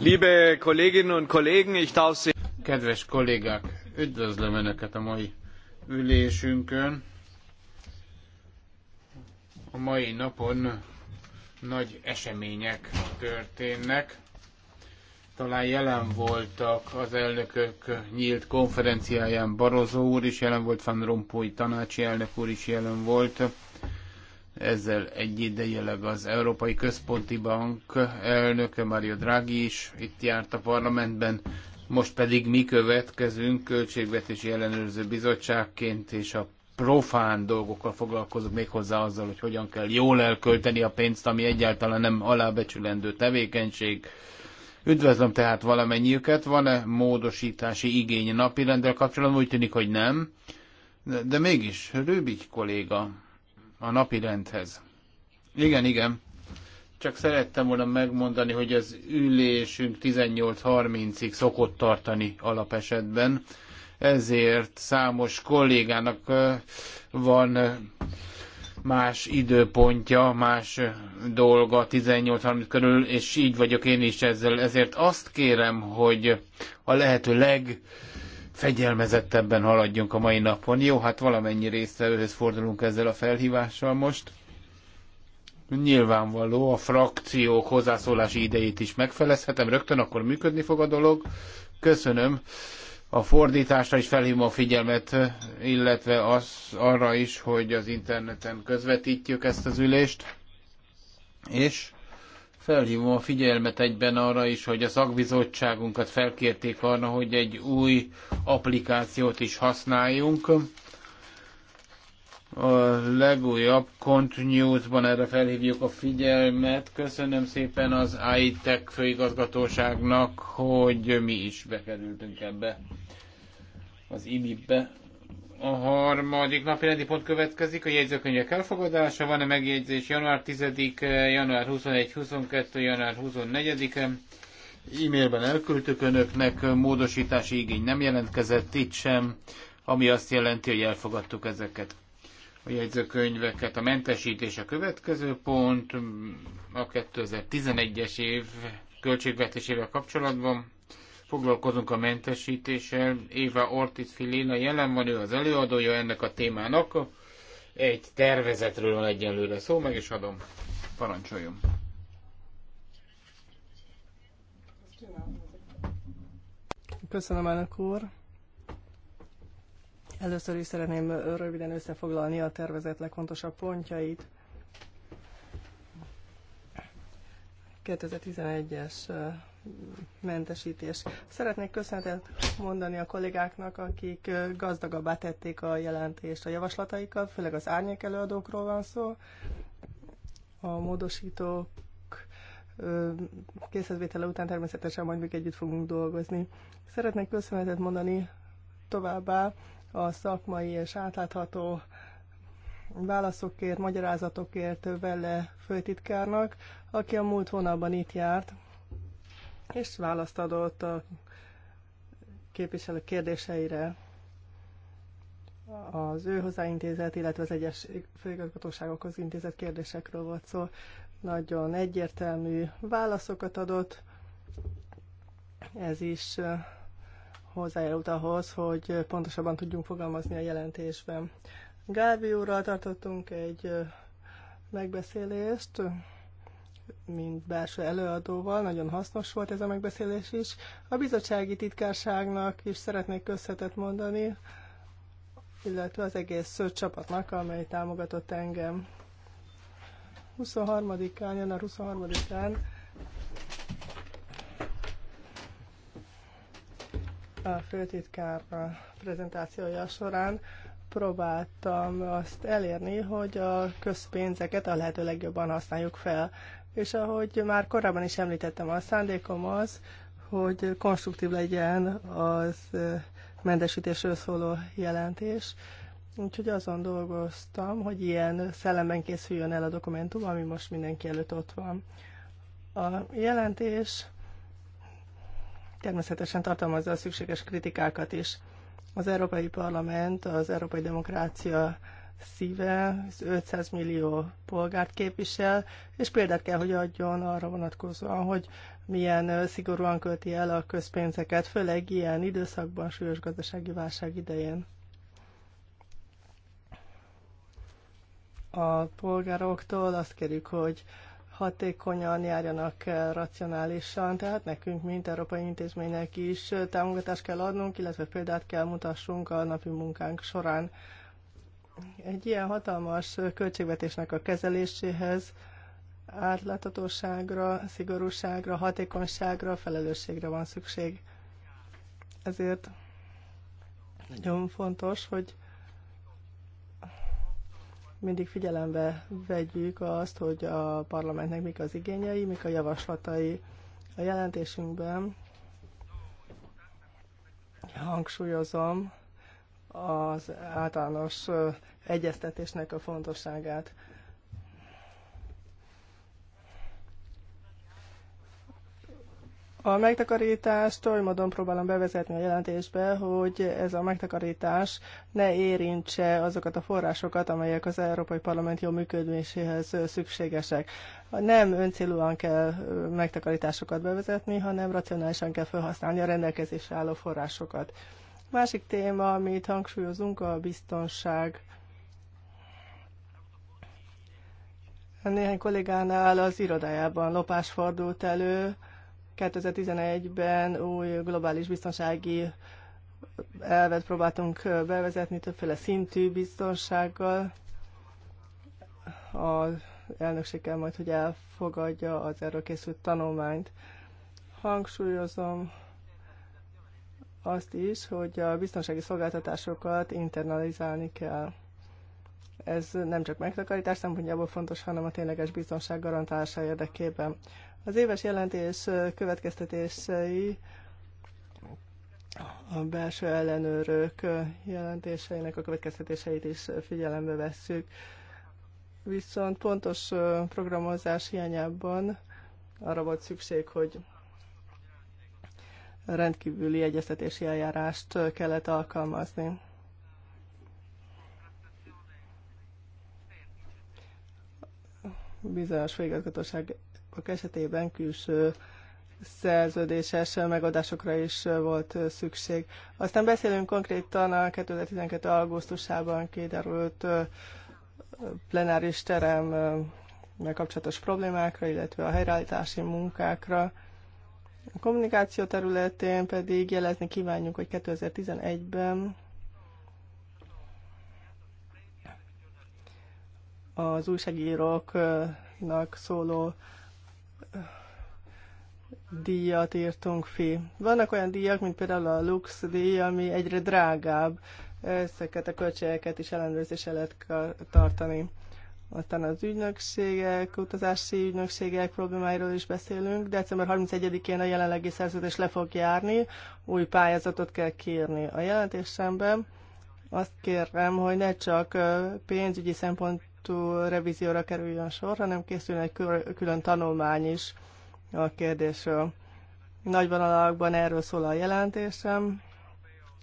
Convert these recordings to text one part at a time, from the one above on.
Liebe Kolleginnen und Kollegen, ich darf Sie... Kedves kollégák, üdvözlöm Önöket a mai ülésünkön. A mai napon nagy események történnek. Talán jelen voltak az elnökök nyílt konferenciáján Barozó úr is jelen volt, Van Rompuy tanácsi elnök úr is jelen volt ezzel egyidejileg az Európai Központi Bank elnöke Mario Draghi is itt járt a parlamentben, most pedig mi következünk Költségvetési Ellenőrző Bizottságként, és a profán dolgokkal foglalkozunk még hozzá azzal, hogy hogyan kell jól elkölteni a pénzt, ami egyáltalán nem alábecsülendő tevékenység. Üdvözlöm tehát valamennyiüket. Van-e módosítási igény napirendel kapcsolatban? Úgy tűnik, hogy nem. De, de mégis, Rübig kolléga a napi rendhez. Igen, igen. Csak szerettem volna megmondani, hogy az ülésünk 18.30-ig szokott tartani alapesetben, ezért számos kollégának van más időpontja, más dolga 18.30 körül, és így vagyok én is ezzel. Ezért azt kérem, hogy a lehető leg fegyelmezettebben haladjunk a mai napon. Jó, hát valamennyi résztvevőhöz fordulunk ezzel a felhívással most. Nyilvánvaló, a frakciók hozzászólási idejét is megfelezhetem, rögtön akkor működni fog a dolog. Köszönöm. A fordításra is felhívom a figyelmet, illetve az, arra is, hogy az interneten közvetítjük ezt az ülést. És Felhívom a figyelmet egyben arra is, hogy a szakbizottságunkat felkérték arra, hogy egy új applikációt is használjunk. A legújabb Continuous-ban erre felhívjuk a figyelmet. Köszönöm szépen az ITEC főigazgatóságnak, hogy mi is bekerültünk ebbe az imip be a harmadik napi rendi pont következik, a jegyzőkönyvek elfogadása, van a megjegyzés január 10 január 21-22, január 24-e. E-mailben elküldtük önöknek, módosítási igény nem jelentkezett itt sem, ami azt jelenti, hogy elfogadtuk ezeket a jegyzőkönyveket. A mentesítés a következő pont a 2011-es év költségvetésével kapcsolatban foglalkozunk a mentesítéssel. Éva Ortiz Filina jelen van, ő az előadója ennek a témának. Egy tervezetről van egyenlőre szó, meg is adom. Parancsoljon. Köszönöm, elnök úr. Először is szeretném röviden összefoglalni a tervezet legfontosabb pontjait. 2011-es mentesítés. Szeretnék köszönetet mondani a kollégáknak, akik gazdagabbá tették a jelentést a javaslataikkal, főleg az árnyék előadókról van szó. A módosítók készítvétele után természetesen majd még együtt fogunk dolgozni. Szeretnék köszönetet mondani továbbá a szakmai és átlátható válaszokért, magyarázatokért vele főtitkárnak, aki a múlt hónapban itt járt, és választ adott a képviselő kérdéseire az ő hozzáintézet, illetve az egyes főigazgatóságokhoz intézett kérdésekről volt szó. Nagyon egyértelmű válaszokat adott. Ez is hozzájárult ahhoz, hogy pontosabban tudjunk fogalmazni a jelentésben. Gábi úrral tartottunk egy megbeszélést, mint belső előadóval, nagyon hasznos volt ez a megbeszélés is. A bizottsági titkárságnak is szeretnék köszönetet mondani, illetve az egész csapatnak, amely támogatott engem. 23-án, január 23-án a főtitkár prezentációja során próbáltam azt elérni, hogy a közpénzeket a lehető legjobban használjuk fel és ahogy már korábban is említettem, a szándékom az, hogy konstruktív legyen az mentesítésről szóló jelentés. Úgyhogy azon dolgoztam, hogy ilyen szellemben készüljön el a dokumentum, ami most mindenki előtt ott van. A jelentés természetesen tartalmazza a szükséges kritikákat is. Az Európai Parlament az európai demokrácia szíve, 500 millió polgárt képvisel, és példát kell, hogy adjon arra vonatkozóan, hogy milyen szigorúan költi el a közpénzeket, főleg ilyen időszakban, súlyos gazdasági válság idején. A polgároktól azt kérjük, hogy hatékonyan járjanak racionálisan, tehát nekünk, mint európai intézménynek is támogatást kell adnunk, illetve példát kell mutassunk a napi munkánk során. Egy ilyen hatalmas költségvetésnek a kezeléséhez átláthatóságra, szigorúságra, hatékonyságra, felelősségre van szükség. Ezért nagyon fontos, hogy mindig figyelembe vegyük azt, hogy a parlamentnek mik az igényei, mik a javaslatai. A jelentésünkben hangsúlyozom, az általános egyeztetésnek a fontosságát. A megtakarítást oly módon próbálom bevezetni a jelentésbe, hogy ez a megtakarítás ne érintse azokat a forrásokat, amelyek az Európai Parlament jó működéséhez szükségesek. Nem öncélúan kell megtakarításokat bevezetni, hanem racionálisan kell felhasználni a rendelkezésre álló forrásokat. Másik téma, amit hangsúlyozunk, a biztonság. Néhány kollégánál az irodájában lopás fordult elő. 2011-ben új globális biztonsági elvet próbáltunk bevezetni többféle szintű biztonsággal. Az elnökség kell majd, hogy elfogadja az erről készült tanulmányt. Hangsúlyozom, azt is, hogy a biztonsági szolgáltatásokat internalizálni kell. Ez nem csak megtakarítás szempontjából fontos, hanem a tényleges biztonság garantálása érdekében. Az éves jelentés következtetései a belső ellenőrök jelentéseinek a következtetéseit is figyelembe vesszük. Viszont pontos programozás hiányában arra volt szükség, hogy rendkívüli egyeztetési eljárást kellett alkalmazni. Bizonyos főigazgatóságok esetében külső szerződéses megadásokra is volt szükség. Aztán beszélünk konkrétan a 2012. augusztusában kiderült plenáris terem kapcsolatos problémákra, illetve a helyreállítási munkákra. A kommunikáció területén pedig jelezni kívánjuk, hogy 2011-ben az újságíróknak szóló díjat írtunk fi. Vannak olyan díjak, mint például a Lux díj, ami egyre drágább. Ezeket a költségeket is ellenőrzés lehet tartani. Aztán az ügynökségek, utazási ügynökségek problémáiról is beszélünk. December 31-én a jelenlegi szerződés le fog járni, új pályázatot kell kérni. A jelentésemben azt kérem, hogy ne csak pénzügyi szempontú revízióra kerüljön sor, hanem készüljön egy külön tanulmány is a kérdésről. Nagy vonalakban erről szól a jelentésem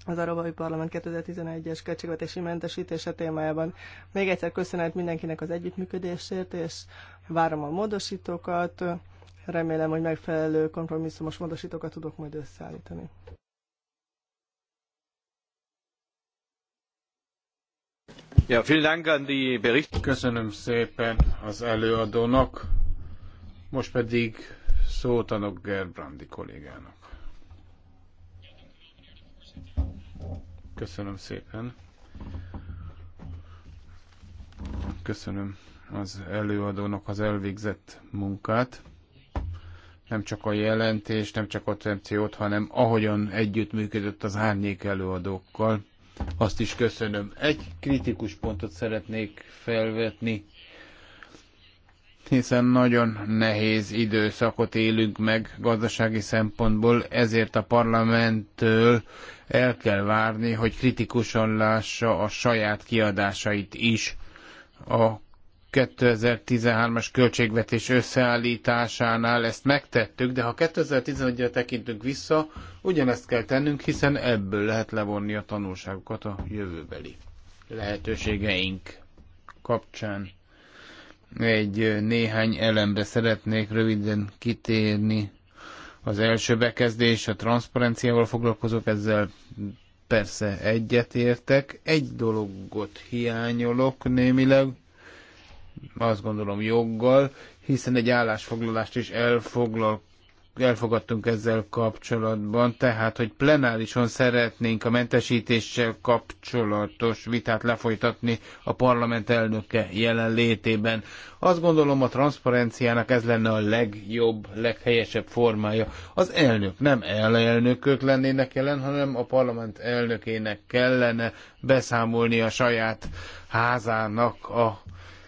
az Arabai Parlament 2011-es költségvetési mentesítése témájában. Még egyszer köszönet mindenkinek az együttműködésért, és várom a módosítókat. Remélem, hogy megfelelő kompromisszumos módosítókat tudok majd összeállítani. Ja, vielen Dank an die Bericht. Köszönöm szépen az előadónak. Most pedig szót adok Gerbrandi kollégának. Köszönöm szépen. Köszönöm az előadónak az elvégzett munkát. Nem csak a jelentés, nem csak a koncepciót, hanem ahogyan együttműködött az árnyék előadókkal. Azt is köszönöm. Egy kritikus pontot szeretnék felvetni hiszen nagyon nehéz időszakot élünk meg gazdasági szempontból, ezért a parlamenttől el kell várni, hogy kritikusan lássa a saját kiadásait is. A 2013-as költségvetés összeállításánál ezt megtettük, de ha 2011-re tekintünk vissza, ugyanezt kell tennünk, hiszen ebből lehet levonni a tanulságokat a jövőbeli lehetőségeink kapcsán egy néhány elemre szeretnék röviden kitérni. Az első bekezdés a transzparenciával foglalkozok, ezzel persze egyetértek. Egy dologot hiányolok némileg, azt gondolom joggal, hiszen egy állásfoglalást is elfoglal, elfogadtunk ezzel kapcsolatban, tehát, hogy plenárison szeretnénk a mentesítéssel kapcsolatos vitát lefolytatni a parlament elnöke jelenlétében. Azt gondolom a transzparenciának ez lenne a legjobb, leghelyesebb formája. Az elnök, nem elelnökök lennének jelen, hanem a parlament elnökének kellene beszámolni a saját házának a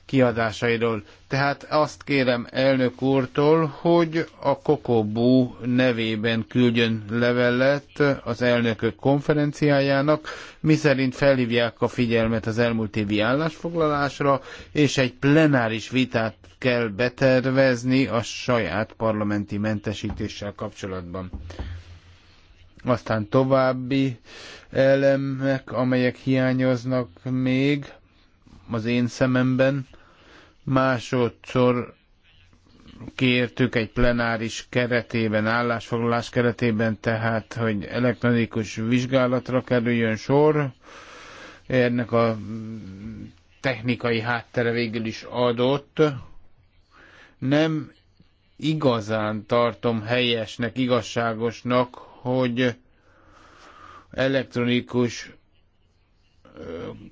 kiadásairól. Tehát azt kérem elnök úrtól, hogy a Kokobú nevében küldjön levelet az elnökök konferenciájának, miszerint felhívják a figyelmet az elmúlt évi állásfoglalásra, és egy plenáris vitát kell betervezni a saját parlamenti mentesítéssel kapcsolatban aztán további elemek, amelyek hiányoznak még az én szememben, Másodszor kértük egy plenáris keretében, állásfoglalás keretében, tehát, hogy elektronikus vizsgálatra kerüljön sor. Ennek a technikai háttere végül is adott. Nem igazán tartom helyesnek, igazságosnak, hogy elektronikus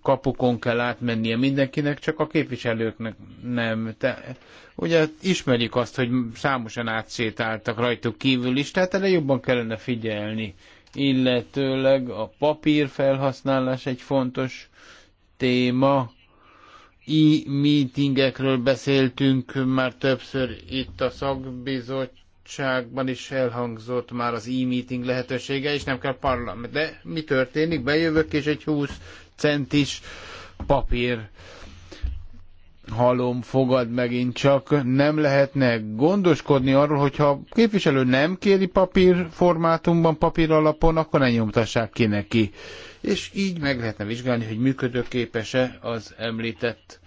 kapukon kell átmennie mindenkinek, csak a képviselőknek nem. Te, ugye ismerjük azt, hogy számosan átsétáltak rajtuk kívül is, tehát erre jobban kellene figyelni. Illetőleg a papír felhasználás egy fontos téma. E-meetingekről beszéltünk már többször itt a szakbizottság bizottságban is elhangzott már az e-meeting lehetősége, és nem kell parlament. De mi történik? Bejövök, és egy 20 centis papír halom fogad megint csak. Nem lehetne gondoskodni arról, hogyha a képviselő nem kéri papír formátumban, papír alapon, akkor ne nyomtassák ki neki. És így meg lehetne vizsgálni, hogy működőképes-e az említett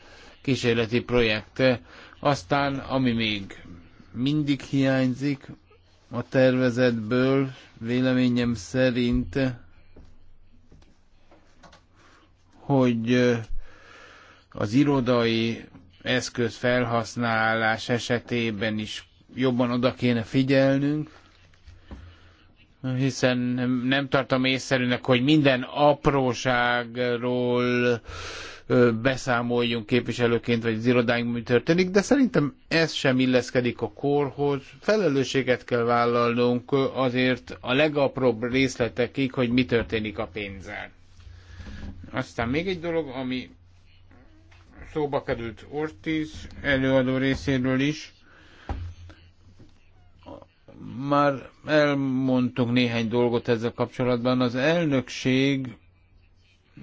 kísérleti projekt. Aztán, ami még mindig hiányzik a tervezetből, véleményem szerint hogy az irodai eszköz felhasználás esetében is jobban oda kéne figyelnünk, hiszen nem tartom észszerűnek, hogy minden apróságról beszámoljunk képviselőként, vagy az irodáinkban mi történik, de szerintem ez sem illeszkedik a korhoz. Felelősséget kell vállalnunk azért a legapróbb részletekig, hogy mi történik a pénzzel. Aztán még egy dolog, ami szóba került Ortiz előadó részéről is. Már elmondtunk néhány dolgot ezzel kapcsolatban. Az elnökség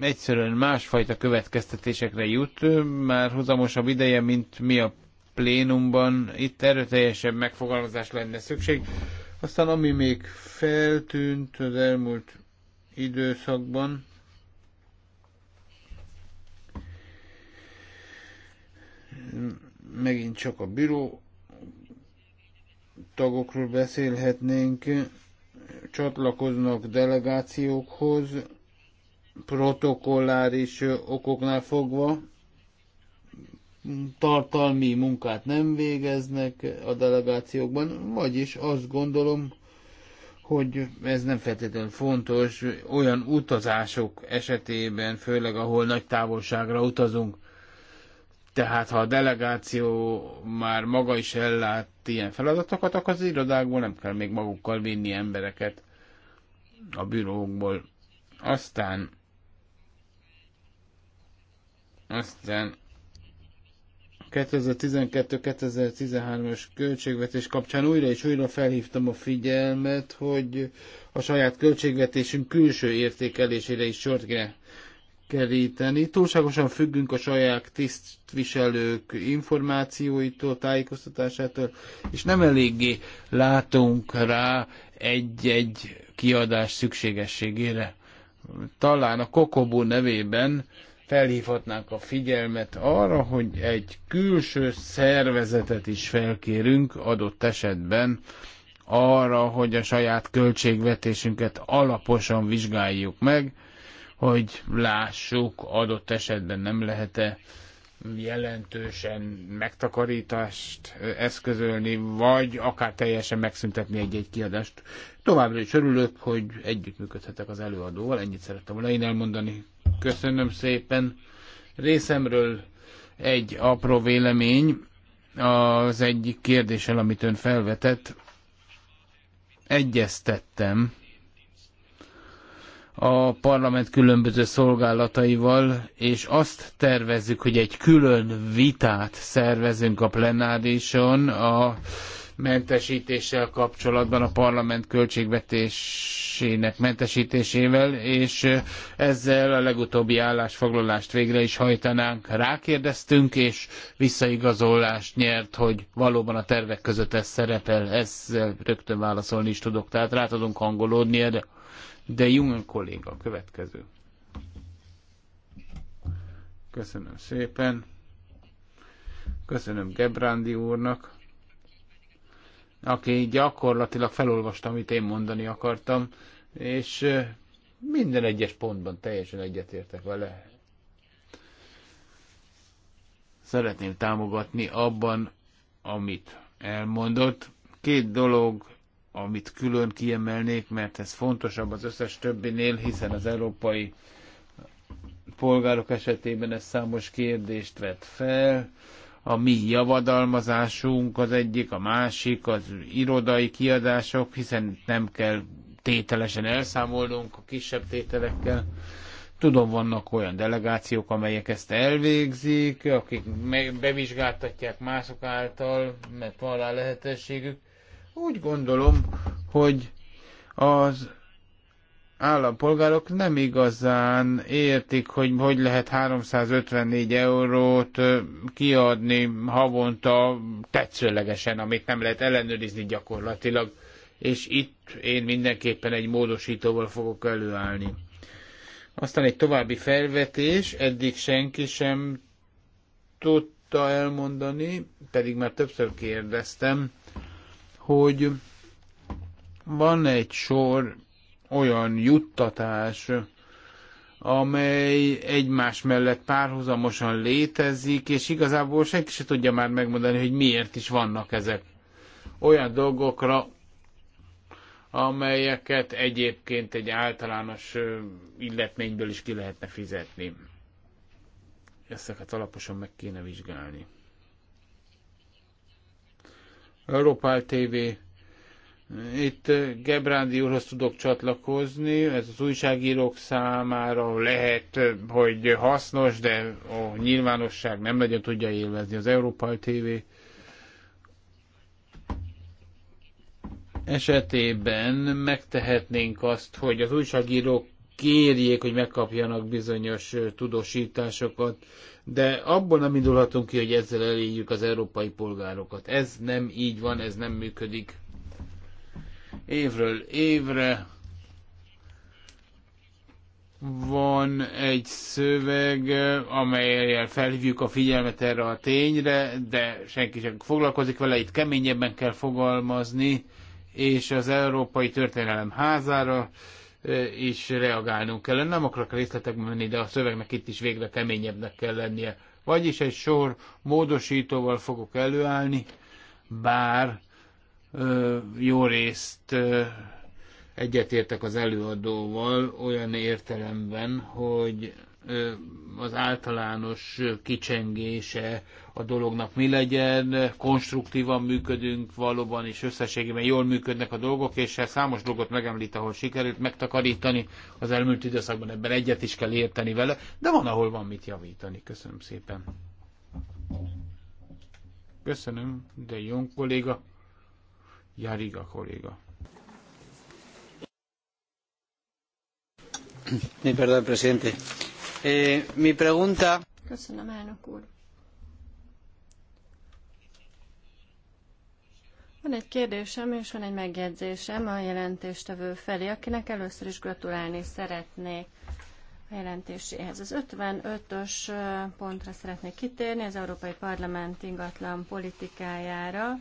egyszerűen másfajta következtetésekre jut, már hozamosabb ideje, mint mi a plénumban. Itt erőteljesebb megfogalmazás lenne szükség. Aztán ami még feltűnt az elmúlt időszakban, megint csak a bíró tagokról beszélhetnénk, csatlakoznak delegációkhoz, protokolláris okoknál fogva, tartalmi munkát nem végeznek a delegációkban, vagyis azt gondolom, hogy ez nem feltétlenül fontos olyan utazások esetében, főleg ahol nagy távolságra utazunk. Tehát ha a delegáció már maga is ellát ilyen feladatokat, akkor az irodákból nem kell még magukkal vinni embereket a bürókból. Aztán aztán 2012-2013-as költségvetés kapcsán újra és újra felhívtam a figyelmet, hogy a saját költségvetésünk külső értékelésére is sort kéne keríteni. Túlságosan függünk a saját tisztviselők információitól, tájékoztatásától, és nem eléggé látunk rá egy-egy kiadás szükségességére. Talán a Kokobó nevében felhívhatnánk a figyelmet arra, hogy egy külső szervezetet is felkérünk adott esetben arra, hogy a saját költségvetésünket alaposan vizsgáljuk meg, hogy lássuk, adott esetben nem lehet-e jelentősen megtakarítást eszközölni, vagy akár teljesen megszüntetni egy-egy kiadást. Továbbra is örülök, hogy együttműködhetek az előadóval, ennyit szerettem volna én elmondani. Köszönöm szépen. Részemről egy apró vélemény az egyik kérdéssel, amit ön felvetett. Egyeztettem a parlament különböző szolgálataival, és azt tervezzük, hogy egy külön vitát szervezünk a plenárison a mentesítéssel kapcsolatban, a parlament költségvetésének mentesítésével, és ezzel a legutóbbi állásfoglalást végre is hajtanánk. Rákérdeztünk, és visszaigazolást nyert, hogy valóban a tervek között ez szerepel. Ezzel rögtön válaszolni is tudok, tehát rá tudunk hangolódni erre. De Jung kolléga következő. Köszönöm szépen. Köszönöm Gebrandi úrnak, aki gyakorlatilag felolvasta, amit én mondani akartam, és minden egyes pontban teljesen egyetértek vele. Szeretném támogatni abban, amit elmondott. Két dolog amit külön kiemelnék, mert ez fontosabb az összes többinél, hiszen az európai polgárok esetében ez számos kérdést vet fel. A mi javadalmazásunk az egyik, a másik, az irodai kiadások, hiszen nem kell tételesen elszámolnunk a kisebb tételekkel. Tudom, vannak olyan delegációk, amelyek ezt elvégzik, akik bevizsgáltatják mások által, mert van rá lehetőségük. Úgy gondolom, hogy az állampolgárok nem igazán értik, hogy hogy lehet 354 eurót kiadni havonta tetszőlegesen, amit nem lehet ellenőrizni gyakorlatilag. És itt én mindenképpen egy módosítóval fogok előállni. Aztán egy további felvetés, eddig senki sem tudta elmondani, pedig már többször kérdeztem, hogy van egy sor olyan juttatás, amely egymás mellett párhuzamosan létezik, és igazából senki se tudja már megmondani, hogy miért is vannak ezek. Olyan dolgokra, amelyeket egyébként egy általános illetményből is ki lehetne fizetni. Ezeket alaposan meg kéne vizsgálni. Európál TV. Itt Gebrándi úrhoz tudok csatlakozni, ez az újságírók számára lehet, hogy hasznos, de a nyilvánosság nem nagyon tudja élvezni az Európál TV esetében megtehetnénk azt, hogy az újságírók kérjék, hogy megkapjanak bizonyos tudósításokat, de abból nem indulhatunk ki, hogy ezzel elérjük az európai polgárokat. Ez nem így van, ez nem működik. Évről évre van egy szöveg, amelyel felhívjuk a figyelmet erre a tényre, de senki sem foglalkozik vele, itt keményebben kell fogalmazni, és az Európai Történelem házára is reagálnunk kell. Nem akarok részletekbe menni, de a szövegnek itt is végre keményebbnek kell lennie. Vagyis egy sor módosítóval fogok előállni, bár jó részt egyetértek az előadóval olyan értelemben, hogy az általános kicsengése a dolognak mi legyen, konstruktívan működünk valóban, és összességében jól működnek a dolgok, és hát számos dolgot megemlít, ahol sikerült megtakarítani az elmúlt időszakban, ebben egyet is kell érteni vele, de van, ahol van mit javítani. Köszönöm szépen. Köszönöm, de jó kolléga, Jariga kolléga. Mi perdón, presidente. Eh, mi pregunta... Köszönöm, elnök úr. Van egy kérdésem és van egy megjegyzésem a jelentéstevő felé, akinek először is gratulálni szeretnék a jelentéséhez. Az 55-ös eh, pontra szeretnék kitérni, az Európai Parlament ingatlan politikájára.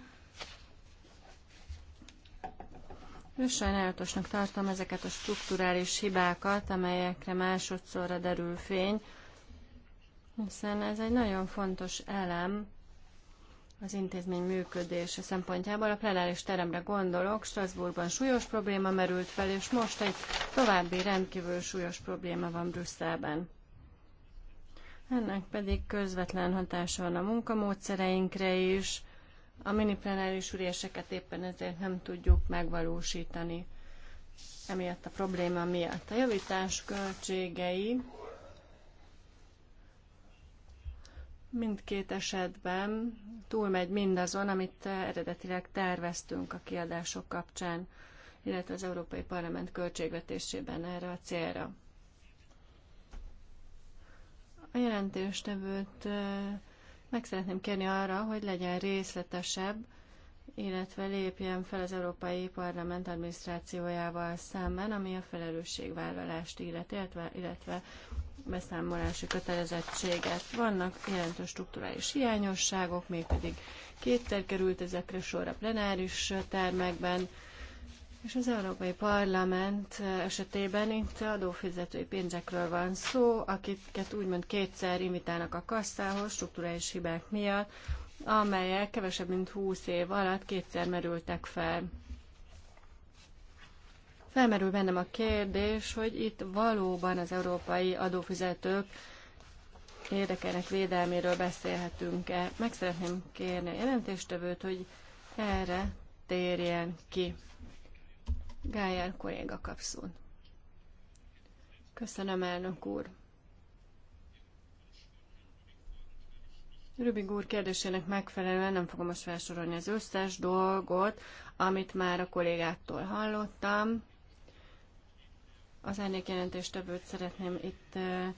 Sajnálatosnak tartom ezeket a strukturális hibákat, amelyekre másodszorra derül fény, hiszen ez egy nagyon fontos elem az intézmény működése szempontjából. A plenáris teremre gondolok, Strasbourgban súlyos probléma merült fel, és most egy további rendkívül súlyos probléma van Brüsszelben. Ennek pedig közvetlen hatása van a munkamódszereinkre is, a plenáris üléseket éppen ezért nem tudjuk megvalósítani emiatt a probléma miatt. A javítás költségei mindkét esetben túlmegy mindazon, amit eredetileg terveztünk a kiadások kapcsán, illetve az Európai Parlament költségvetésében erre a célra. A jelentéstevőt meg szeretném kérni arra, hogy legyen részletesebb, illetve lépjen fel az Európai Parlament adminisztrációjával szemben, ami a felelősségvállalást illet, illetve, illetve beszámolási kötelezettséget. Vannak jelentős strukturális hiányosságok, mégpedig kétszer került ezekre sor a plenáris termekben, és az Európai Parlament esetében itt adófizetői pénzekről van szó, akiket úgymond kétszer imitálnak a kasszához strukturális hibák miatt, amelyek kevesebb mint 20 év alatt kétszer merültek fel. Felmerül bennem a kérdés, hogy itt valóban az európai adófizetők érdekelnek védelméről beszélhetünk-e. Meg szeretném kérni a jelentéstevőt, hogy erre térjen ki. Gájár kolléga kapszul. Köszönöm, elnök úr. Rubik úr kérdésének megfelelően nem fogom most felsorolni az összes dolgot, amit már a kollégáktól hallottam. Az árnyékjelentéstevőt szeretném itt eh,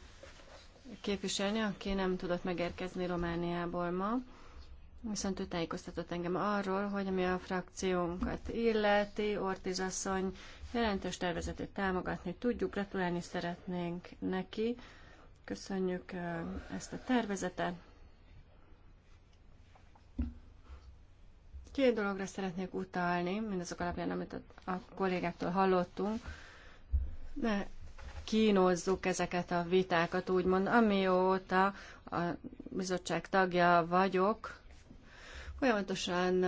képviselni, aki nem tudott megérkezni Romániából ma. Viszont ő tájékoztatott engem arról, hogy ami a frakciónkat illeti, Ortiz asszony jelentős tervezetét támogatni tudjuk, gratulálni szeretnénk neki. Köszönjük ezt a tervezetet. Két dologra szeretnék utalni, mindazok alapján, amit a kollégáktól hallottunk. Ne kínozzuk ezeket a vitákat, úgymond, amióta a bizottság tagja vagyok, Folyamatosan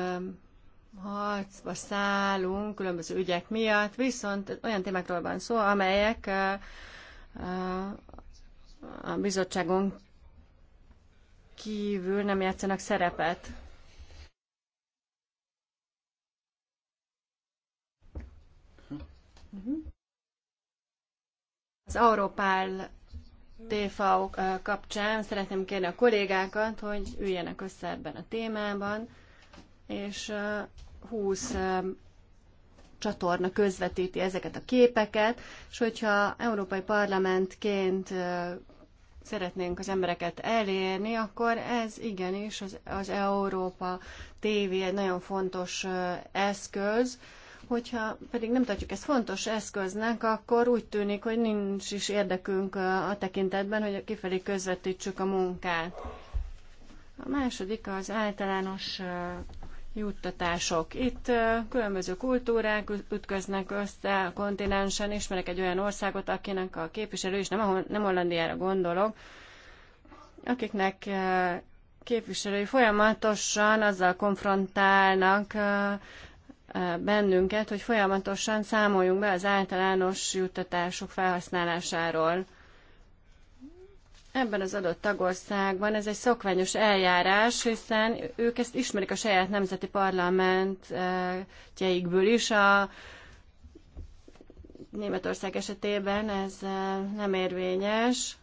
harcba szállunk különböző ügyek miatt, viszont olyan témákról van szó, amelyek a bizottságon kívül nem játszanak szerepet. Hm. Mhm. Az Európál TV kapcsán szeretném kérni a kollégákat, hogy üljenek össze ebben a témában, és 20 csatorna közvetíti ezeket a képeket, és hogyha Európai Parlamentként szeretnénk az embereket elérni, akkor ez igenis az, az Európa TV egy nagyon fontos eszköz, Hogyha pedig nem tartjuk ezt fontos eszköznek, akkor úgy tűnik, hogy nincs is érdekünk a tekintetben, hogy kifelé közvetítsük a munkát. A második az általános juttatások. Itt különböző kultúrák ütköznek össze a kontinensen. Ismerek egy olyan országot, akinek a képviselő, is nem, nem Hollandiára gondolok, akiknek képviselői folyamatosan azzal konfrontálnak bennünket, hogy folyamatosan számoljunk be az általános juttatások felhasználásáról. Ebben az adott tagországban ez egy szokványos eljárás, hiszen ők ezt ismerik a saját nemzeti parlamentjeikből is. A Németország esetében ez nem érvényes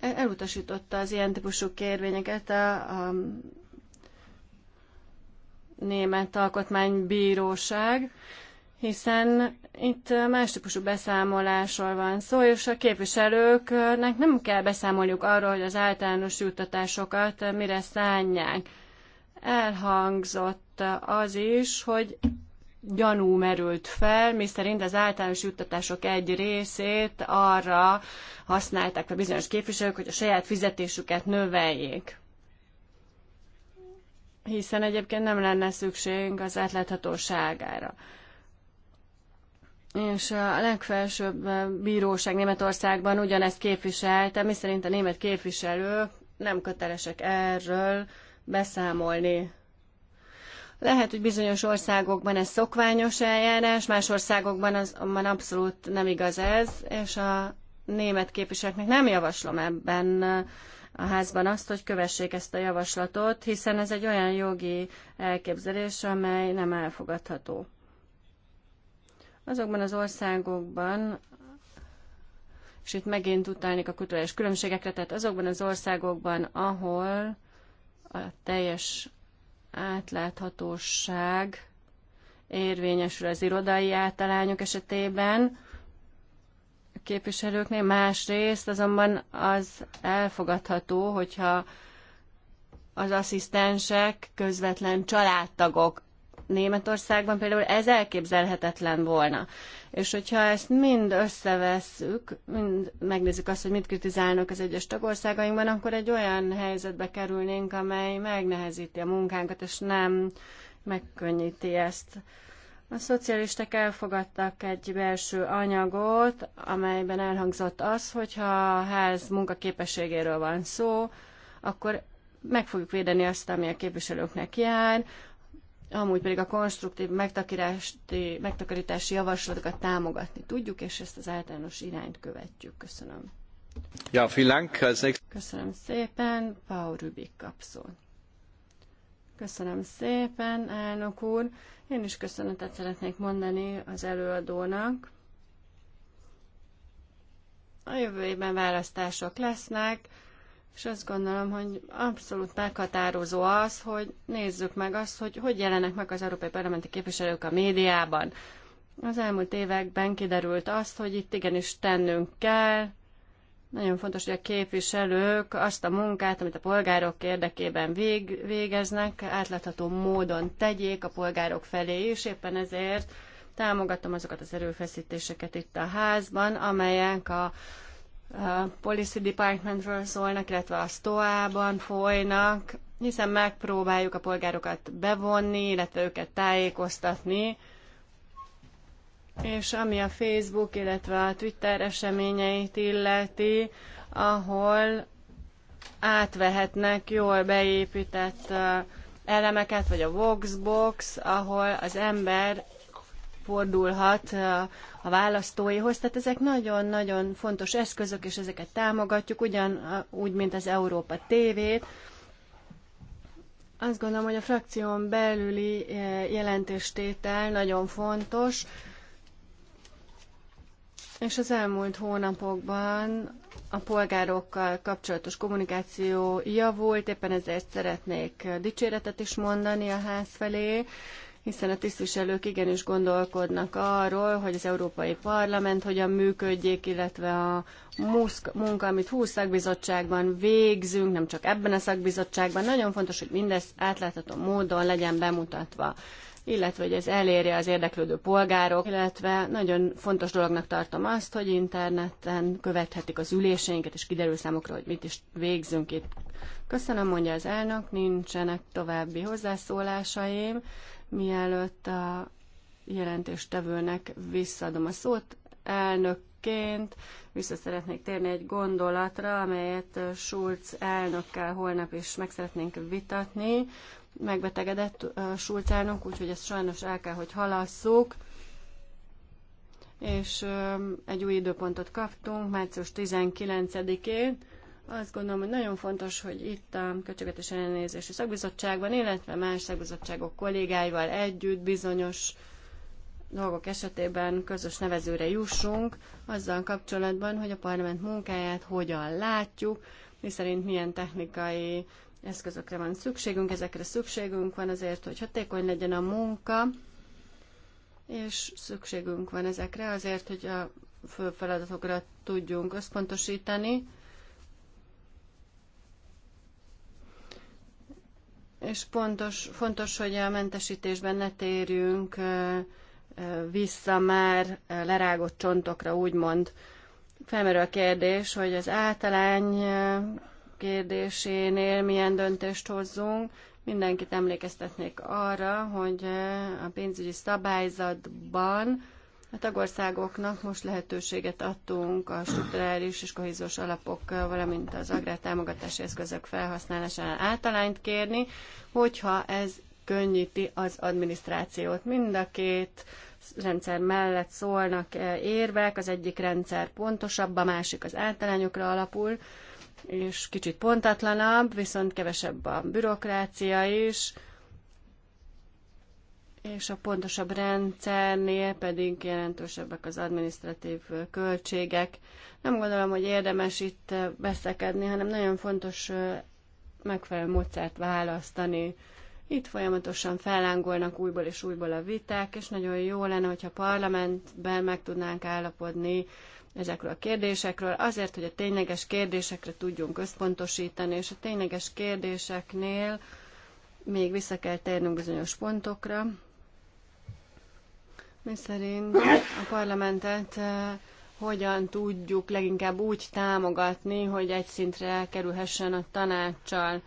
e-, elutasította az ilyen típusú kérvényeket a, a Német Alkotmánybíróság, hiszen itt más típusú beszámolásról van szó, és a képviselőknek nem kell beszámolniuk arról, hogy az általános juttatásokat mire szánják. Elhangzott az is, hogy gyanú merült fel, miszerint az általános juttatások egy részét arra használták a bizonyos képviselők, hogy a saját fizetésüket növeljék hiszen egyébként nem lenne szükség az átláthatóságára. És a legfelsőbb bíróság Németországban ugyanezt képviselte, miszerint a német képviselők nem kötelesek erről beszámolni. Lehet, hogy bizonyos országokban ez szokványos eljárás, más országokban az azonban abszolút nem igaz ez, és a német képviselőknek nem javaslom ebben a házban azt, hogy kövessék ezt a javaslatot, hiszen ez egy olyan jogi elképzelés, amely nem elfogadható. Azokban az országokban, és itt megint utalnék a kulturális különbségekre, tehát azokban az országokban, ahol a teljes átláthatóság érvényesül az irodai általányok esetében, képviselőknél, másrészt azonban az elfogadható, hogyha az asszisztensek közvetlen családtagok. Németországban például ez elképzelhetetlen volna. És hogyha ezt mind összevesszük, mind megnézzük azt, hogy mit kritizálnak az egyes tagországainkban, akkor egy olyan helyzetbe kerülnénk, amely megnehezíti a munkánkat, és nem megkönnyíti ezt. A szocialisták elfogadtak egy belső anyagot, amelyben elhangzott az, hogyha a ház munkaképességéről van szó, akkor meg fogjuk védeni azt, ami a képviselőknek jár, amúgy pedig a konstruktív megtakarítási, javaslatokat támogatni tudjuk, és ezt az általános irányt követjük. Köszönöm. Ja, vielen Dank. Köszönöm szépen. Paul Rübik kapszol. Köszönöm szépen, elnök úr. Én is köszönetet szeretnék mondani az előadónak. A jövő évben választások lesznek, és azt gondolom, hogy abszolút meghatározó az, hogy nézzük meg azt, hogy hogy jelenek meg az európai parlamenti képviselők a médiában. Az elmúlt években kiderült azt, hogy itt igenis tennünk kell, nagyon fontos, hogy a képviselők azt a munkát, amit a polgárok érdekében vég, végeznek, átlátható módon tegyék a polgárok felé, és éppen ezért támogatom azokat az erőfeszítéseket itt a házban, amelyek a, a Policy Departmentről szólnak, illetve a STOA-ban folynak, hiszen megpróbáljuk a polgárokat bevonni, illetve őket tájékoztatni, és ami a Facebook, illetve a Twitter eseményeit illeti, ahol átvehetnek jól beépített elemeket, vagy a Voxbox, ahol az ember fordulhat a választóihoz. Tehát ezek nagyon-nagyon fontos eszközök, és ezeket támogatjuk, ugyanúgy, mint az Európa TV-t. Azt gondolom, hogy a frakción belüli jelentéstétel nagyon fontos, és az elmúlt hónapokban a polgárokkal kapcsolatos kommunikáció javult, éppen ezért szeretnék dicséretet is mondani a ház felé, hiszen a tisztviselők igenis gondolkodnak arról, hogy az Európai Parlament hogyan működjék, illetve a munka, amit 20 szakbizottságban végzünk, nem csak ebben a szakbizottságban, nagyon fontos, hogy mindez átlátható módon legyen bemutatva illetve hogy ez elérje az érdeklődő polgárok, illetve nagyon fontos dolognak tartom azt, hogy interneten követhetik az üléseinket, és kiderül számukra, hogy mit is végzünk itt. Köszönöm, mondja az elnök, nincsenek további hozzászólásaim. Mielőtt a jelentéstevőnek visszaadom a szót, elnökként vissza szeretnék térni egy gondolatra, amelyet Schulz elnökkel holnap is meg szeretnénk vitatni megbetegedett Schulz elnök, úgyhogy ezt sajnos el kell, hogy halasszuk. És egy új időpontot kaptunk, március 19-én. Azt gondolom, hogy nagyon fontos, hogy itt a Kötsögetes Ellenőrzési Szakbizottságban, illetve más szakbizottságok kollégáival együtt bizonyos dolgok esetében közös nevezőre jussunk, azzal kapcsolatban, hogy a parlament munkáját hogyan látjuk, miszerint milyen technikai eszközökre van szükségünk, ezekre szükségünk van azért, hogy hatékony legyen a munka, és szükségünk van ezekre azért, hogy a fő feladatokra tudjunk összpontosítani, és pontos, fontos, hogy a mentesítésben ne térjünk vissza már lerágott csontokra, úgymond. Felmerül a kérdés, hogy az általány kérdésénél milyen döntést hozzunk, mindenkit emlékeztetnék arra, hogy eh, a pénzügyi szabályzatban a tagországoknak most lehetőséget adtunk a strukturális és kohéziós alapok, eh, valamint az agrártámogatási eszközök felhasználásánál általányt kérni, hogyha ez könnyíti az adminisztrációt. Mind a két rendszer mellett szólnak eh, érvek, az egyik rendszer pontosabb, a másik az általányokra alapul, és kicsit pontatlanabb, viszont kevesebb a bürokrácia is, és a pontosabb rendszernél pedig jelentősebbek az administratív költségek. Nem gondolom, hogy érdemes itt beszekedni, hanem nagyon fontos megfelelő módszert választani. Itt folyamatosan fellángolnak újból és újból a viták, és nagyon jó lenne, hogyha parlamentben meg tudnánk állapodni ezekről a kérdésekről, azért, hogy a tényleges kérdésekre tudjunk összpontosítani, és a tényleges kérdéseknél még vissza kell térnünk bizonyos pontokra, mi szerint a parlamentet eh, hogyan tudjuk leginkább úgy támogatni, hogy egy szintre kerülhessen a tanácssal,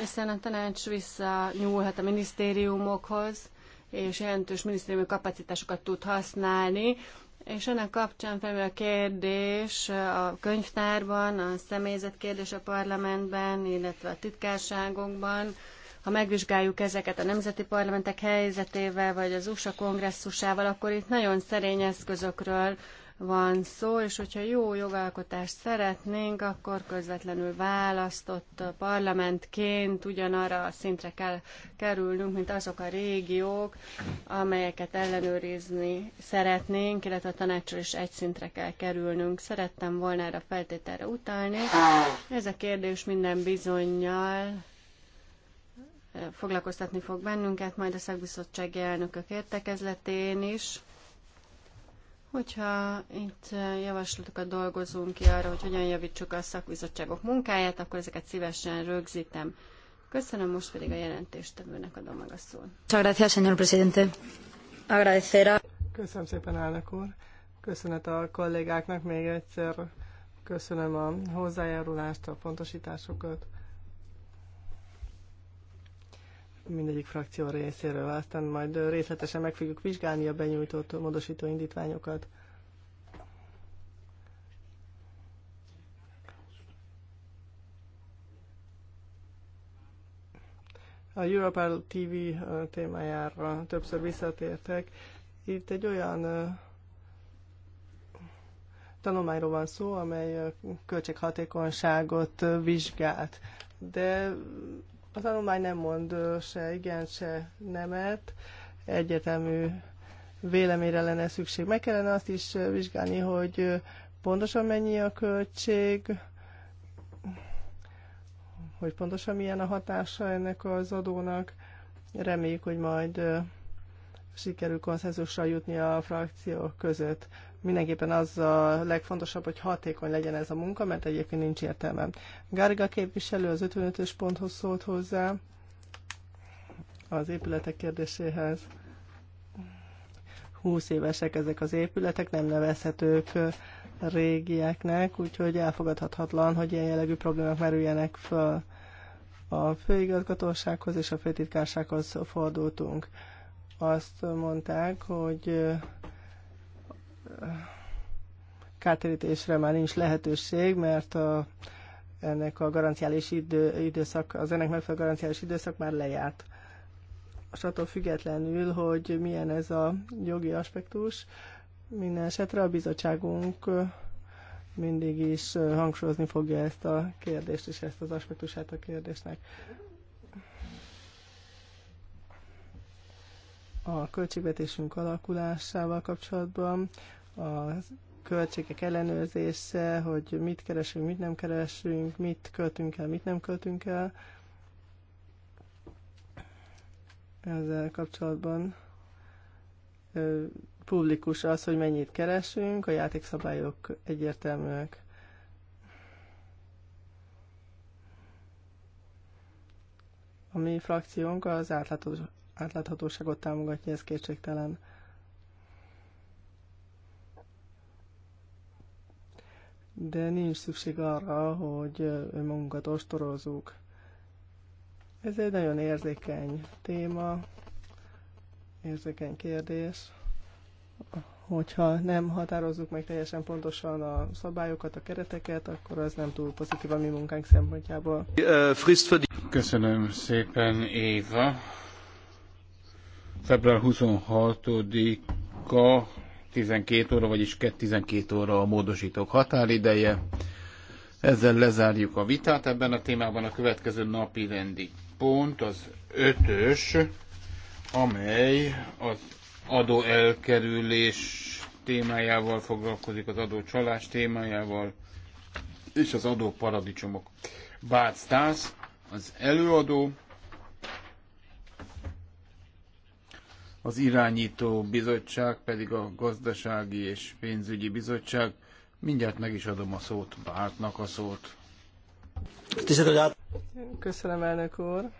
hiszen a tanács visszanyúlhat a minisztériumokhoz, és jelentős minisztériumi kapacitásokat tud használni, és ennek kapcsán felül a kérdés a könyvtárban, a személyzet kérdés a parlamentben, illetve a titkárságokban. Ha megvizsgáljuk ezeket a nemzeti parlamentek helyzetével, vagy az USA kongresszusával, akkor itt nagyon szerény eszközökről, van szó, és hogyha jó jogalkotást szeretnénk, akkor közvetlenül választott parlamentként ugyanarra a szintre kell kerülnünk, mint azok a régiók, amelyeket ellenőrizni szeretnénk, illetve a tanácsról is egy szintre kell kerülnünk. Szerettem volna erre a feltételre utalni. Ez a kérdés minden bizonyjal eh, foglalkoztatni fog bennünket, majd a szakbiztottsági elnökök értekezletén is. Hogyha itt eh, javaslatokat dolgozunk ki arra, hogy hogyan javítsuk a szakbizottságok munkáját, akkor ezeket szívesen rögzítem. Köszönöm, most pedig a jelentéstevőnek adom meg a szót. Köszönöm szépen, elnök úr. Köszönet a kollégáknak még egyszer. Köszönöm a hozzájárulást, a pontosításokat. mindegyik frakció részéről. Aztán majd részletesen meg fogjuk vizsgálni a benyújtott módosító indítványokat. A Europa TV témájára többször visszatértek. Itt egy olyan tanulmányról van szó, amely költséghatékonyságot vizsgált. De a tanulmány nem mond se igen, se nemet, egyetemű véleményre lenne szükség. Meg kellene azt is vizsgálni, hogy pontosan mennyi a költség, hogy pontosan milyen a hatása ennek az adónak. Reméljük, hogy majd sikerül konszenzusra jutni a frakciók között mindenképpen az a legfontosabb, hogy hatékony legyen ez a munka, mert egyébként nincs értelme. Gárga képviselő az 55-ös ponthoz szólt hozzá az épületek kérdéséhez. 20 évesek ezek az épületek, nem nevezhetők régieknek, úgyhogy elfogadhatatlan, hogy ilyen jellegű problémák merüljenek fel A főigazgatósághoz és a főtitkársághoz fordultunk. Azt mondták, hogy kártérítésre már nincs lehetőség, mert a, ennek a garanciális idő, időszak, az ennek megfelelő garanciális időszak már lejárt. És attól függetlenül, hogy milyen ez a jogi aspektus, minden esetre a bizottságunk mindig is hangsúlyozni fogja ezt a kérdést és ezt az aspektusát a kérdésnek. A költségvetésünk alakulásával kapcsolatban a költségek ellenőrzése, hogy mit keresünk, mit nem keresünk, mit költünk el, mit nem költünk el. Ezzel kapcsolatban publikus az, hogy mennyit keresünk, a játékszabályok egyértelműek. A mi frakciónk az átlátható, átláthatóságot támogatja, ez kétségtelen. de nincs szükség arra, hogy önmagunkat ostorozzuk. Ez egy nagyon érzékeny téma, érzékeny kérdés. Hogyha nem határozzuk meg teljesen pontosan a szabályokat, a kereteket, akkor az nem túl pozitív a mi munkánk szempontjából. Köszönöm szépen, Éva. Február 26-a 12 óra, vagyis 12 óra a módosítók határideje. Ezzel lezárjuk a vitát. Ebben a témában a következő napi rendi pont az ötös, amely az adó elkerülés témájával foglalkozik, az adócsalás témájával és az adóparadicsomok. Bácz Tász, az előadó, Az irányító bizottság pedig a gazdasági és pénzügyi bizottság. Mindjárt meg is adom a szót, Bártnak a szót. Köszönöm, elnök úr.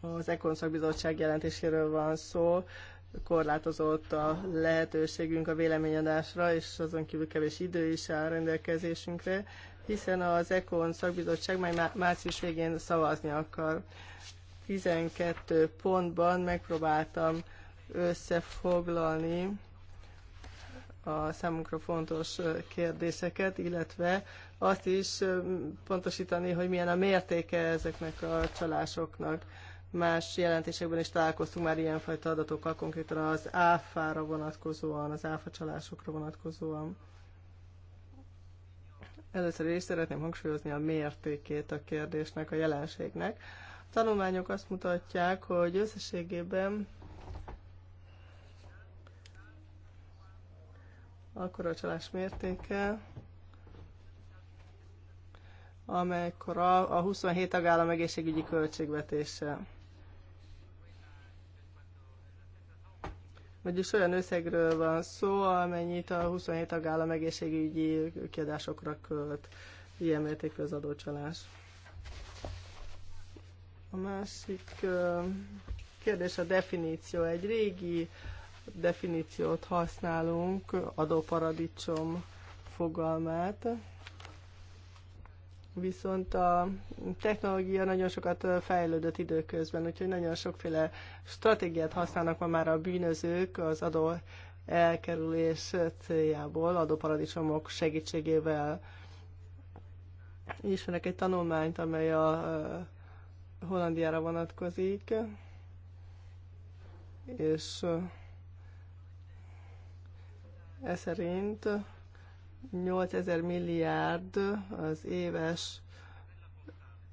az Ekonszak Bizottság jelentéséről van szó korlátozott a lehetőségünk a véleményadásra, és azon kívül kevés idő is áll rendelkezésünkre, hiszen az ECON szakbizottság majd március végén szavazni akar. 12 pontban megpróbáltam összefoglalni a számunkra fontos kérdéseket, illetve azt is pontosítani, hogy milyen a mértéke ezeknek a csalásoknak Más jelentésekben is találkoztunk már ilyenfajta adatokkal, konkrétan az áfára vonatkozóan, az áfa csalásokra vonatkozóan. Először is szeretném hangsúlyozni a mértékét a kérdésnek, a jelenségnek. A tanulmányok azt mutatják, hogy összességében akkor a csalás mértéke, amelykor a, 27 tagállam egészségügyi költségvetése. Vagyis olyan összegről van szó, amennyit a 27 tagállam egészségügyi kiadásokra költ. Ilyen mértékű az adócsalás. A másik kérdés a definíció. Egy régi definíciót használunk, adóparadicsom fogalmát viszont a technológia nagyon sokat fejlődött időközben, úgyhogy nagyon sokféle stratégiát használnak ma már a bűnözők az adó elkerülés céljából, adóparadicsomok segítségével. Ismerek egy tanulmányt, amely a Hollandiára vonatkozik, és ez szerint 8000 milliárd az éves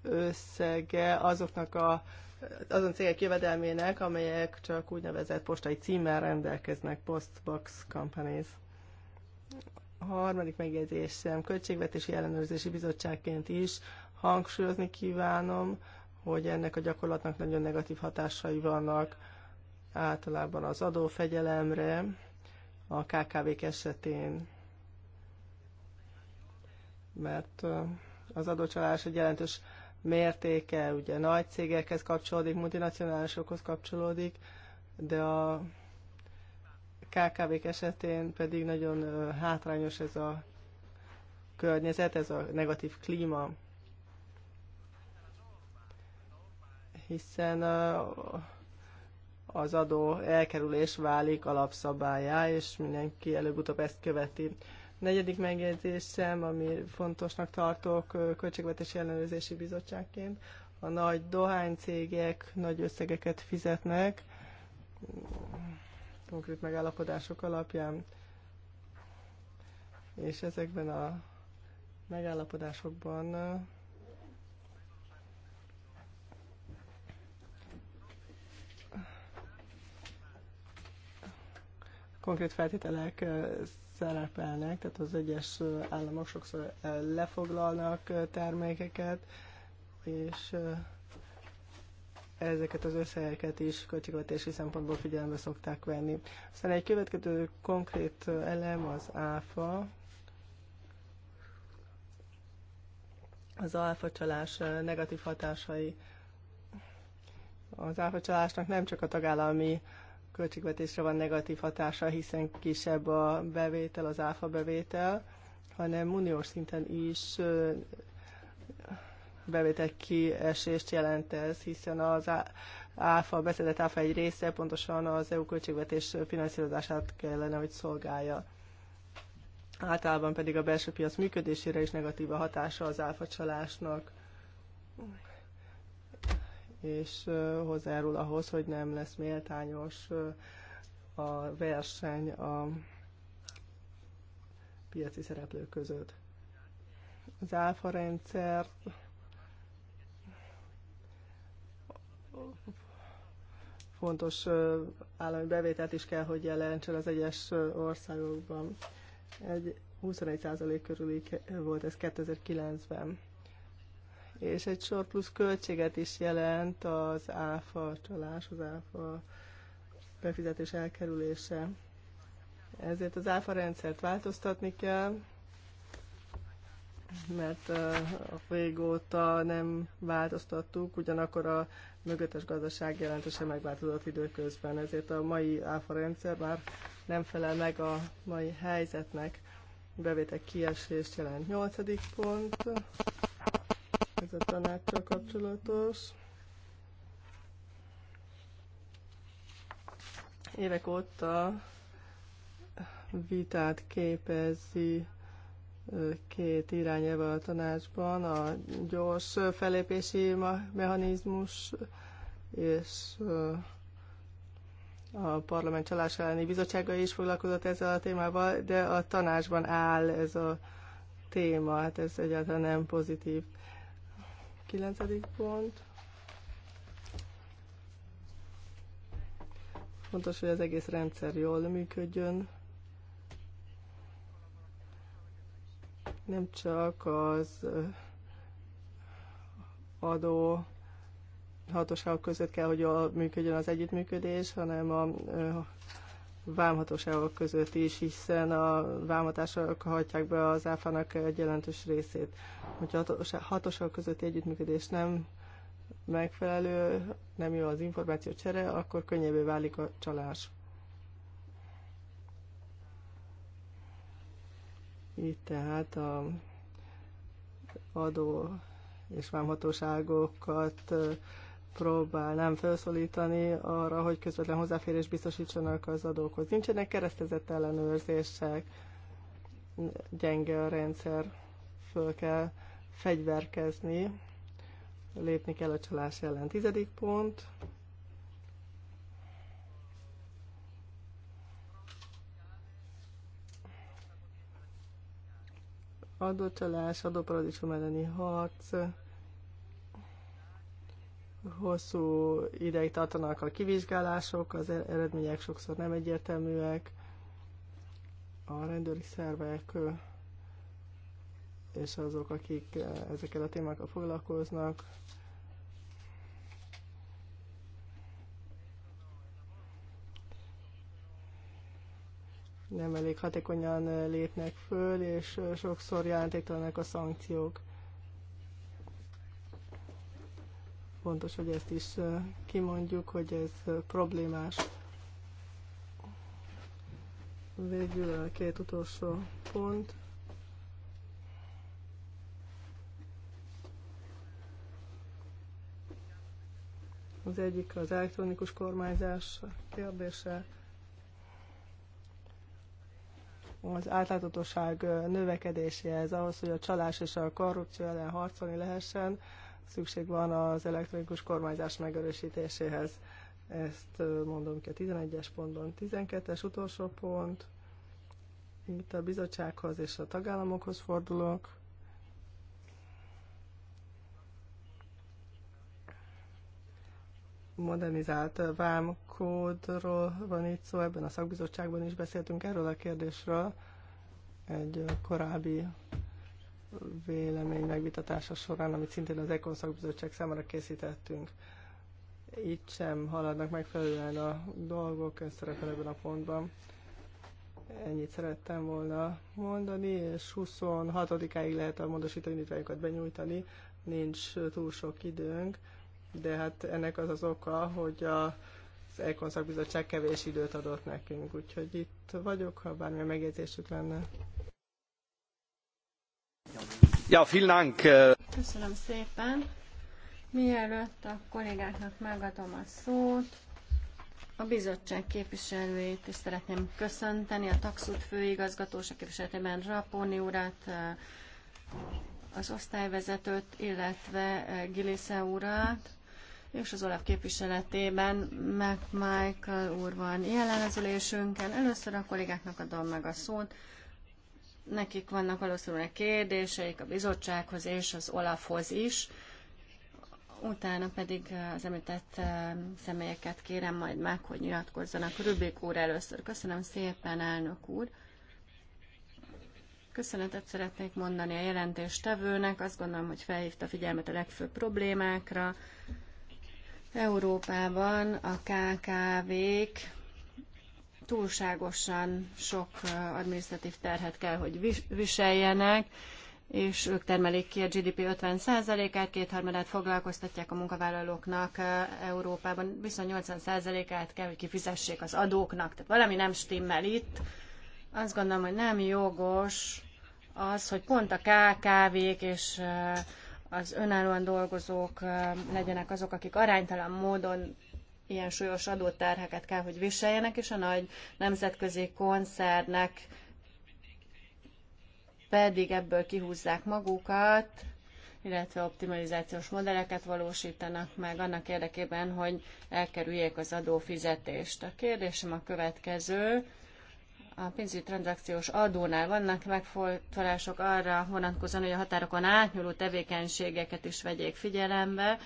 összege azoknak a azon cégek jövedelmének, amelyek csak úgynevezett postai címmel rendelkeznek, postbox companies. A harmadik megjegyzésem, Költségvetési Ellenőrzési Bizottságként is hangsúlyozni kívánom, hogy ennek a gyakorlatnak nagyon negatív hatásai vannak általában az adófegyelemre, a KKV-k esetén mert az adócsalás egy jelentős mértéke ugye nagy cégekhez kapcsolódik, multinacionálisokhoz kapcsolódik, de a KKV-k esetén pedig nagyon hátrányos ez a környezet, ez a negatív klíma. Hiszen az adó elkerülés válik alapszabályá, és mindenki előbb-utóbb ezt követi. Negyedik megjegyzésem, ami fontosnak tartok Költségvetési Ellenőrzési Bizottságként, a nagy dohánycégek nagy összegeket fizetnek konkrét megállapodások alapján, és ezekben a megállapodásokban konkrét feltételek szerepelnek, tehát az egyes államok sokszor lefoglalnak termékeket, és ezeket az összegeket is költségvetési szempontból figyelembe szokták venni. Aztán egy következő konkrét elem az áfa. Az áfa csalás negatív hatásai. Az áfa csalásnak nem csak a tagállami uh, költségvetésre van negatív hatása, hiszen kisebb a bevétel, az áfa bevétel, hanem uniós szinten is bevétel kiesést jelent ez, hiszen az áfa, beszedett áfa egy része pontosan az EU költségvetés finanszírozását kellene, hogy szolgálja. Általában pedig a belső piac működésére is negatív a hatása az áfacsalásnak és hozzájárul ahhoz, hogy nem lesz méltányos a verseny a piaci szereplők között. Az álfa rendszer fontos állami bevételt is kell, hogy jelentsen az egyes országokban. Egy 21% körüli volt ez 2009-ben és egy sor plusz költséget is jelent az áfa csalás, az áfa befizetés elkerülése. Ezért az áfa rendszert változtatni kell, mert a régóta nem változtattuk, ugyanakkor a mögöttes gazdaság jelentősen megváltozott időközben, ezért a mai áfa rendszer már nem felel meg a mai helyzetnek. Bevétek kiesést jelent 8. pont ez a tanácssal kapcsolatos. Évek óta vitát képezi két irányelv a tanácsban, a gyors felépési mechanizmus és a parlament csalás elleni bizottsága is foglalkozott ezzel a témával, de a tanácsban áll ez a téma, hát ez egyáltalán nem pozitív. 9. pont. Fontos, hogy az egész rendszer jól működjön. Nem csak az adó hatóságok között kell, hogy jól működjön az együttműködés, hanem a vámhatóságok között is, hiszen a vámhatások hajtják be az áfának egy jelentős részét. Hogyha hatóságok közötti együttműködés nem megfelelő, nem jó az információ csere, akkor könnyebbé válik a csalás. Itt tehát a adó és vámhatóságokat próbál nem felszólítani arra, hogy közvetlen hozzáférés biztosítsanak az adókhoz. Nincsenek keresztezett ellenőrzések, gyenge a rendszer, föl kell fegyverkezni, lépni kell a csalás ellen. Tizedik pont. Adócsalás, adóparadicsom elleni harc hosszú ideig tartanak a kivizsgálások, az e- eredmények sokszor nem egyértelműek, a rendőri szervek és azok, akik ezekkel a témákkal foglalkoznak, nem elég hatékonyan lépnek föl, és sokszor jelentéktelenek a szankciók. fontos, hogy ezt is kimondjuk, hogy ez problémás. Végül a két utolsó pont. Az egyik az elektronikus kormányzás kérdése. Az átláthatóság növekedéséhez, ahhoz, hogy a csalás és a korrupció ellen harcolni lehessen, szükség van az elektronikus kormányzás megerősítéséhez. Ezt mondom ki a 11-es pontban. 12-es utolsó pont. Itt a bizottsághoz és a tagállamokhoz fordulok. modernizált vámkódról van itt szó, ebben a szakbizottságban is beszéltünk erről a kérdésről egy korábbi vélemény megvitatása során, amit szintén az ECON Bizottság számára készítettünk. Itt sem haladnak megfelelően a dolgok, ön szerepel ebben a pontban. Ennyit szerettem volna mondani, és 26-áig lehet a módosító indítványokat benyújtani, nincs túl sok időnk, de hát ennek az az oka, hogy a az Elkonszak Bizottság kevés időt adott nekünk, úgyhogy itt vagyok, ha bármilyen megjegyzésük lenne. Ja, vielen Dank. Äh. Köszönöm szépen. Mielőtt a kollégáknak megadom a szót, a bizottság képviselőjét is szeretném köszönteni, a taxut főigazgatóság képviseletében Raponi urat, az osztályvezetőt, illetve Gilisze urat, és az Olaf képviseletében McMichael Michael úr van jelen az ülésünkön. Először a kollégáknak adom meg a szót, Nekik vannak valószínűleg kérdéseik a bizottsághoz és az Olafhoz is. Utána pedig eh, az említett eh, személyeket kérem majd meg, hogy nyilatkozzanak. Rubik úr először. Köszönöm szépen, elnök úr. Köszönetet szeretnék mondani a jelentéstevőnek. Azt gondolom, hogy felhívta figyelmet a legfőbb problémákra. Európában a KKV-k túlságosan sok administratív terhet kell, hogy viseljenek, és ők termelik ki a GDP 50%-át, kétharmadát foglalkoztatják a munkavállalóknak Európában, viszont 80%-át kell, hogy kifizessék az adóknak. Tehát valami nem stimmel itt. Azt gondolom, hogy nem jogos az, hogy pont a KKV-k és az önállóan dolgozók legyenek azok, akik aránytalan módon ilyen súlyos adóterheket kell, hogy viseljenek, és a nagy nemzetközi koncernek pedig ebből kihúzzák magukat, illetve optimalizációs modelleket valósítanak meg annak érdekében, hogy elkerüljék az adófizetést. A kérdésem a következő. A pénzügyi tranzakciós adónál vannak megfontolások arra vonatkozóan, hogy a határokon átnyúló tevékenységeket is vegyék figyelembe,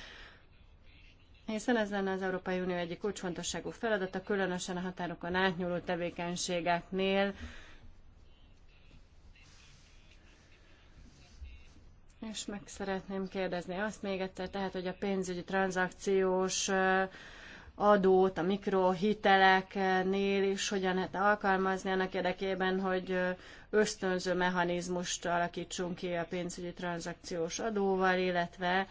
hiszen ez lenne az Európai Unió egyik kulcsfontosságú feladata, különösen a határokon átnyúló tevékenységeknél, És meg szeretném kérdezni azt még egyszer, tehát, hogy a pénzügyi tranzakciós adót a mikrohiteleknél is hogyan lehet alkalmazni annak érdekében, hogy ösztönző mechanizmust alakítsunk ki a pénzügyi tranzakciós adóval, illetve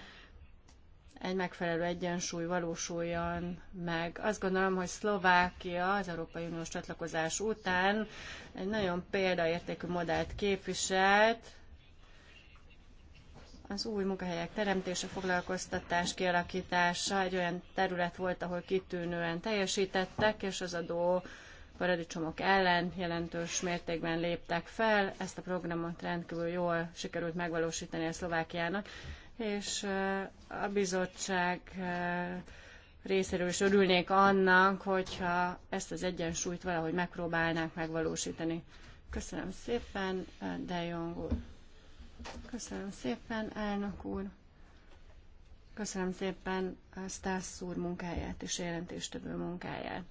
egy megfelelő egyensúly valósuljon meg. Azt gondolom, hogy Szlovákia az Európai Uniós csatlakozás után egy nagyon példaértékű modellt képviselt, az új munkahelyek teremtése, foglalkoztatás kialakítása egy olyan terület volt, ahol kitűnően teljesítettek, és az adó paradicsomok ellen jelentős mértékben léptek fel. Ezt a programot rendkívül jól sikerült megvalósítani a Szlovákiának, és a bizottság részéről is örülnék annak, hogyha ezt az egyensúlyt valahogy megpróbálnák megvalósítani. Köszönöm szépen, De Jong úr. Köszönöm szépen, elnök úr. Köszönöm szépen a Stász úr munkáját és jelentéstevő munkáját.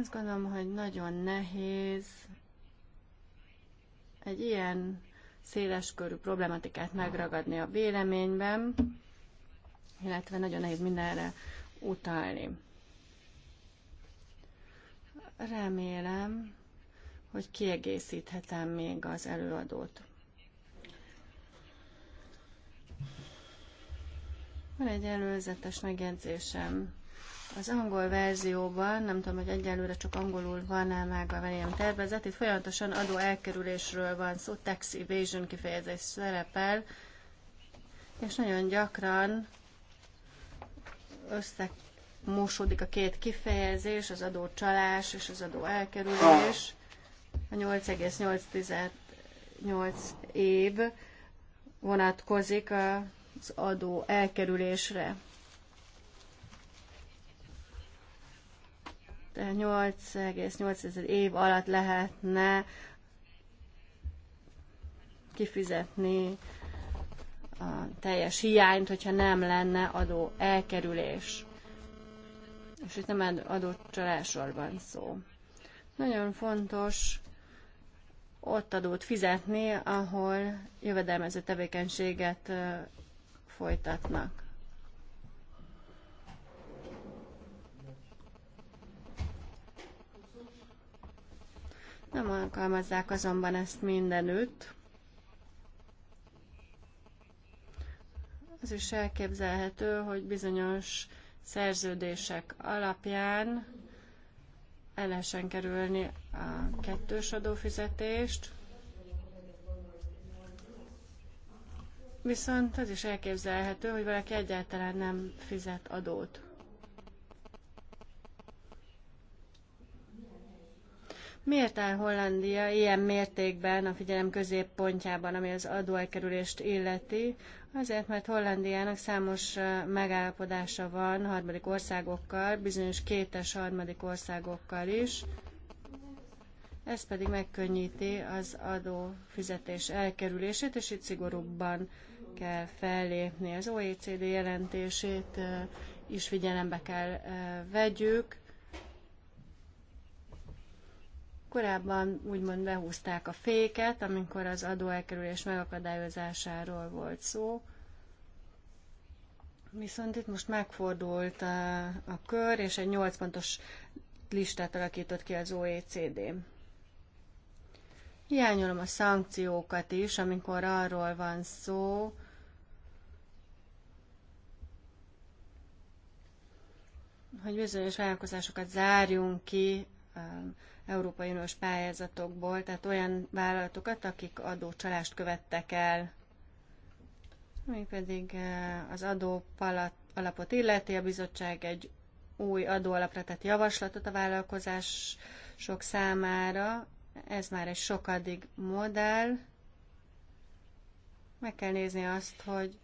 Azt gondolom, hogy nagyon nehéz egy ilyen széleskörű problematikát megragadni a véleményben, illetve nagyon nehéz mindenre utalni. Remélem, hogy kiegészíthetem még az előadót. Van egy előzetes megjegyzésem. Az angol verzióban, nem tudom, hogy egyelőre csak angolul van-e meg a velem tervezet, itt folyamatosan adó elkerülésről van szó, tax evasion kifejezés szerepel, és nagyon gyakran összemosódik a két kifejezés, az adócsalás és az adó elkerülés. A 8,8 év vonatkozik az adó elkerülésre. tehát 8,8 év alatt lehetne kifizetni a teljes hiányt, hogyha nem lenne adó elkerülés. És itt nem adott csalásról van szó. Nagyon fontos ott adót fizetni, ahol jövedelmező tevékenységet folytatnak. Nem alkalmazzák azonban ezt mindenütt. Az is elképzelhető, hogy bizonyos szerződések alapján el lehessen kerülni a kettős adófizetést, Viszont az is elképzelhető, hogy valaki egyáltalán nem fizet adót. Miért áll Hollandia ilyen mértékben a figyelem középpontjában, ami az adóelkerülést illeti? Azért, mert Hollandiának számos megállapodása van harmadik országokkal, bizonyos kétes harmadik országokkal is. Ez pedig megkönnyíti az adófizetés elkerülését, és itt szigorúbban kell fellépni. Az OECD jelentését is figyelembe kell vegyük korábban úgymond behúzták a féket, amikor az adóelkerülés megakadályozásáról volt szó. Viszont itt most megfordult a, a kör, és egy 8 pontos listát alakított ki az OECD. Hiányolom a szankciókat is, amikor arról van szó, hogy bizonyos vállalkozásokat zárjunk ki um, Európai Uniós pályázatokból, tehát olyan vállalatokat, akik adócsalást követtek el, ami pedig eh, az adó alapot illeti, a bizottság egy új adóalapra tett javaslatot a vállalkozások számára. Ez már egy sokadig modell. Meg kell nézni azt, hogy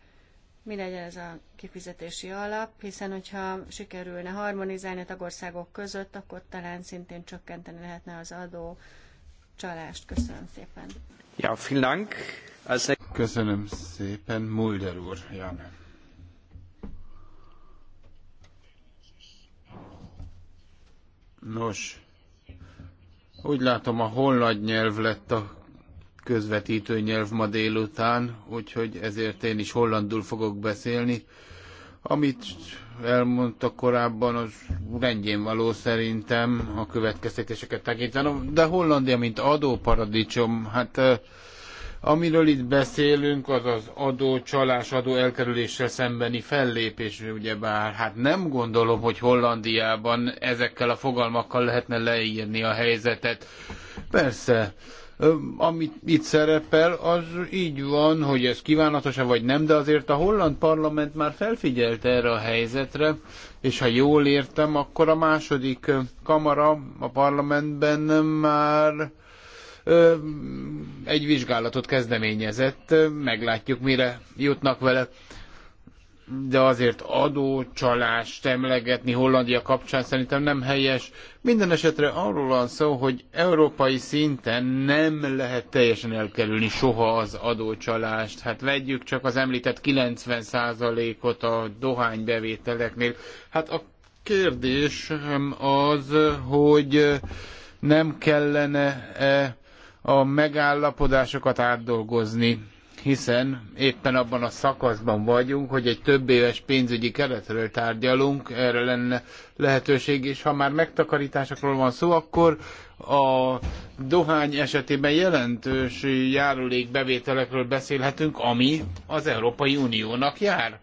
mi legyen ez a kifizetési alap, hiszen hogyha sikerülne harmonizálni a tagországok között, akkor talán szintén csökkenteni lehetne az adó csalást. Köszönöm szépen. Ja, vielen Dank. Köszönöm szépen, Mulder úr, Ja. Nos, úgy látom a holland nyelv lett a közvetítő nyelv ma délután, úgyhogy ezért én is hollandul fogok beszélni. Amit elmondta korábban, az rendjén való szerintem a következtetéseket tekintve, de Hollandia, mint adóparadicsom, hát Amiről itt beszélünk, az az adó, csalás, adó elkerüléssel szembeni fellépés, ugyebár hát nem gondolom, hogy Hollandiában ezekkel a fogalmakkal lehetne leírni a helyzetet. Persze, amit itt szerepel, az így van, hogy ez kívánatos-e vagy nem, de azért a holland parlament már felfigyelt erre a helyzetre, és ha jól értem, akkor a második kamara a parlamentben már egy vizsgálatot kezdeményezett, meglátjuk mire jutnak vele de azért adócsalást emlegetni Hollandia kapcsán szerintem nem helyes. Minden esetre arról van szó, hogy európai szinten nem lehet teljesen elkerülni soha az adócsalást. Hát vegyük csak az említett 90%-ot a dohánybevételeknél. Hát a kérdés az, hogy nem kellene -e a megállapodásokat átdolgozni hiszen éppen abban a szakaszban vagyunk, hogy egy több éves pénzügyi keretről tárgyalunk, erre lenne lehetőség, és ha már megtakarításokról van szó, akkor a dohány esetében jelentős járulékbevételekről beszélhetünk, ami az Európai Uniónak jár.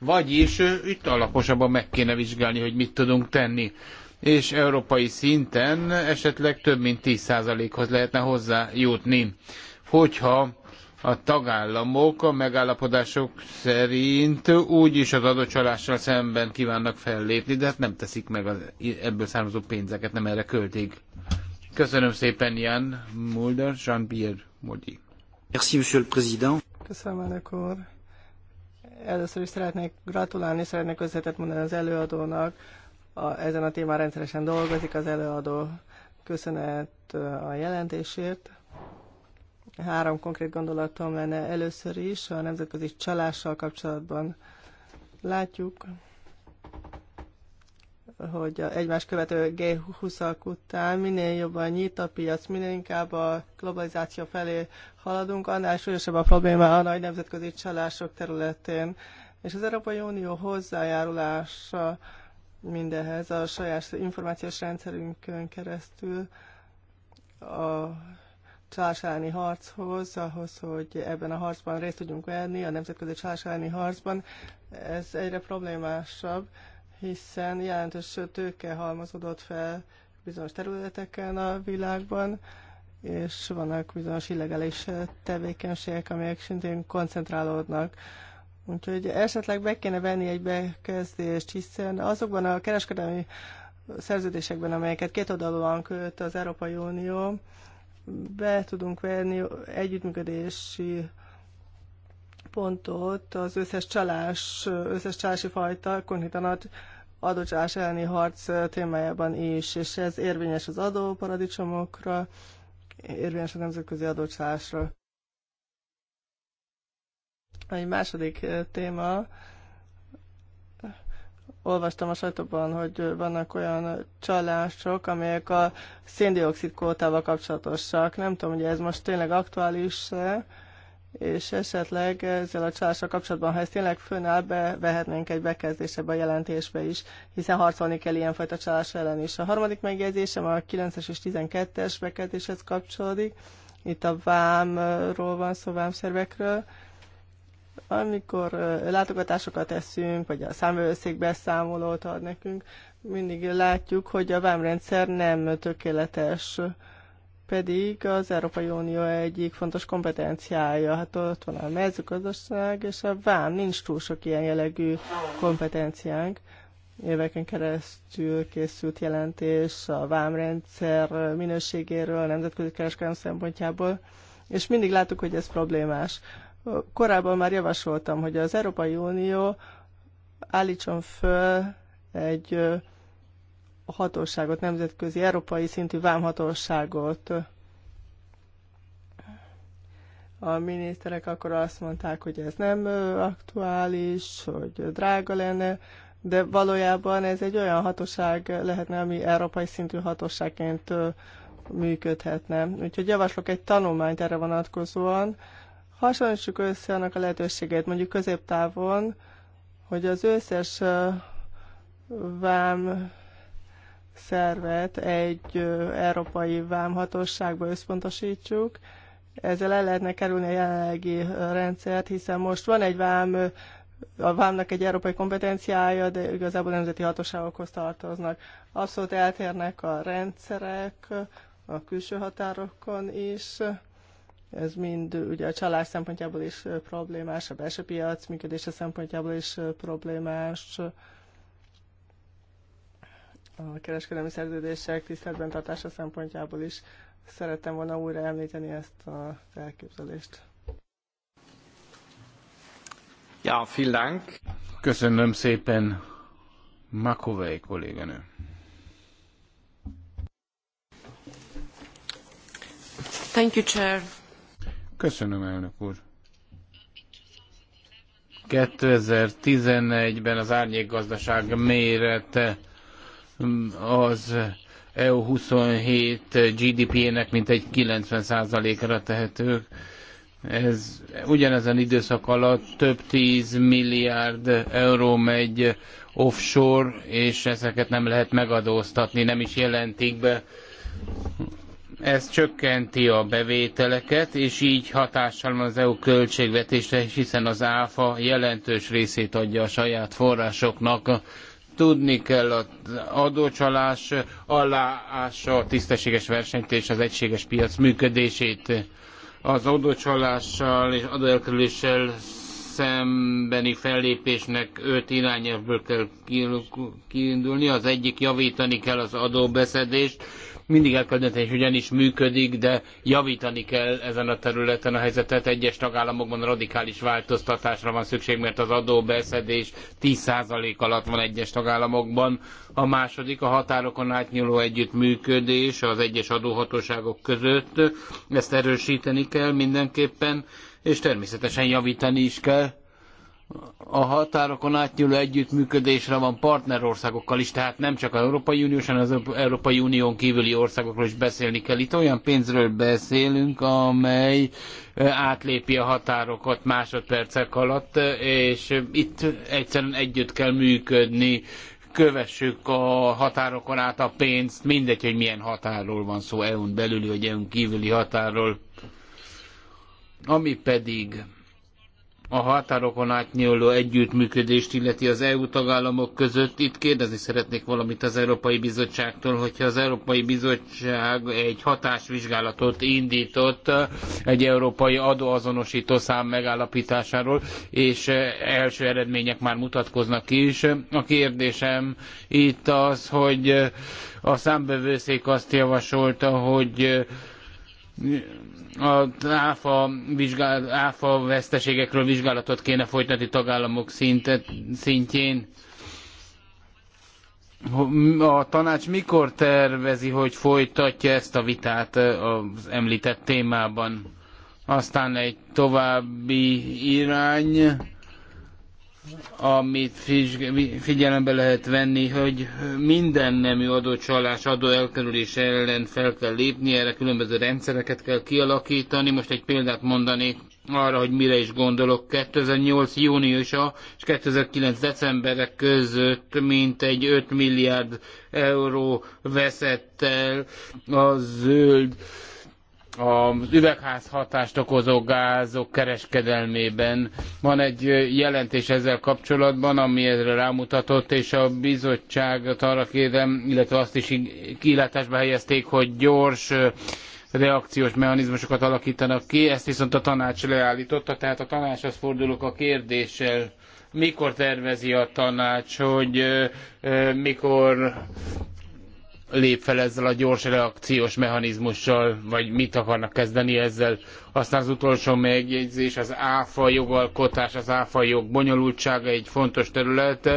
Vagyis itt alaposabban meg kéne vizsgálni, hogy mit tudunk tenni és európai szinten esetleg több mint 10%-hoz lehetne hozzájutni, hogyha a tagállamok a megállapodások szerint úgyis az adócsalással szemben kívánnak fellépni, de hát nem teszik meg az ebből származó pénzeket, nem erre költik. Köszönöm szépen, Jan Mulder, Jean-Pierre Modi. Merci, Monsieur le Président. Köszönöm, elnök úr. Először is szeretnék gratulálni, szeretnék összetett mondani az előadónak. A, ezen a témán rendszeresen dolgozik az előadó. Köszönet a jelentésért. Három konkrét gondolatom lenne először is a nemzetközi csalással kapcsolatban. Látjuk, hogy egymás követő G20-ak után minél jobban nyit a piac, minél inkább a globalizáció felé haladunk, annál súlyosabb a probléma a nagy nemzetközi csalások területén. És az Európai Unió hozzájárulása mindehez a saját információs rendszerünkön keresztül a csalás harchoz, ahhoz, hogy ebben a harcban részt tudjunk venni, a nemzetközi csalás harcban, ez egyre problémásabb, hiszen jelentős tőke halmozódott fel bizonyos területeken a világban, és vannak bizonyos illegális tevékenységek, amelyek szintén koncentrálódnak. Úgyhogy esetleg be kéne venni egy bekezdést, hiszen azokban a kereskedelmi szerződésekben, amelyeket kétoldalúan költ az Európai Unió, be tudunk venni együttműködési pontot az összes csalás, összes csalási fajta, konkrétan adócsalás elleni harc témájában is, és ez érvényes az adóparadicsomokra, érvényes a nemzetközi adócsalásra. Egy második eh, téma, Olvastam a sajtóban, hogy vannak olyan csalások, amelyek a széndiokszid kótával kapcsolatosak. Nem tudom, hogy ez most tényleg aktuális-e, és esetleg ezzel a csalással kapcsolatban, ha ez tényleg fönnáll, bevehetnénk egy bekezdésebe a jelentésbe is, hiszen harcolni kell ilyenfajta csalás ellen is. A harmadik megjegyzésem a 9-es és 12-es bekezdéshez kapcsolódik. Itt a vámról van szó, vámszervekről amikor látogatásokat teszünk, vagy a számvevőszék beszámolót ad nekünk, mindig látjuk, hogy a vámrendszer nem tökéletes, pedig az Európai Unió egyik fontos kompetenciája. Hát ott van a mezőgazdaság, és a vám nincs túl sok ilyen jellegű kompetenciánk. Éveken keresztül készült jelentés a vámrendszer minőségéről, a nemzetközi kereskedelem szempontjából, és mindig láttuk, hogy ez problémás Korábban már javasoltam, hogy az Európai Unió állítson föl egy hatóságot, nemzetközi, európai szintű vámhatóságot. A miniszterek akkor azt mondták, hogy ez nem aktuális, hogy drága lenne, de valójában ez egy olyan hatóság lehetne, ami európai szintű hatóságként működhetne. Úgyhogy javaslok egy tanulmányt erre vonatkozóan, Hasonlítsuk össze annak a lehetőségét, mondjuk középtávon, hogy az összes vám szervet egy európai vámhatóságba összpontosítsuk. Ezzel el lehetne kerülni a jelenlegi rendszert, hiszen most van egy vám, a vámnak egy európai kompetenciája, de igazából nemzeti hatóságokhoz tartoznak. Abszolút eltérnek a rendszerek a külső határokon is. Ez mind ugye a csalás szempontjából is problémás, a belső piac működése szempontjából is problémás, a kereskedelmi szerződések tiszteletben tartása szempontjából is szerettem volna újra említeni ezt az elképzelést. Ja, vielen Dank. Köszönöm szépen, Makovei kolléganő. Thank you, Chair. Köszönöm, elnök úr. 2011-ben az árnyékgazdaság mérete az EU27 GDP-nek mintegy 90%-ra tehetők. Ez ugyanezen időszak alatt több tíz milliárd euró megy offshore, és ezeket nem lehet megadóztatni, nem is jelentik be ez csökkenti a bevételeket, és így hatással van az EU költségvetésre, hiszen az ÁFA jelentős részét adja a saját forrásoknak. Tudni kell az adócsalás aláása a tisztességes versenyt és az egységes piac működését. Az adócsalással és adóelkerüléssel szembeni fellépésnek öt irányelvből kell kiindulni. Az egyik javítani kell az adóbeszedést, mindig el kell dönteni, hogy is működik, de javítani kell ezen a területen a helyzetet. Egyes tagállamokban radikális változtatásra van szükség, mert az adóbeszedés 10% alatt van egyes tagállamokban. A második a határokon átnyúló együttműködés az egyes adóhatóságok között. Ezt erősíteni kell mindenképpen, és természetesen javítani is kell a határokon átnyúló együttműködésre van partnerországokkal is, tehát nem csak az Európai Uniós, hanem az Európai Unión kívüli országokról is beszélni kell. Itt olyan pénzről beszélünk, amely eh, átlépi a határokat másodpercek alatt, eh, és eh, itt egyszerűen együtt kell működni, kövessük a határokon át a pénzt, mindegy, hogy milyen határról van szó, EU-n belüli vagy EU-n kívüli határról. Ami pedig a határokon átnyúló együttműködést illeti az EU tagállamok között. Itt kérdezni szeretnék valamit az Európai Bizottságtól, hogyha az Európai Bizottság egy hatásvizsgálatot indított egy európai adóazonosító szám megállapításáról, és első eredmények már mutatkoznak is. A kérdésem itt az, hogy a számbevőszék azt javasolta, hogy az áfa, vizsgál, áfa veszteségekről vizsgálatot kéne folytatni tagállamok szinte, szintjén. A tanács mikor tervezi, hogy folytatja ezt a vitát az említett témában? Aztán egy további irány amit figyelembe lehet venni, hogy minden nemű adócsalás, adó elkerülés ellen fel kell lépni, erre különböző rendszereket kell kialakítani. Most egy példát mondanék arra, hogy mire is gondolok. 2008. júniusa és 2009. decemberek között mintegy 5 milliárd euró veszett el a zöld az üvegházhatást okozó gázok kereskedelmében. Van egy jelentés ezzel kapcsolatban, ami erre rámutatott, és a bizottságot arra kérem, illetve azt is kilátásba helyezték, hogy gyors reakciós mechanizmusokat alakítanak ki, ezt viszont a tanács leállította, tehát a tanácshoz fordulok a kérdéssel, mikor tervezi a tanács, hogy mikor lép fel ezzel a gyors reakciós mechanizmussal, vagy mit akarnak kezdeni ezzel. Aztán az utolsó megjegyzés, az áfa jogalkotás, az áfa jog bonyolultsága egy fontos terület.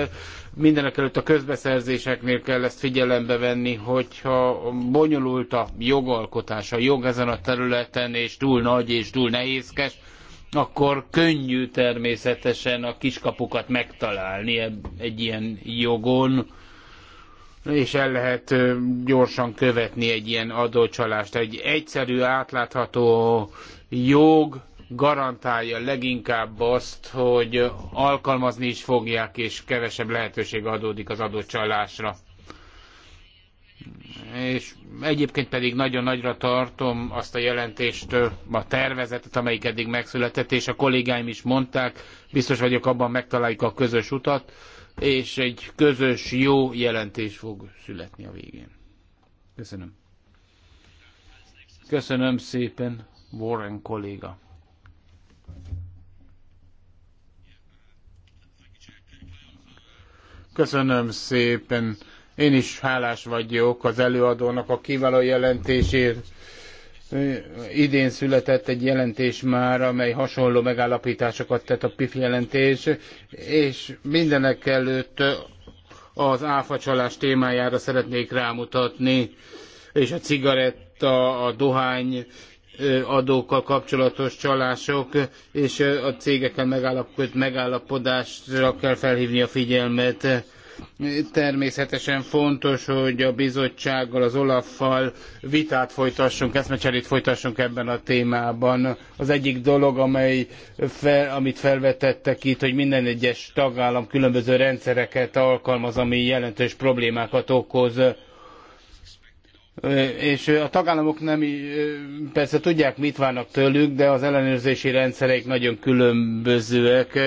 Mindenekelőtt a közbeszerzéseknél kell ezt figyelembe venni, hogyha bonyolult a jogalkotás, a jog ezen a területen, és túl nagy és túl nehézkes, akkor könnyű természetesen a kiskapukat megtalálni egy ilyen jogon és el lehet gyorsan követni egy ilyen adócsalást. Egy egyszerű, átlátható jog garantálja leginkább azt, hogy alkalmazni is fogják, és kevesebb lehetőség adódik az adócsalásra. És egyébként pedig nagyon nagyra tartom azt a jelentést, a tervezetet, amelyik eddig megszületett, és a kollégáim is mondták, biztos vagyok abban megtaláljuk a közös utat és egy közös jó jelentés fog születni a végén. Köszönöm. Köszönöm szépen, Warren kolléga. Köszönöm szépen. Én is hálás vagyok az előadónak a kiváló jelentésért idén született egy jelentés már, amely hasonló megállapításokat tett a PIF jelentés, és mindenek előtt az áfacsalás témájára szeretnék rámutatni, és a cigaretta, a dohány adókkal kapcsolatos csalások, és a cégekkel megállapodásra kell felhívni a figyelmet Természetesen fontos, hogy a bizottsággal, az Olaffal vitát folytassunk, eszmecserét folytassunk ebben a témában. Az egyik dolog, amely fel, amit felvetettek itt, hogy minden egyes tagállam különböző rendszereket alkalmaz, ami jelentős problémákat okoz és a tagállamok nem persze tudják, mit várnak tőlük, de az ellenőrzési rendszereik nagyon különbözőek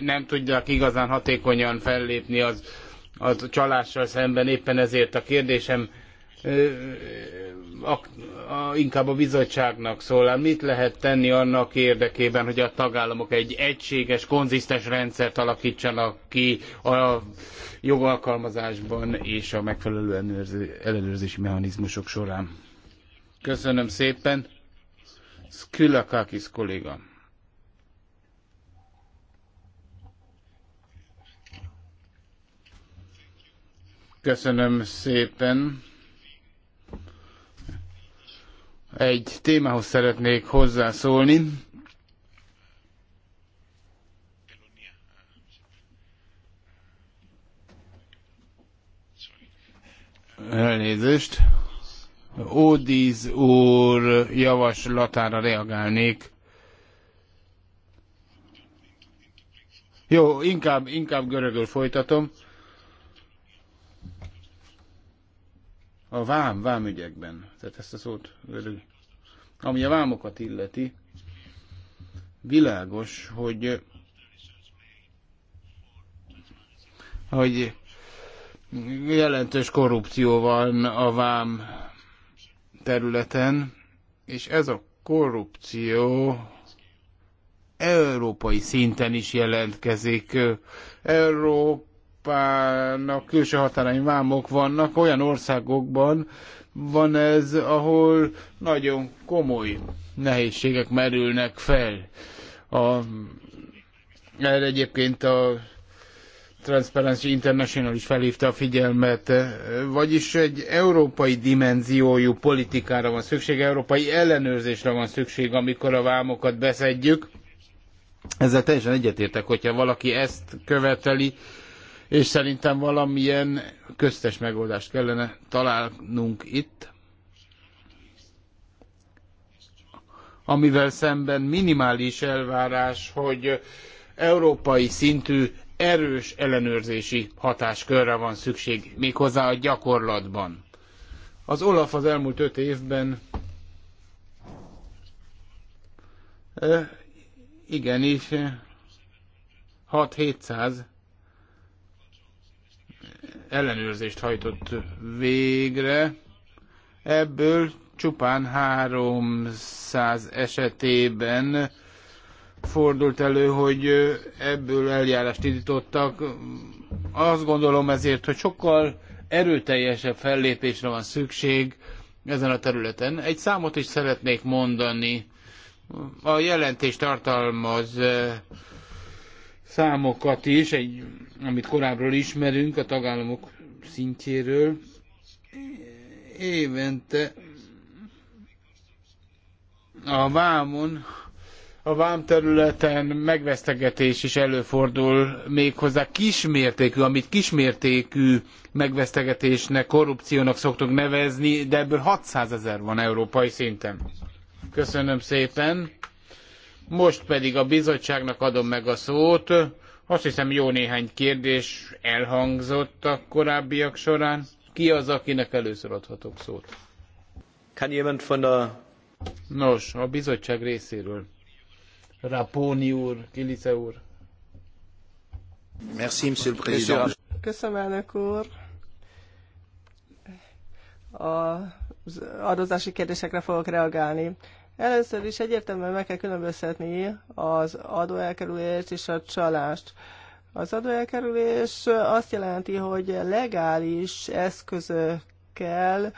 nem tudják igazán hatékonyan fellépni az, az csalással szemben. Éppen ezért a kérdésem a, a, inkább a bizottságnak szól. Hát mit lehet tenni annak érdekében, hogy a tagállamok egy egységes, konzisztens rendszert alakítsanak ki a jogalkalmazásban és a megfelelő ellenőrzési mechanizmusok során? Köszönöm szépen. Skylakakis kolléga. Köszönöm szépen. Egy témához szeretnék hozzászólni. Elnézést. Ódíz úr javaslatára reagálnék. Jó, inkább, inkább görögül folytatom. a vám, vámügyekben. Tehát ezt a szót velük. Ami a vámokat illeti, világos, hogy hogy jelentős korrupció van a vám területen, és ez a korrupció európai szinten is jelentkezik. Európa Európának külső határain vámok vannak, olyan országokban van ez, ahol nagyon komoly nehézségek merülnek fel. A, erre egyébként a Transparency International is felhívta a figyelmet, vagyis egy európai dimenziójú politikára van szükség, európai ellenőrzésre van szükség, amikor a vámokat beszedjük. Ezzel teljesen egyetértek, hogyha valaki ezt követeli, és szerintem valamilyen köztes megoldást kellene találnunk itt, amivel szemben minimális elvárás, hogy európai szintű erős ellenőrzési hatáskörre van szükség, méghozzá a gyakorlatban. Az Olaf az elmúlt öt évben eh, igenis 6-700 ellenőrzést hajtott végre. Ebből csupán 300 esetében fordult elő, hogy ebből eljárást indítottak. Azt gondolom ezért, hogy sokkal erőteljesebb fellépésre van szükség ezen a területen. Egy számot is szeretnék mondani. A jelentés tartalmaz eh, számokat is, egy, amit korábbról ismerünk a tagállamok szintjéről. Évente a vámon, a vám területen megvesztegetés is előfordul méghozzá kismértékű, amit kismértékű megvesztegetésnek, korrupciónak szoktuk nevezni, de ebből 600 ezer van európai szinten. Köszönöm szépen! Most pedig a bizottságnak adom meg a szót. Azt hiszem jó néhány kérdés elhangzott a korábbiak során. Ki az, akinek először adhatok szót? Kann jemand von der... Nos, a bizottság részéről. Raponi úr, Kilice úr. Merci, monsieur le président. Köszönöm, elnök úr. A adózási kérdésekre fogok reagálni. Először is egyértelműen meg kell különböztetni az adóelkerülést és a csalást. Az adóelkerülés azt jelenti, hogy legális eszközökkel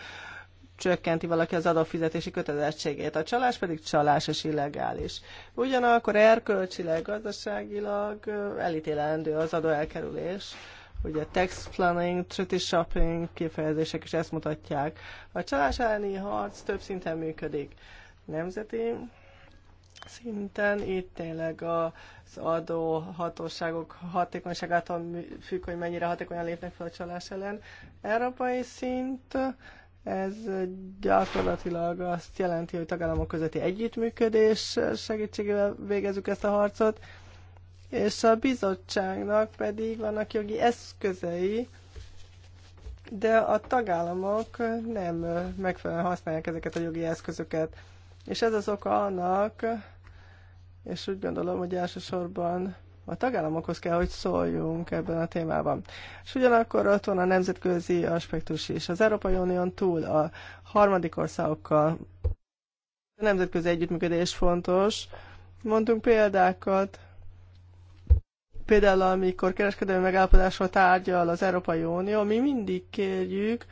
csökkenti valaki az adófizetési kötelezettségét. A csalás pedig csalás és illegális. Ugyanakkor erkölcsileg, gazdaságilag elítélendő az adóelkerülés. Ugye tax planning, treaty shopping kifejezések is ezt mutatják. A csalás elleni harc több szinten működik nemzeti szinten. Itt tényleg az adó hatóságok hatékonyságától függ, hogy mennyire hatékonyan lépnek fel a csalás ellen. Európai szint ez gyakorlatilag azt jelenti, hogy tagállamok közötti együttműködés segítségével végezzük ezt a harcot, és a bizottságnak pedig vannak jogi eszközei, de a tagállamok nem megfelelően használják ezeket a jogi eszközöket. És ez az oka annak, és úgy gondolom, hogy elsősorban a tagállamokhoz kell, hogy szóljunk ebben a témában. És ugyanakkor ott van a nemzetközi aspektus is. Az Európai Unión túl a harmadik országokkal a nemzetközi együttműködés fontos. Mondtunk példákat, például amikor kereskedelmi megállapodásról tárgyal az Európai Unió, mi mindig kérjük,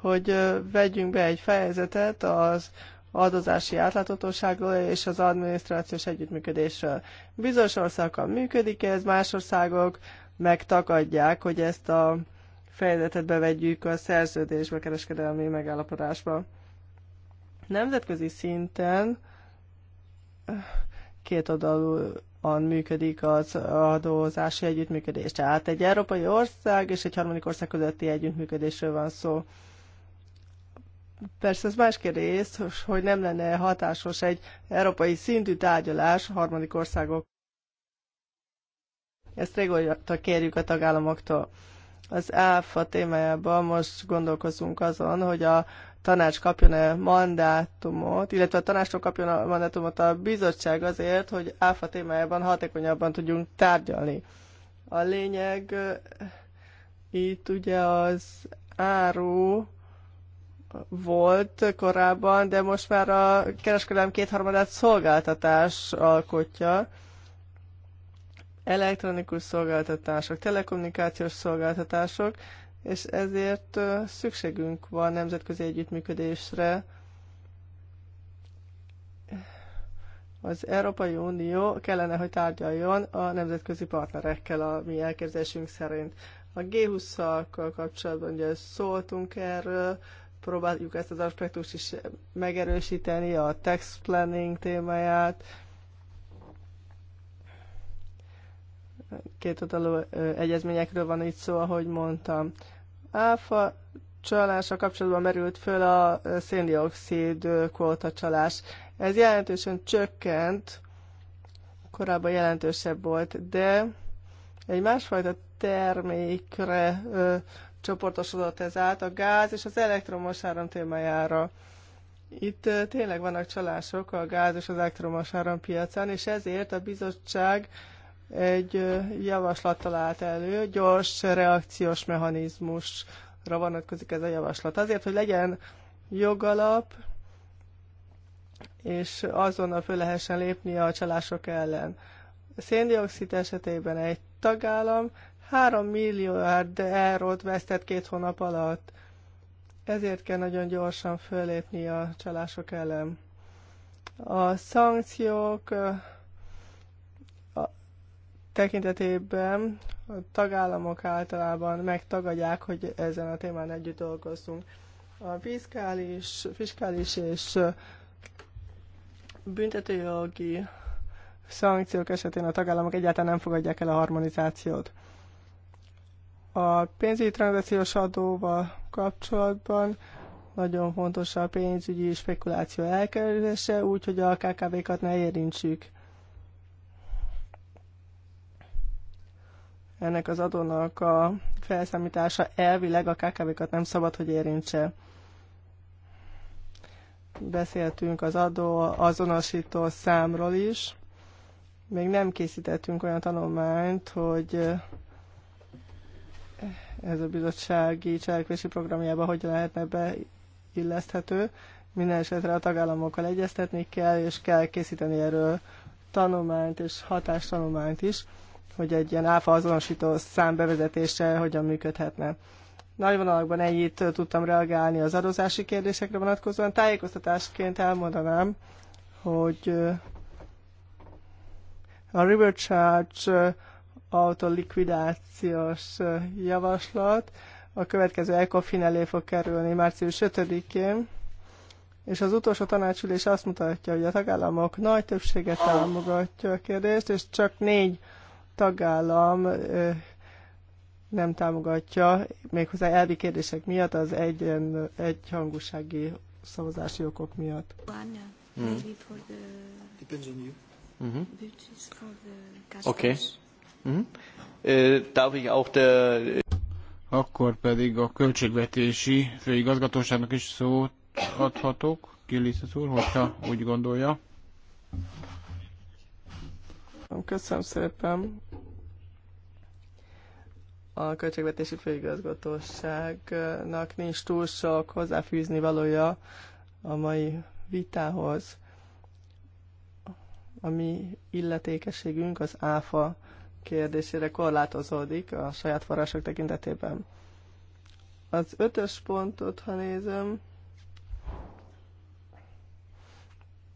hogy vegyünk be egy fejezetet az adózási átláthatóságról és az adminisztrációs együttműködésről. Bizonyos országokkal működik ez, más országok megtakadják, hogy ezt a fejletet bevegyük a szerződésbe, kereskedelmi megállapodásba. Nemzetközi szinten két oldalúan működik az adózási együttműködés. Tehát egy európai ország és egy harmadik ország közötti együttműködésről van szó. Persze ez más kérdés, hogy nem lenne hatásos egy európai szintű tárgyalás a harmadik országok. Ezt régóta kérjük a tagállamoktól. Az ÁFA témájában most gondolkozunk azon, hogy a tanács kapjon-e mandátumot, illetve a tanácstól kapjon a mandátumot a bizottság azért, hogy ÁFA témájában hatékonyabban tudjunk tárgyalni. A lényeg eh, itt ugye az áru volt korábban, de most már a kereskedelem kétharmadát szolgáltatás alkotja. Elektronikus szolgáltatások, telekommunikációs szolgáltatások, és ezért szükségünk van nemzetközi együttműködésre. Az Európai Unió kellene, hogy tárgyaljon a nemzetközi partnerekkel a mi elképzelésünk szerint. A G20-szal kapcsolatban ugye szóltunk erről, próbáljuk ezt az aspektust is megerősíteni, a tax planning témáját, két oldalú egyezményekről van itt szó, ahogy mondtam. Áfa csalása kapcsolatban merült föl a széndiokszid kvóta csalás. Ez jelentősen csökkent, korábban jelentősebb volt, de egy másfajta termékre ö, csoportosodott ez át a gáz és az elektromos áram témájára. Itt tényleg vannak csalások a gáz és az elektromos piacán, és ezért a bizottság egy javaslat talált elő, gyors reakciós mechanizmusra vonatkozik ez a javaslat. Azért, hogy legyen jogalap, és azonnal föl lehessen lépni a csalások ellen. A széndiokszid esetében egy tagállam 3 milliárd eurót vesztett két hónap alatt. Ezért kell nagyon gyorsan fölépni a csalások ellen. A szankciók a tekintetében a tagállamok általában megtagadják, hogy ezen a témán együtt dolgozzunk. A fiskális, fiskális és büntetőjogi szankciók esetén a tagállamok egyáltalán nem fogadják el a harmonizációt. A pénzügyi tranzakciós adóval kapcsolatban nagyon fontos a pénzügyi spekuláció elkerülése, úgy, hogy a KKV-kat ne érintsük. Ennek az adónak a felszámítása elvileg a KKV-kat nem szabad, hogy érintse. Beszéltünk az adó azonosító számról is. Még nem készítettünk olyan tanulmányt, hogy ez a bizottsági cselekvési programjába hogyan lehetne beilleszthető. Minden esetre a tagállamokkal egyeztetni kell, és kell készíteni erről tanulmányt és hatástanulmányt is, hogy egy ilyen áfa azonosító szám bevezetése hogyan működhetne. Nagy vonalakban ennyit tudtam reagálni az adózási kérdésekre vonatkozóan. Tájékoztatásként elmondanám, hogy a river charge autolikvidációs javaslat a következő ECOFIN elé fog kerülni március 5-én, és az utolsó tanácsülés azt mutatja, hogy a tagállamok nagy többsége támogatja a kérdést, és csak négy tagállam nem támogatja, méghozzá elvi kérdések miatt, az egyen, egyhangúsági szavazási okok miatt. Mm. Depends on you. Mm-hmm. Oké. Okay. Mhm. Akkor pedig a költségvetési főigazgatóságnak is szót adhatok, Kilisztus úr, hogyha úgy gondolja. Köszönöm szépen. A Költségvetési Főigazgatóságnak nincs túl sok hozzáfűzni valója a mai vitához. A mi illetékességünk az ÁFA kérdésére korlátozódik a saját források tekintetében. Az ötös pontot, ha nézem,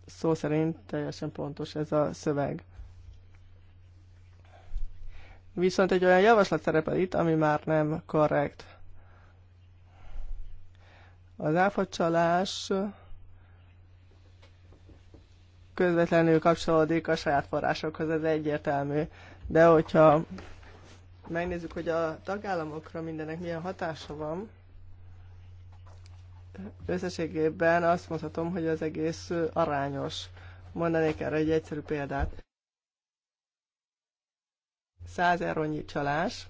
szó szerint teljesen pontos ez a szöveg. Viszont egy olyan javaslat szerepel itt, ami már nem korrekt. Az áfacsalás közvetlenül kapcsolódik a saját forrásokhoz, ez egyértelmű. De hogyha megnézzük, hogy a tagállamokra mindenek milyen hatása van, összességében azt mondhatom, hogy az egész arányos. Mondanék erre egy egyszerű példát. 100 euronnyi csalás,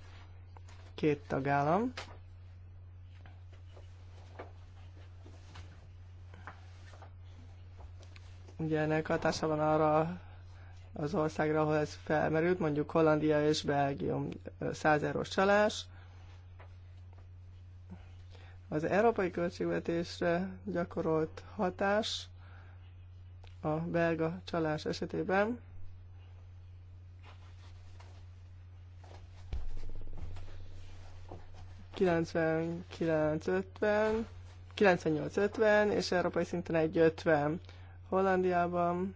két tagállam. Ugye ennek hatása van arra az országra, ahol ez felmerült, mondjuk Hollandia és Belgium 100 eurós csalás. Az európai költségvetésre gyakorolt hatás a belga csalás esetében ...99-50, 98-50, és európai szinten 1,50. Hollandiában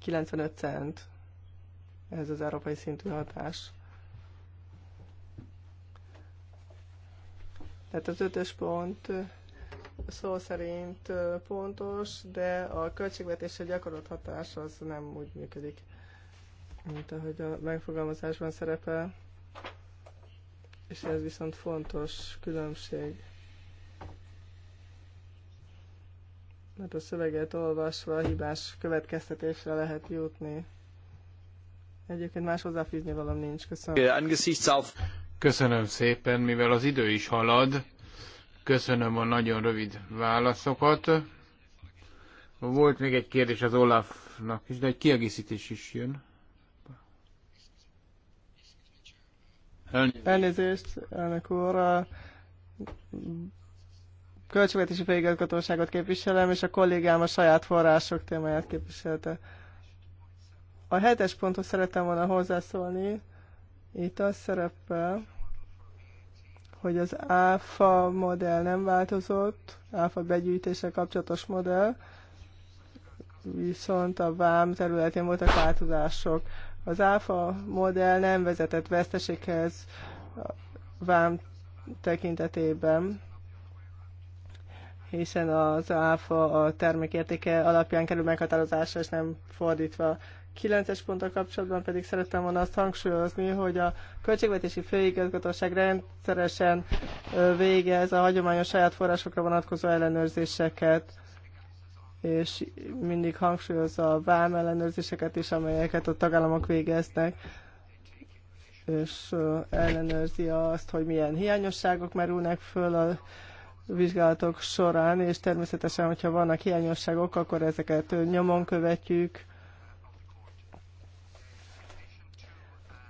95 cent ez az európai szintű hatás. Tehát az ötös pont szó szerint pontos, de a költségvetésre gyakorolt hatás az nem úgy működik, mint ahogy a megfogalmazásban szerepel. És ez viszont fontos különbség. mert hát a szöveget olvasva a hibás következtetésre lehet jutni. Egyébként más hozzáfűzni valam nincs. Köszönöm. Köszönöm szépen, mivel az idő is halad. Köszönöm a nagyon rövid válaszokat. Volt még egy kérdés az Olafnak is, de egy kiegészítés is jön. Elnézést, elnök úr költségvetési főigazgatóságot képviselem, és a kollégám a saját források témáját képviselte. A hetes pontot szerettem volna hozzászólni. Itt az szerepel, hogy az áfa modell nem változott, áfa begyűjtése kapcsolatos modell, viszont a vám területén voltak változások. Az áfa modell nem vezetett veszteséghez vám tekintetében hiszen az áfa a termékértéke alapján kerül meghatározásra, és nem fordítva. 9-es ponttal kapcsolatban pedig szerettem volna azt hangsúlyozni, hogy a Költségvetési Főigazgatóság rendszeresen végez a hagyományos saját forrásokra vonatkozó ellenőrzéseket, és mindig hangsúlyozza a vám ellenőrzéseket is, amelyeket a tagállamok végeznek, és ellenőrzi azt, hogy milyen hiányosságok merülnek föl a vizsgálatok során, és természetesen, hogyha vannak hiányosságok, akkor ezeket nyomon követjük.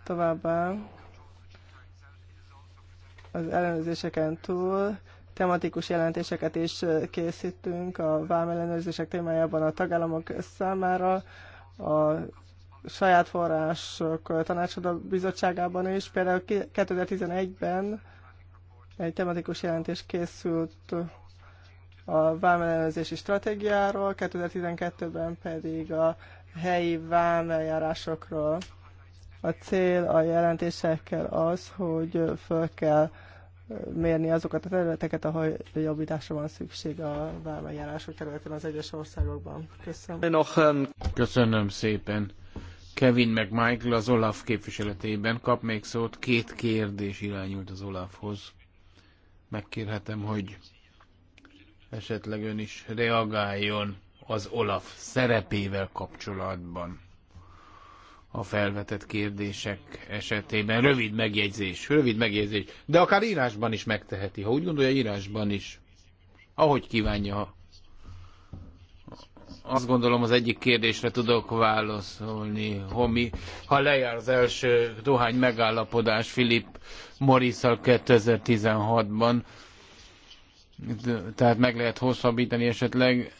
Továbbá az ellenőrzéseken túl tematikus jelentéseket is készítünk a vámellenőrzések témájában a tagállamok számára, a saját források tanácsadó bizottságában is. Például 2011-ben egy tematikus jelentés készült a vámellenőrzési stratégiáról, 2012-ben pedig a helyi vámeljárásokról. A cél a jelentésekkel az, hogy föl kell mérni azokat a területeket, ahol jobbításra van szükség a vámeljárások területen az egyes országokban. Köszönöm. Um, Köszönöm szépen. Kevin meg Michael az Olaf képviseletében kap még szót. Két kérdés irányult az Olafhoz megkérhetem, hogy esetleg ön is reagáljon az Olaf szerepével kapcsolatban a felvetett kérdések esetében. Rövid megjegyzés, rövid megjegyzés, de akár írásban is megteheti, ha úgy gondolja, írásban is, ahogy kívánja, azt gondolom az egyik kérdésre tudok válaszolni, Homi. Ha lejár az első dohány megállapodás Filip Morisszal 2016-ban, tehát meg lehet hosszabbítani esetleg,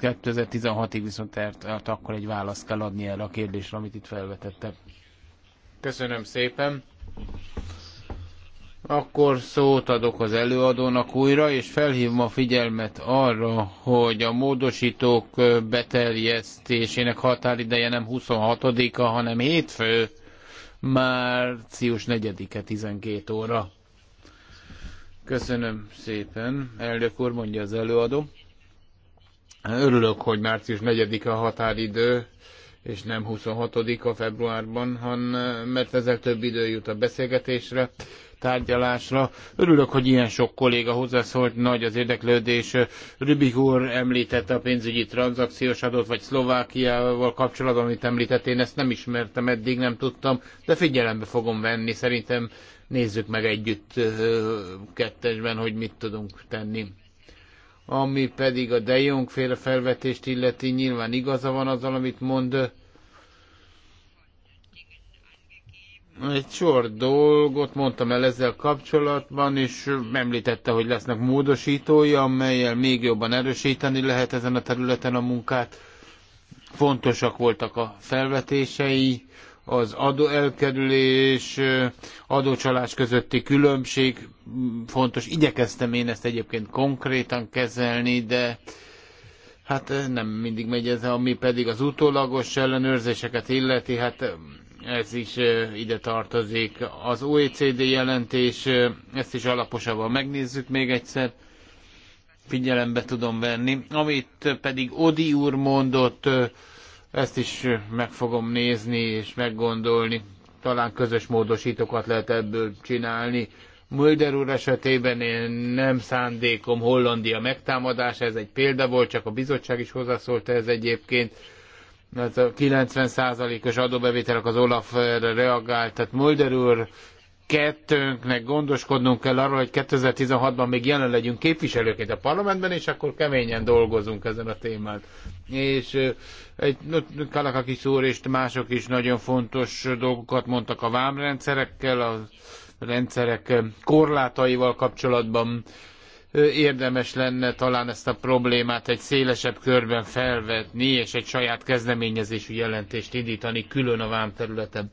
2016-ig viszont hát akkor egy választ kell adni erre a kérdésre, amit itt felvetettek. Köszönöm szépen. Akkor szót adok az előadónak újra, és felhívom a figyelmet arra, hogy a módosítók beterjesztésének határideje nem 26-a, hanem hétfő, március 4-e 12 óra. Köszönöm szépen, elnök úr, mondja az előadó. Örülök, hogy március 4-e a határidő, és nem 26-a februárban, hanem, mert ezzel több idő jut a beszélgetésre tárgyalásra. Örülök, hogy ilyen sok kolléga hozzászólt, nagy az érdeklődés. Rübik úr említette a pénzügyi tranzakciós adót, vagy Szlovákiával kapcsolatban, amit említett, én ezt nem ismertem, eddig nem tudtam, de figyelembe fogom venni. Szerintem nézzük meg együtt kettesben, hogy mit tudunk tenni ami pedig a De Jong féle felvetést illeti, nyilván igaza van azzal, amit mond, egy sor dolgot mondtam el ezzel kapcsolatban, és említette, hogy lesznek módosítói, amelyel még jobban erősíteni lehet ezen a területen a munkát. Fontosak voltak a felvetései, az adóelkerülés, adócsalás közötti különbség fontos. Igyekeztem én ezt egyébként konkrétan kezelni, de hát nem mindig megy ez, ami pedig az utólagos ellenőrzéseket illeti, hát ez is ide tartozik. Az OECD jelentés, ezt is alaposabban megnézzük még egyszer, figyelembe tudom venni. Amit pedig Odi úr mondott, ezt is meg fogom nézni és meggondolni. Talán közös módosítókat lehet ebből csinálni. Mulder úr esetében én nem szándékom Hollandia megtámadása, ez egy példa volt, csak a bizottság is hozzászólt ez egyébként ez hát a 90%-os adóbevételek az Olaf reagált, tehát Mulder úr kettőnknek gondoskodnunk kell arról, hogy 2016-ban még jelen legyünk képviselőként a parlamentben, és akkor keményen dolgozunk ezen a témán. És egy Kalakaki úr és mások is nagyon fontos dolgokat mondtak a vámrendszerekkel, a rendszerek korlátaival kapcsolatban érdemes lenne talán ezt a problémát egy szélesebb körben felvetni, és egy saját kezdeményezésű jelentést indítani külön a vámterületen.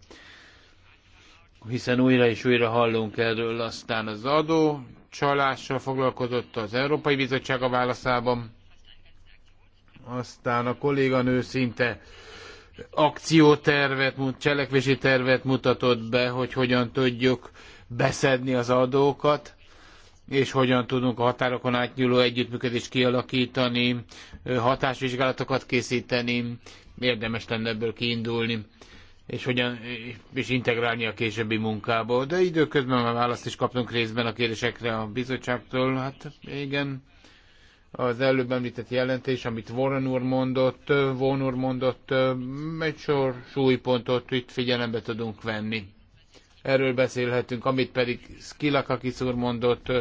Hiszen újra és újra hallunk erről, aztán az adó csalással foglalkozott az Európai Bizottság a válaszában, aztán a kolléganő szinte akciótervet, cselekvési tervet mutatott be, hogy hogyan tudjuk beszedni az adókat, és hogyan tudunk a határokon átnyúló együttműködést kialakítani, hatásvizsgálatokat készíteni, érdemes lenne ebből kiindulni, és, hogyan, és integrálni a későbbi munkába. De időközben már választ is kaptunk részben a kérdésekre a bizottságtól. Hát igen, az előbb említett jelentés, amit Warren úr mondott, Von úr mondott, egy sor súlypontot itt figyelembe tudunk venni erről beszélhetünk, amit pedig Skilakakis úr mondott,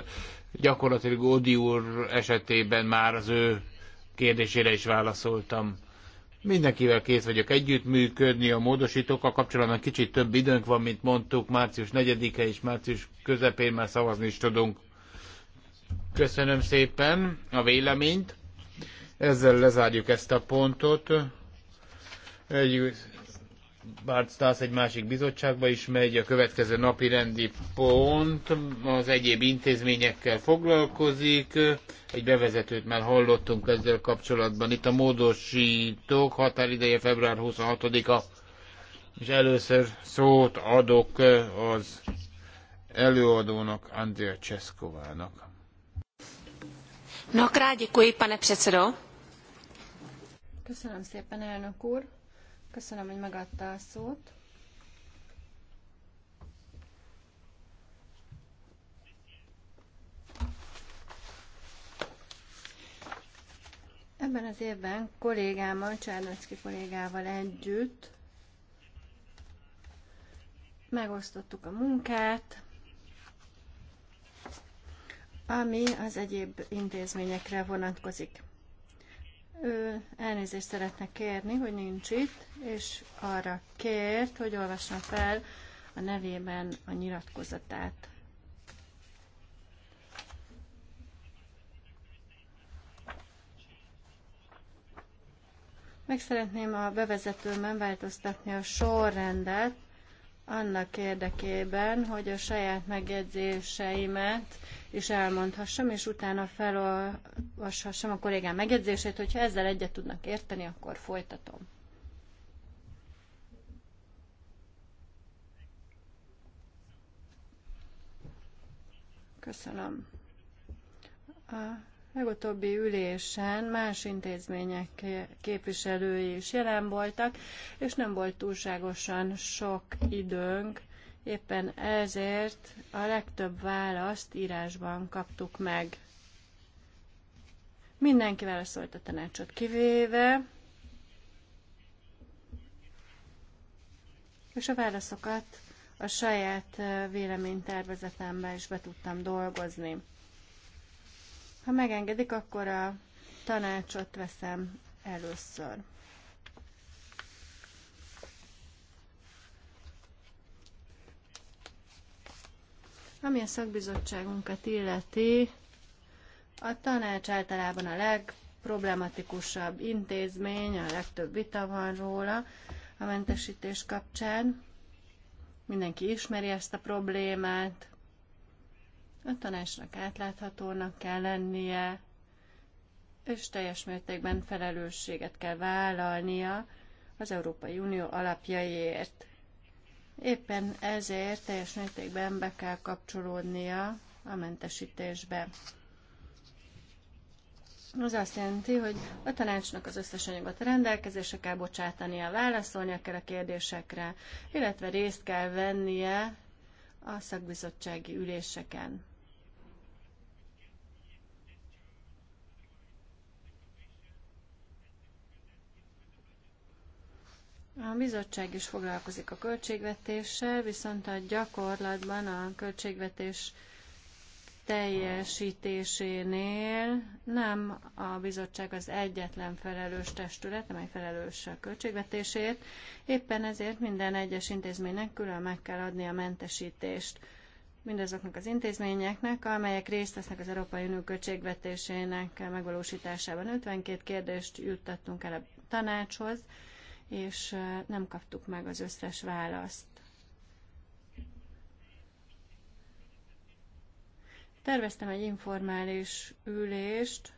gyakorlatilag Odi úr esetében már az ő kérdésére is válaszoltam. Mindenkivel kész vagyok együttműködni, a módosítókkal kapcsolatban kicsit több időnk van, mint mondtuk, március 4-e és március közepén már szavazni is tudunk. Köszönöm szépen a véleményt. Ezzel lezárjuk ezt a pontot. Egy Bart Stas egy másik bizottságba is megy, a következő napi rendi pont az egyéb intézményekkel foglalkozik. Egy bevezetőt már hallottunk ezzel kapcsolatban. Itt a módosítók határideje február 26-a, és először szót adok az előadónak, Andrea Cseszkovának. No, krát, děkuji, pane předsedo. Köszönöm szépen, elnök úr. Köszönöm, hogy megadta a szót. Ebben az évben kollégámmal, Csárnocki kollégával együtt megosztottuk a munkát, ami az egyéb intézményekre vonatkozik. Ő elnézést szeretne kérni, hogy nincs itt, és arra kért, hogy olvassa fel a nevében a nyilatkozatát. Meg szeretném a bevezetőmben változtatni a sorrendet annak érdekében, hogy a saját megjegyzéseimet is elmondhassam, és utána felolvashassam a kollégám megjegyzését, hogyha ezzel egyet tudnak érteni, akkor folytatom. Köszönöm. A legutóbbi ülésen más intézmények képviselői is jelen voltak, és nem volt túlságosan sok időnk Éppen ezért a legtöbb választ írásban kaptuk meg. Mindenki válaszolt a tanácsot kivéve, és a válaszokat a saját véleménytervezetembe is be tudtam dolgozni. Ha megengedik, akkor a tanácsot veszem először. Ami a szakbizottságunkat illeti, a tanács általában a legproblematikusabb intézmény, a legtöbb vita van róla a mentesítés kapcsán. Mindenki ismeri ezt a problémát. A tanácsnak átláthatónak kell lennie, és teljes mértékben felelősséget kell vállalnia az Európai Unió alapjaiért. Éppen ezért teljes mértékben be kell kapcsolódnia a mentesítésbe. Az azt jelenti, hogy a tanácsnak az összes anyagot rendelkezésre kell bocsátania, válaszolnia kell a kérdésekre, illetve részt kell vennie a szakbizottsági üléseken. A bizottság is foglalkozik a költségvetéssel, viszont a gyakorlatban a költségvetés teljesítésénél nem a bizottság az egyetlen felelős testület, amely felelős a költségvetésért. Éppen ezért minden egyes intézménynek külön meg kell adni a mentesítést mindazoknak az intézményeknek, amelyek részt vesznek az Európai Unió költségvetésének megvalósításában. 52 kérdést juttattunk el a tanácshoz, és nem kaptuk meg az összes választ. Terveztem egy informális ülést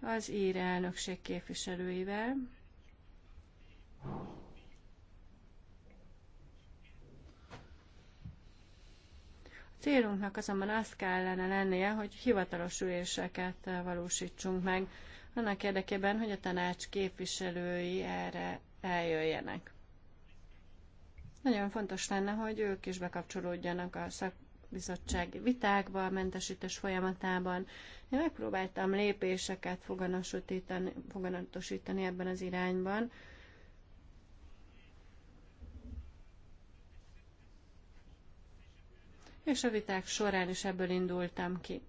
az ír elnökség képviselőivel. A célunknak azonban azt kellene lennie, hogy hivatalos üléseket valósítsunk meg, annak érdekében, hogy a tanács képviselői erre eljöjjenek. Nagyon fontos lenne, hogy ők is bekapcsolódjanak a szakbizottsági vitákba, a mentesítés folyamatában. Én megpróbáltam lépéseket foganatosítani ebben az irányban, és a viták során is ebből indultam ki.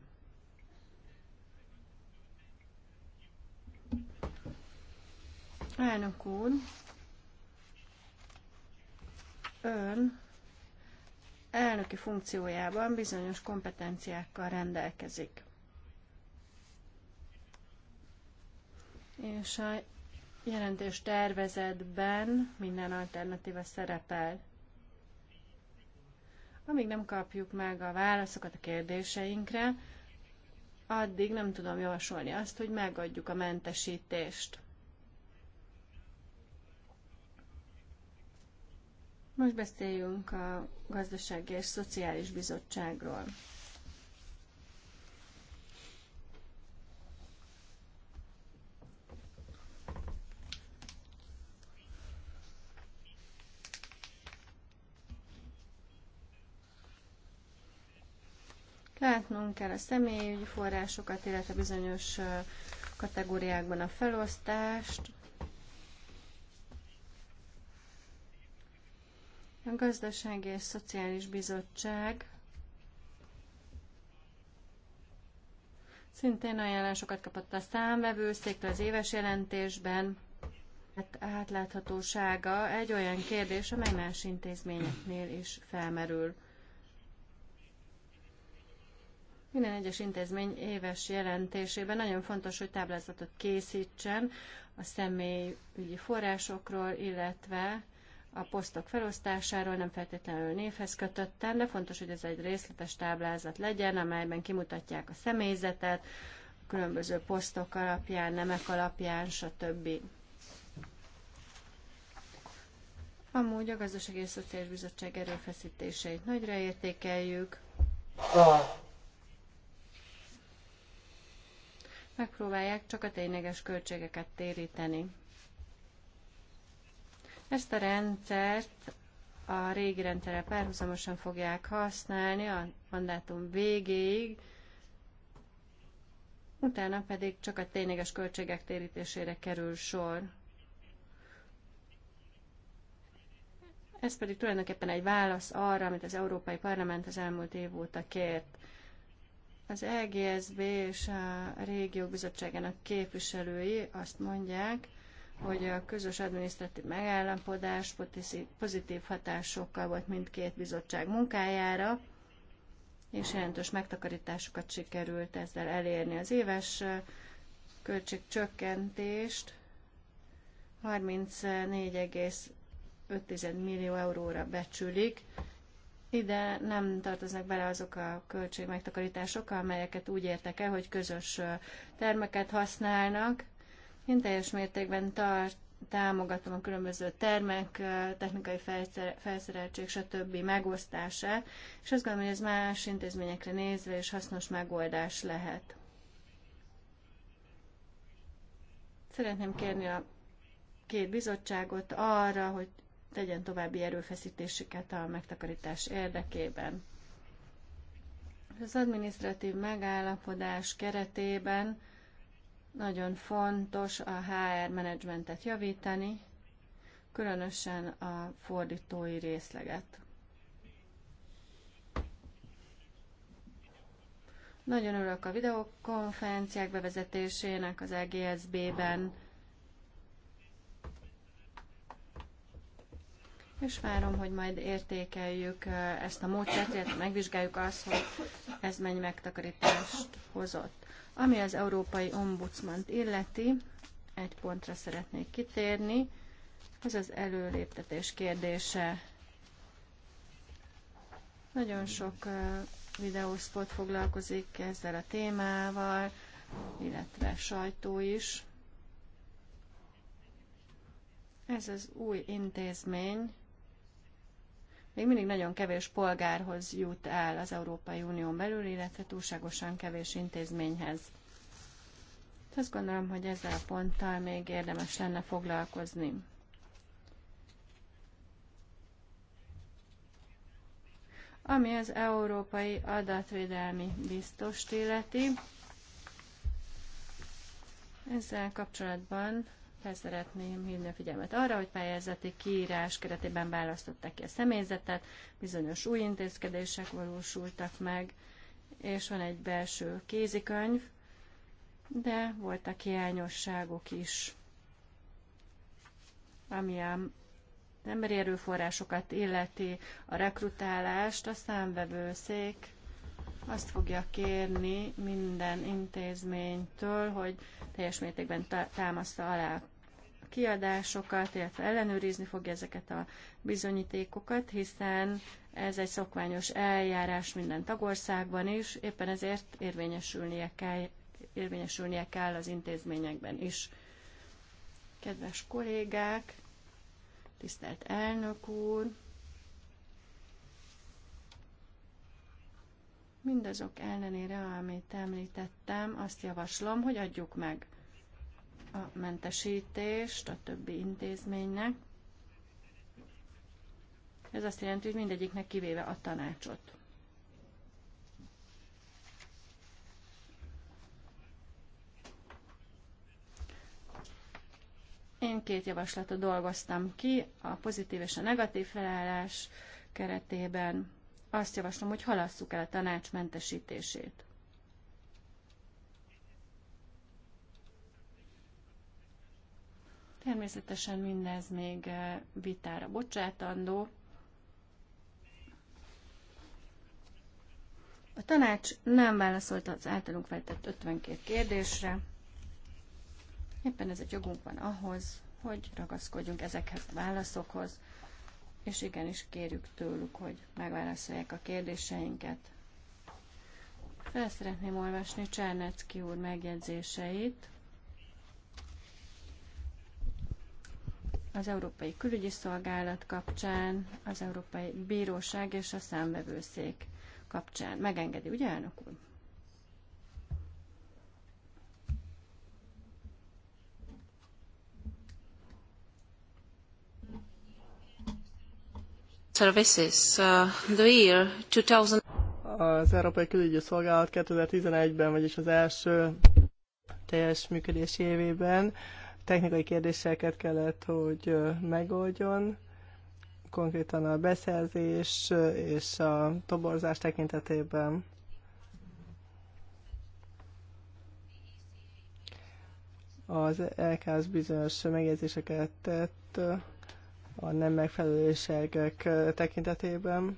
Elnök úr, ön elnöki funkciójában bizonyos kompetenciákkal rendelkezik. És a jelentős tervezetben minden alternatíva szerepel. Amíg nem kapjuk meg a válaszokat a kérdéseinkre, addig nem tudom javasolni azt, hogy megadjuk a mentesítést. Most beszéljünk a Gazdasági és Szociális Bizottságról. Látnunk kell a személyügyi forrásokat, illetve bizonyos kategóriákban a felosztást, A Gazdasági és Szociális Bizottság szintén ajánlásokat kapott a számvevőszéktől az éves jelentésben. Hát átláthatósága egy olyan kérdés, amely más intézményeknél is felmerül. Minden egyes intézmény éves jelentésében nagyon fontos, hogy táblázatot készítsen a személyügyi forrásokról, illetve a posztok felosztásáról, nem feltétlenül névhez kötöttem, de fontos, hogy ez egy részletes táblázat legyen, amelyben kimutatják a személyzetet, a különböző posztok alapján, nemek alapján, stb. Amúgy a Gazdasági és Szociális Bizottság erőfeszítéseit nagyra értékeljük. Megpróbálják csak a tényleges költségeket téríteni. Ezt a rendszert a régi rendszerrel párhuzamosan fogják használni a mandátum végéig, utána pedig csak a tényleges költségek térítésére kerül sor. Ez pedig tulajdonképpen egy válasz arra, amit az Európai Parlament az elmúlt év óta kért. Az EGSB és a régiók bizottságának képviselői azt mondják, hogy a közös adminisztratív megállapodás pozitív hatásokkal volt mindkét bizottság munkájára, és jelentős megtakarításokat sikerült ezzel elérni. Az éves költségcsökkentést 34,5 millió euróra becsülik. Ide nem tartoznak bele azok a költségmegtakarítások, amelyeket úgy értek el, hogy közös termeket használnak, én teljes mértékben tart, támogatom a különböző termek, technikai felszereltség, stb. megosztását, és azt gondolom, hogy ez más intézményekre nézve és hasznos megoldás lehet. Szeretném kérni a két bizottságot arra, hogy tegyen további erőfeszítéseket a megtakarítás érdekében. Az adminisztratív megállapodás keretében nagyon fontos a HR menedzsmentet javítani, különösen a fordítói részleget. Nagyon örülök a videokonferenciák bevezetésének az EGSB-ben, és várom, hogy majd értékeljük eh, ezt a módszert, illetve megvizsgáljuk azt, hogy ez mennyi megtakarítást hozott. Ami az Európai Ombudsmant illeti, egy pontra szeretnék kitérni, ez az előléptetés kérdése. Nagyon sok videószpot foglalkozik ezzel a témával, illetve sajtó is. Ez az új intézmény még mindig nagyon kevés polgárhoz jut el az Európai Unión belül, illetve túlságosan kevés intézményhez. Azt gondolom, hogy ezzel a ponttal még érdemes lenne foglalkozni. Ami az Európai Adatvédelmi Biztost illeti, ezzel kapcsolatban fel szeretném hívni a figyelmet arra, hogy pályázati kiírás keretében választották ki a személyzetet, bizonyos új intézkedések valósultak meg, és van egy belső kézikönyv, de voltak hiányosságok is, ami a emberi erőforrásokat illeti, a rekrutálást, a számvevőszék azt fogja kérni minden intézménytől, hogy teljes mértékben támaszta alá a kiadásokat, illetve ellenőrizni fogja ezeket a bizonyítékokat, hiszen ez egy szokványos eljárás minden tagországban is, éppen ezért érvényesülnie kell, érvényesülnie kell az intézményekben is. Kedves kollégák, tisztelt elnök úr! Mindazok ellenére, amit említettem, azt javaslom, hogy adjuk meg a mentesítést a többi intézménynek. Ez azt jelenti, hogy mindegyiknek kivéve a tanácsot. Én két javaslatot dolgoztam ki, a pozitív és a negatív felállás keretében azt javaslom, hogy halasszuk el a tanács mentesítését. Természetesen mindez még eh, vitára bocsátandó. A tanács nem válaszolta az általunk feltett 52 kérdésre. Éppen ez egy jogunk van ahhoz, hogy ragaszkodjunk ezekhez a válaszokhoz, és igenis kérjük tőlük, hogy megválaszolják a kérdéseinket. Fel szeretném olvasni Csernecki úr megjegyzéseit. Az Európai Külügyi Szolgálat kapcsán, az Európai Bíróság és a Számvevőszék kapcsán. Megengedi, ugye, elnök úr? Services, uh, the year 2000... Az Európai Külügyi Szolgálat 2011-ben, vagyis az első teljes működési évében technikai kérdéseket kellett, hogy megoldjon, konkrétan a beszerzés és a toborzás tekintetében. Az LKS bizonyos megjegyzéseket tett, a nem megfelelőségek tekintetében.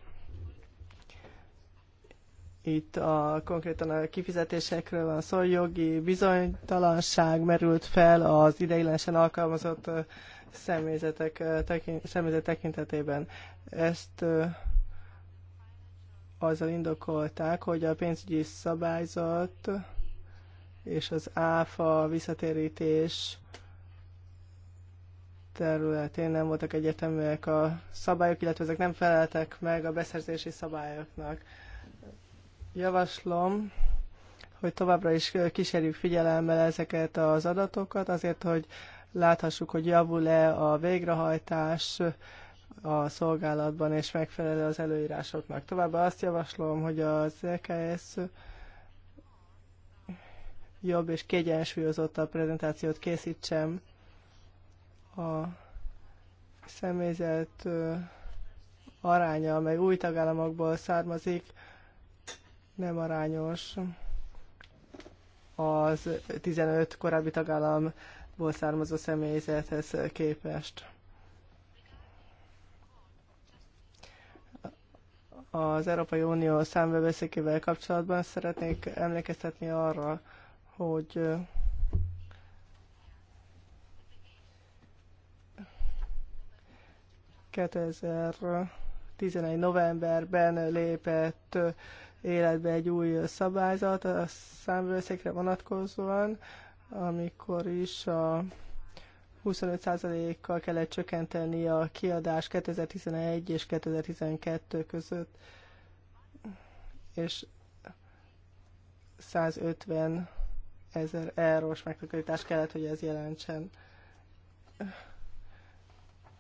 Itt a, konkrétan a kifizetésekről van szó, jogi bizonytalanság merült fel az ideiglenesen alkalmazott személyzetek tekint, személyzet tekintetében. Ezt azzal indokolták, hogy a pénzügyi szabályzat és az áfa visszatérítés területén nem voltak egyeteműek a szabályok, illetve ezek nem feleltek meg a beszerzési szabályoknak. Javaslom, hogy továbbra is kísérjük figyelemmel ezeket az adatokat, azért, hogy láthassuk, hogy javul-e a végrehajtás a szolgálatban, és megfelelő az előírásoknak. Továbbá azt javaslom, hogy az EKS jobb és kiegyensúlyozottabb prezentációt készítsem a személyzet aránya, amely új tagállamokból származik, nem arányos az 15 korábbi tagállamból származó személyzethez képest. Az Európai Unió számbevőszékével kapcsolatban szeretnék emlékeztetni arra, hogy 2011. novemberben lépett életbe egy új szabályzat a számvőszékre vonatkozóan, amikor is a 25%-kal kellett csökkenteni a kiadás 2011 és 2012 között, és 150 ezer eurós megtakarítás kellett, hogy ez jelentsen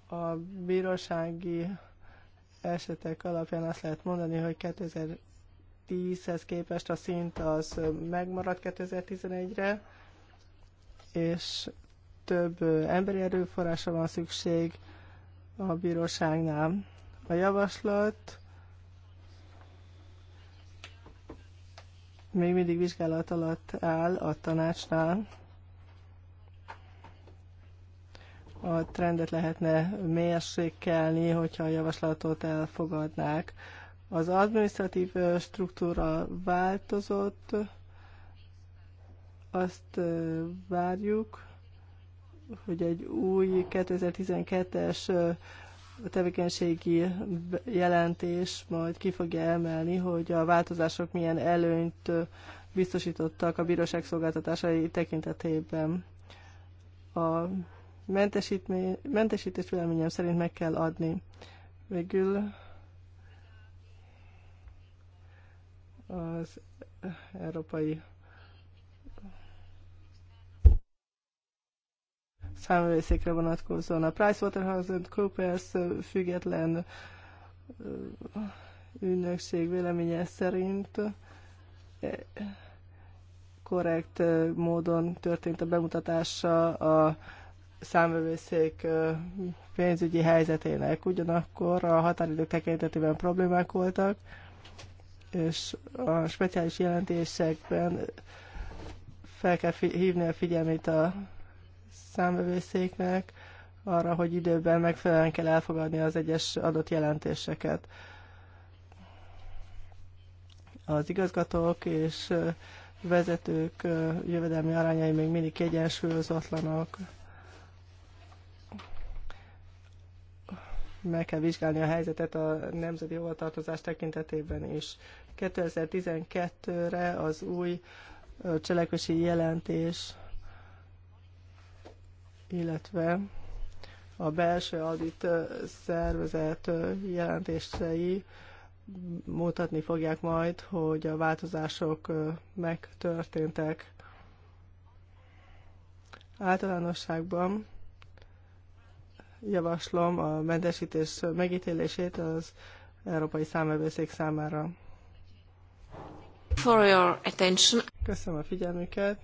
a bírósági esetek alapján azt lehet mondani, hogy 2010-hez képest a szint az megmaradt 2011-re, és több emberi erőforrásra van szükség a bíróságnál. A javaslat még mindig vizsgálat alatt áll a tanácsnál. a trendet lehetne mérsékelni, hogyha a javaslatot elfogadnák. Az administratív struktúra változott, azt várjuk, hogy egy új 2012-es tevékenységi jelentés majd ki fogja emelni, hogy a változások milyen előnyt biztosítottak a bíróság szolgáltatásai tekintetében. A mentesítés véleményem szerint meg kell adni. Végül az európai számvészékre vonatkozóan. A PricewaterhouseCoopers független ügynökség véleménye szerint korrekt módon történt a bemutatása a számvevőszék pénzügyi helyzetének. Ugyanakkor a határidők tekintetében problémák voltak, és a speciális jelentésekben fel kell hívni a figyelmét a számvevőszéknek arra, hogy időben megfelelően kell elfogadni az egyes adott jelentéseket. Az igazgatók és vezetők jövedelmi arányai még mindig kiegyensúlyozatlanak meg kell vizsgálni a helyzetet a nemzeti hovatartozás tekintetében is. 2012-re az új cselekvési jelentés, illetve a belső audit szervezet jelentései mutatni fogják majd, hogy a változások megtörténtek. Általánosságban javaslom a mentesítés megítélését az Európai Számvevőszék számára. For your attention. Köszönöm a figyelmüket.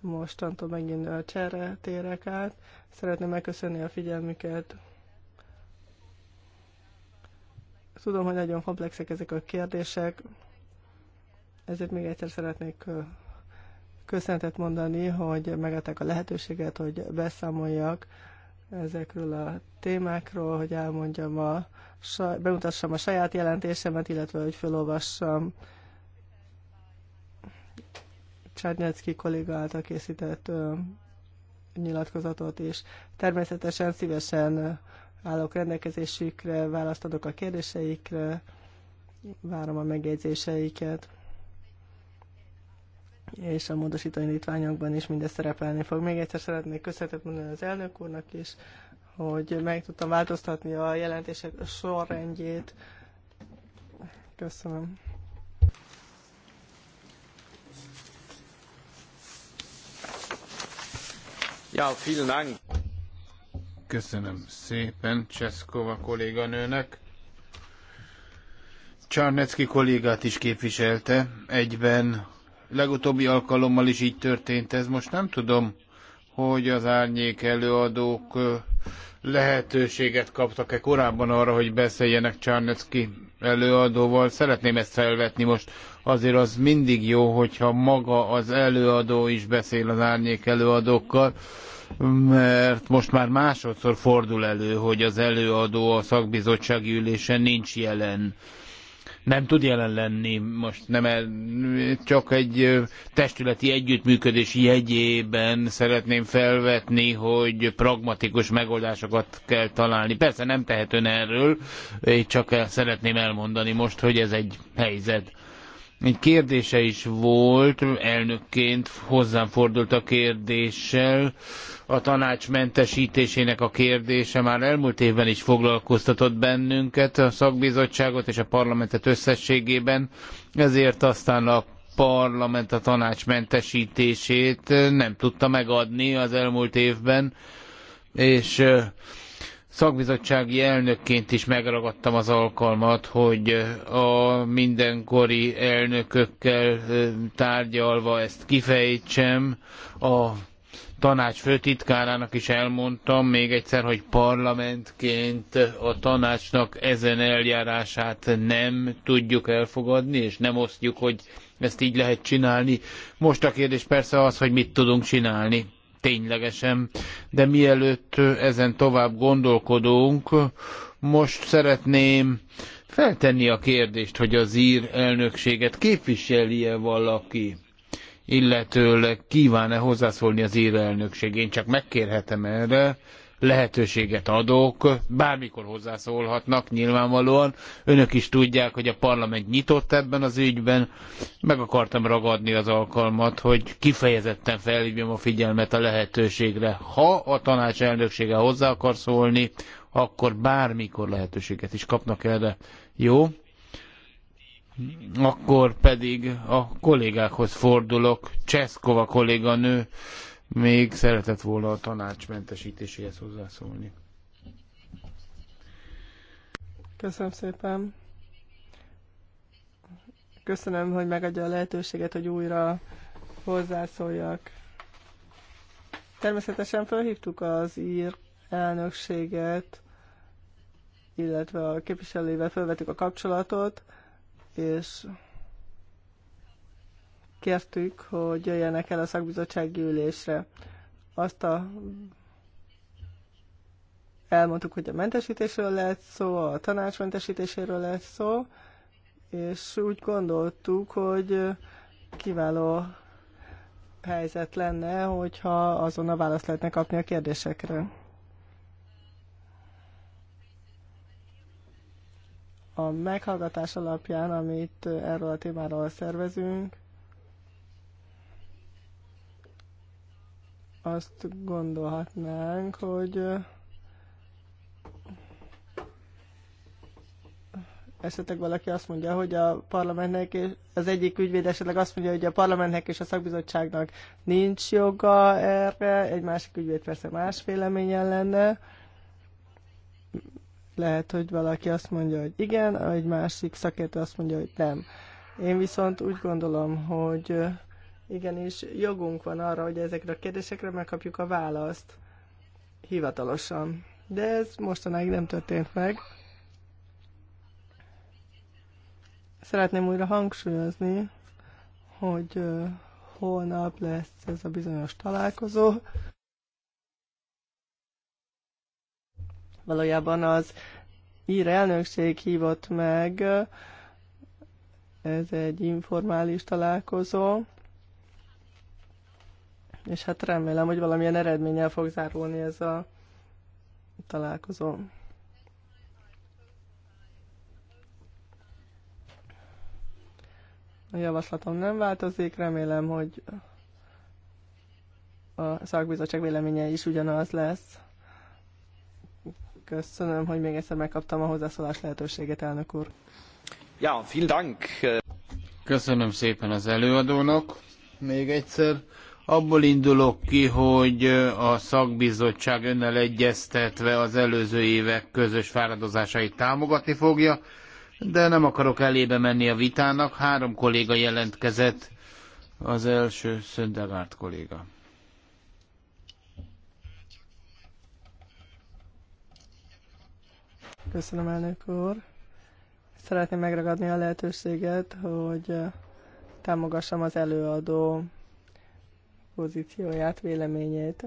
Mostantól megint a csere térek át. Szeretném megköszönni a figyelmüket. Tudom, hogy nagyon komplexek ezek a kérdések, ezért még egyszer szeretnék köszöntet mondani, hogy megadták a lehetőséget, hogy beszámoljak ezekről a témákról, hogy elmondjam a, bemutassam a saját jelentésemet, illetve hogy felolvassam Csárnyecki kolléga által készített nyilatkozatot is. Természetesen szívesen állok rendelkezésükre, választ adok a kérdéseikre, várom a megjegyzéseiket és a módosító indítványokban is mindez szerepelni fog. Még egyszer szeretnék köszönetet mondani az elnök úrnak is, hogy meg tudtam változtatni a jelentések sorrendjét. Köszönöm. Ja, vielen Dank. Köszönöm szépen Cseszkova kolléganőnek. Csarnecki kollégát is képviselte, egyben legutóbbi alkalommal is így történt ez. Most nem tudom, hogy az árnyék előadók lehetőséget kaptak-e korábban arra, hogy beszéljenek Csárnecki előadóval. Szeretném ezt felvetni most. Azért az mindig jó, hogyha maga az előadó is beszél az árnyék előadókkal, mert most már másodszor fordul elő, hogy az előadó a szakbizottsági ülésen nincs jelen nem tud jelen lenni, most nem csak egy testületi együttműködés jegyében szeretném felvetni, hogy pragmatikus megoldásokat kell találni. Persze nem ön erről, csak csak szeretném elmondani most, hogy ez egy helyzet egy kérdése is volt, elnökként hozzám fordult a kérdéssel. A tanács mentesítésének a kérdése már elmúlt évben is foglalkoztatott bennünket, a szakbizottságot és a parlamentet összességében, ezért aztán a parlament a tanács mentesítését nem tudta megadni az elmúlt évben, és szakbizottsági elnökként is megragadtam az alkalmat, hogy a mindenkori elnökökkel tárgyalva ezt kifejtsem. A tanács főtitkárának is elmondtam még egyszer, hogy parlamentként a tanácsnak ezen eljárását nem tudjuk elfogadni, és nem osztjuk, hogy ezt így lehet csinálni. Most a kérdés persze az, hogy mit tudunk csinálni ténylegesen, de mielőtt ezen tovább gondolkodunk, most szeretném feltenni a kérdést, hogy az ír elnökséget képviseli-e valaki, illetőleg kíván-e hozzászólni az ír elnökség. Én csak megkérhetem erre, lehetőséget adok, bármikor hozzászólhatnak nyilvánvalóan. Önök is tudják, hogy a parlament nyitott ebben az ügyben. Meg akartam ragadni az alkalmat, hogy kifejezetten felhívjam a figyelmet a lehetőségre. Ha a tanács elnöksége hozzá akar szólni, akkor bármikor lehetőséget is kapnak erre. Jó? Akkor pedig a kollégákhoz fordulok. Cseszkova kolléganő még szeretett volna a tanács mentesítéséhez hozzászólni. Köszönöm szépen. Köszönöm, hogy megadja a lehetőséget, hogy újra hozzászóljak. Természetesen felhívtuk az ír elnökséget, illetve a képviselővel felvettük a kapcsolatot, és kértük, hogy jöjjenek el a szakbizottsági ülésre. Azt a elmondtuk, hogy a mentesítésről lehet szó, a tanács mentesítéséről lehet szó, és úgy gondoltuk, hogy kiváló helyzet lenne, hogyha azon a választ lehetne kapni a kérdésekre. A meghallgatás alapján, amit erről a témáról szervezünk, azt gondolhatnánk, hogy esetleg valaki azt mondja, hogy a parlamentnek, és az egyik ügyvéd esetleg azt mondja, hogy a parlamentnek és a szakbizottságnak nincs joga erre, egy másik ügyvéd persze más véleményen lenne. Lehet, hogy valaki azt mondja, hogy igen, egy másik szakértő azt mondja, hogy nem. Én viszont úgy gondolom, hogy igenis jogunk van arra, hogy ezekre a kérdésekre megkapjuk a választ hivatalosan. De ez mostanáig nem történt meg. Szeretném újra hangsúlyozni, hogy holnap lesz ez a bizonyos találkozó. Valójában az ír elnökség hívott meg, ez egy informális találkozó, és hát remélem, hogy valamilyen eredménnyel fog zárulni ez a találkozó. A javaslatom nem változik, remélem, hogy a szakbizottság véleménye is ugyanaz lesz. Köszönöm, hogy még egyszer megkaptam a hozzászólás lehetőséget, elnök úr. Ja, vielen Dank. Köszönöm szépen az előadónak még egyszer. Abból indulok ki, hogy a szakbizottság önnel egyeztetve az előző évek közös fáradozásait támogatni fogja, de nem akarok elébe menni a vitának. Három kolléga jelentkezett, az első Szöndegárt kolléga. Köszönöm, elnök úr. Szeretném megragadni a lehetőséget, hogy támogassam az előadó pozícióját, véleményét.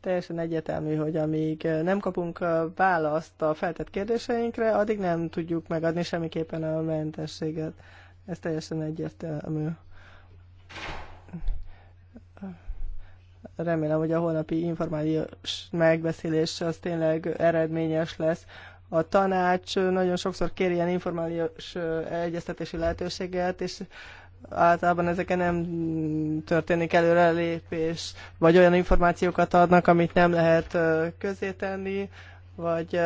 Teljesen egyetemű, hogy amíg nem kapunk választ a feltett kérdéseinkre, addig nem tudjuk megadni semmiképpen a mentességet. Ez teljesen egyértelmű. Remélem, hogy a holnapi informális megbeszélés az tényleg eredményes lesz a tanács nagyon sokszor kér ilyen informális egyeztetési lehetőséget, és általában ezeken nem történik előrelépés, vagy olyan információkat adnak, amit nem lehet tenni, vagy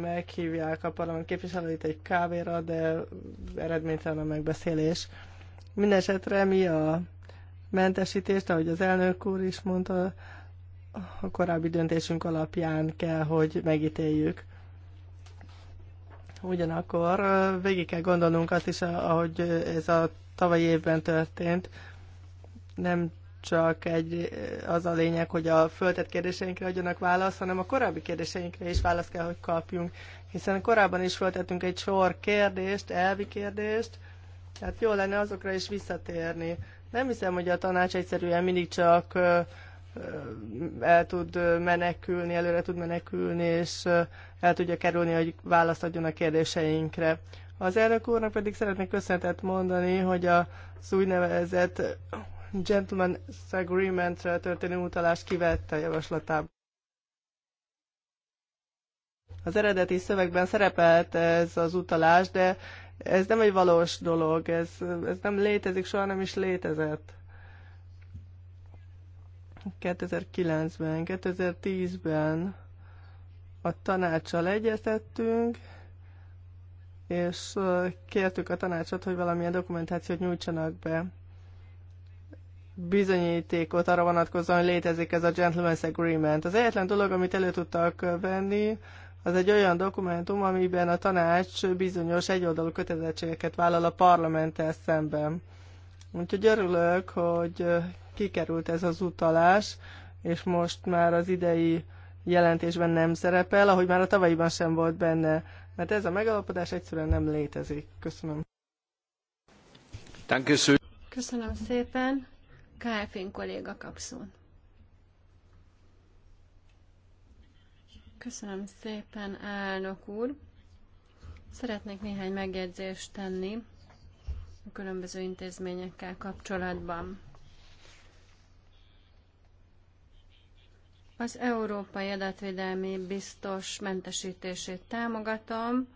meghívják a parlament képviselőit egy kávéra, de eredménytelen a megbeszélés. Mindenesetre mi a mentesítést, ahogy az elnök úr is mondta, a korábbi döntésünk alapján kell, hogy megítéljük. Ugyanakkor végig kell gondolnunk azt is, ahogy ez a tavaly évben történt. Nem csak egy, az a lényeg, hogy a föltett kérdéseinkre adjanak választ, hanem a korábbi kérdéseinkre is választ kell, hogy kapjunk. Hiszen korábban is föltettünk egy sor kérdést, elvi kérdést, tehát jó lenne azokra is visszatérni. Nem hiszem, hogy a tanács egyszerűen mindig csak el tud menekülni, előre tud menekülni, és el tudja kerülni, hogy választ adjon a kérdéseinkre. Az elnök úrnak pedig szeretnék köszönetet mondani, hogy az úgynevezett Gentleman's Agreement-re történő utalást kivette a javaslatából. Az eredeti szövegben szerepelt ez az utalás, de ez nem egy valós dolog, ez, ez nem létezik, soha nem is létezett. 2009-ben, 2010-ben a tanácssal egyeztettünk, és kértük a tanácsot, hogy valamilyen dokumentációt nyújtsanak be bizonyítékot arra vonatkozóan, hogy létezik ez a Gentleman's Agreement. Az egyetlen dolog, amit elő tudtak venni, az egy olyan dokumentum, amiben a tanács bizonyos egyoldalú kötelezettségeket vállal a parlamenttel szemben. Úgyhogy örülök, hogy kikerült ez az utalás, és most már az idei jelentésben nem szerepel, ahogy már a tavalyiban sem volt benne mert ez a megalapodás egyszerűen nem létezik. Köszönöm. Köszönöm szépen. Kálfin kolléga kapszón. Köszönöm szépen, elnök úr. Szeretnék néhány megjegyzést tenni a különböző intézményekkel kapcsolatban. Az Európai Adatvédelmi Biztos mentesítését támogatom.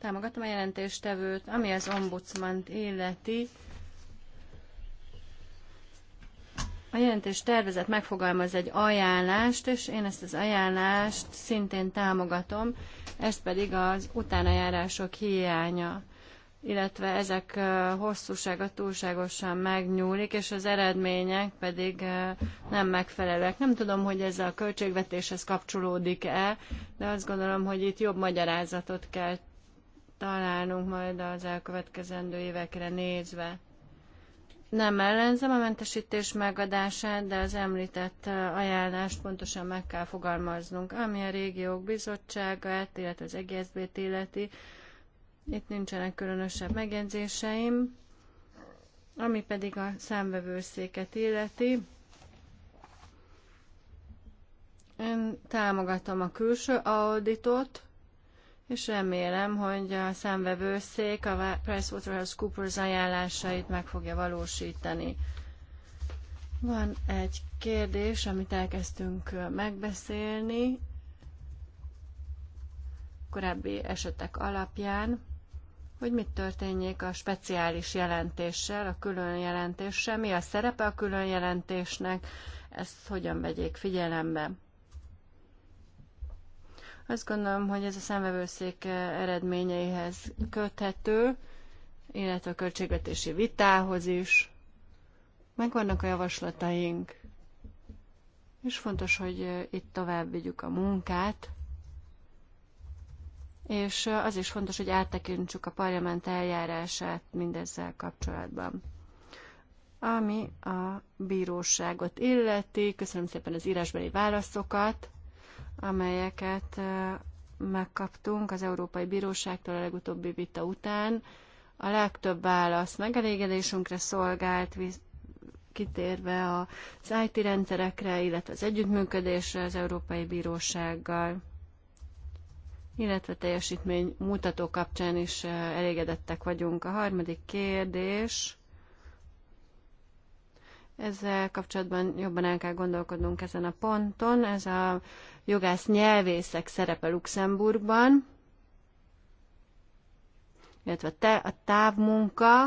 Támogatom a jelentéstevőt, ami az ombudsmant illeti. A jelentés tervezet megfogalmaz egy ajánlást, és én ezt az ajánlást szintén támogatom, ez pedig az utánajárások hiánya illetve ezek hosszúsága túlságosan megnyúlik, és az eredmények pedig nem megfelelőek. Nem tudom, hogy ez a költségvetéshez kapcsolódik-e, de azt gondolom, hogy itt jobb magyarázatot kell találnunk majd az elkövetkezendő évekre nézve. Nem ellenzem a mentesítés megadását, de az említett ajánlást pontosan meg kell fogalmaznunk, ami a régiók bizottságát, illetve az EGSZB-t illeti, itt nincsenek különösebb megjegyzéseim. Ami pedig a számvevőszéket illeti, én támogatom a külső auditot, és remélem, hogy a számvevőszék a PricewaterhouseCoopers ajánlásait meg fogja valósítani. Van egy kérdés, amit elkezdtünk megbeszélni korábbi esetek alapján hogy mit történjék a speciális jelentéssel, a külön jelentéssel, mi a szerepe a külön jelentésnek, ezt hogyan vegyék figyelembe. Azt gondolom, hogy ez a szemvevőszék eh, eredményeihez köthető, illetve a költségvetési vitához is. Megvannak a javaslataink, és fontos, hogy eh, itt tovább vigyük a munkát és az is fontos, hogy áttekintsük a parlament eljárását mindezzel kapcsolatban. Ami a bíróságot illeti, köszönöm szépen az írásbeli válaszokat, amelyeket megkaptunk az Európai Bíróságtól a legutóbbi vita után. A legtöbb válasz megelégedésünkre szolgált, kitérve az IT rendszerekre, illetve az együttműködésre az Európai Bírósággal illetve teljesítmény mutató kapcsán is elégedettek vagyunk. A harmadik kérdés, ezzel kapcsolatban jobban el kell gondolkodnunk ezen a ponton. Ez a jogász nyelvészek szerepe Luxemburgban, illetve te, a távmunka,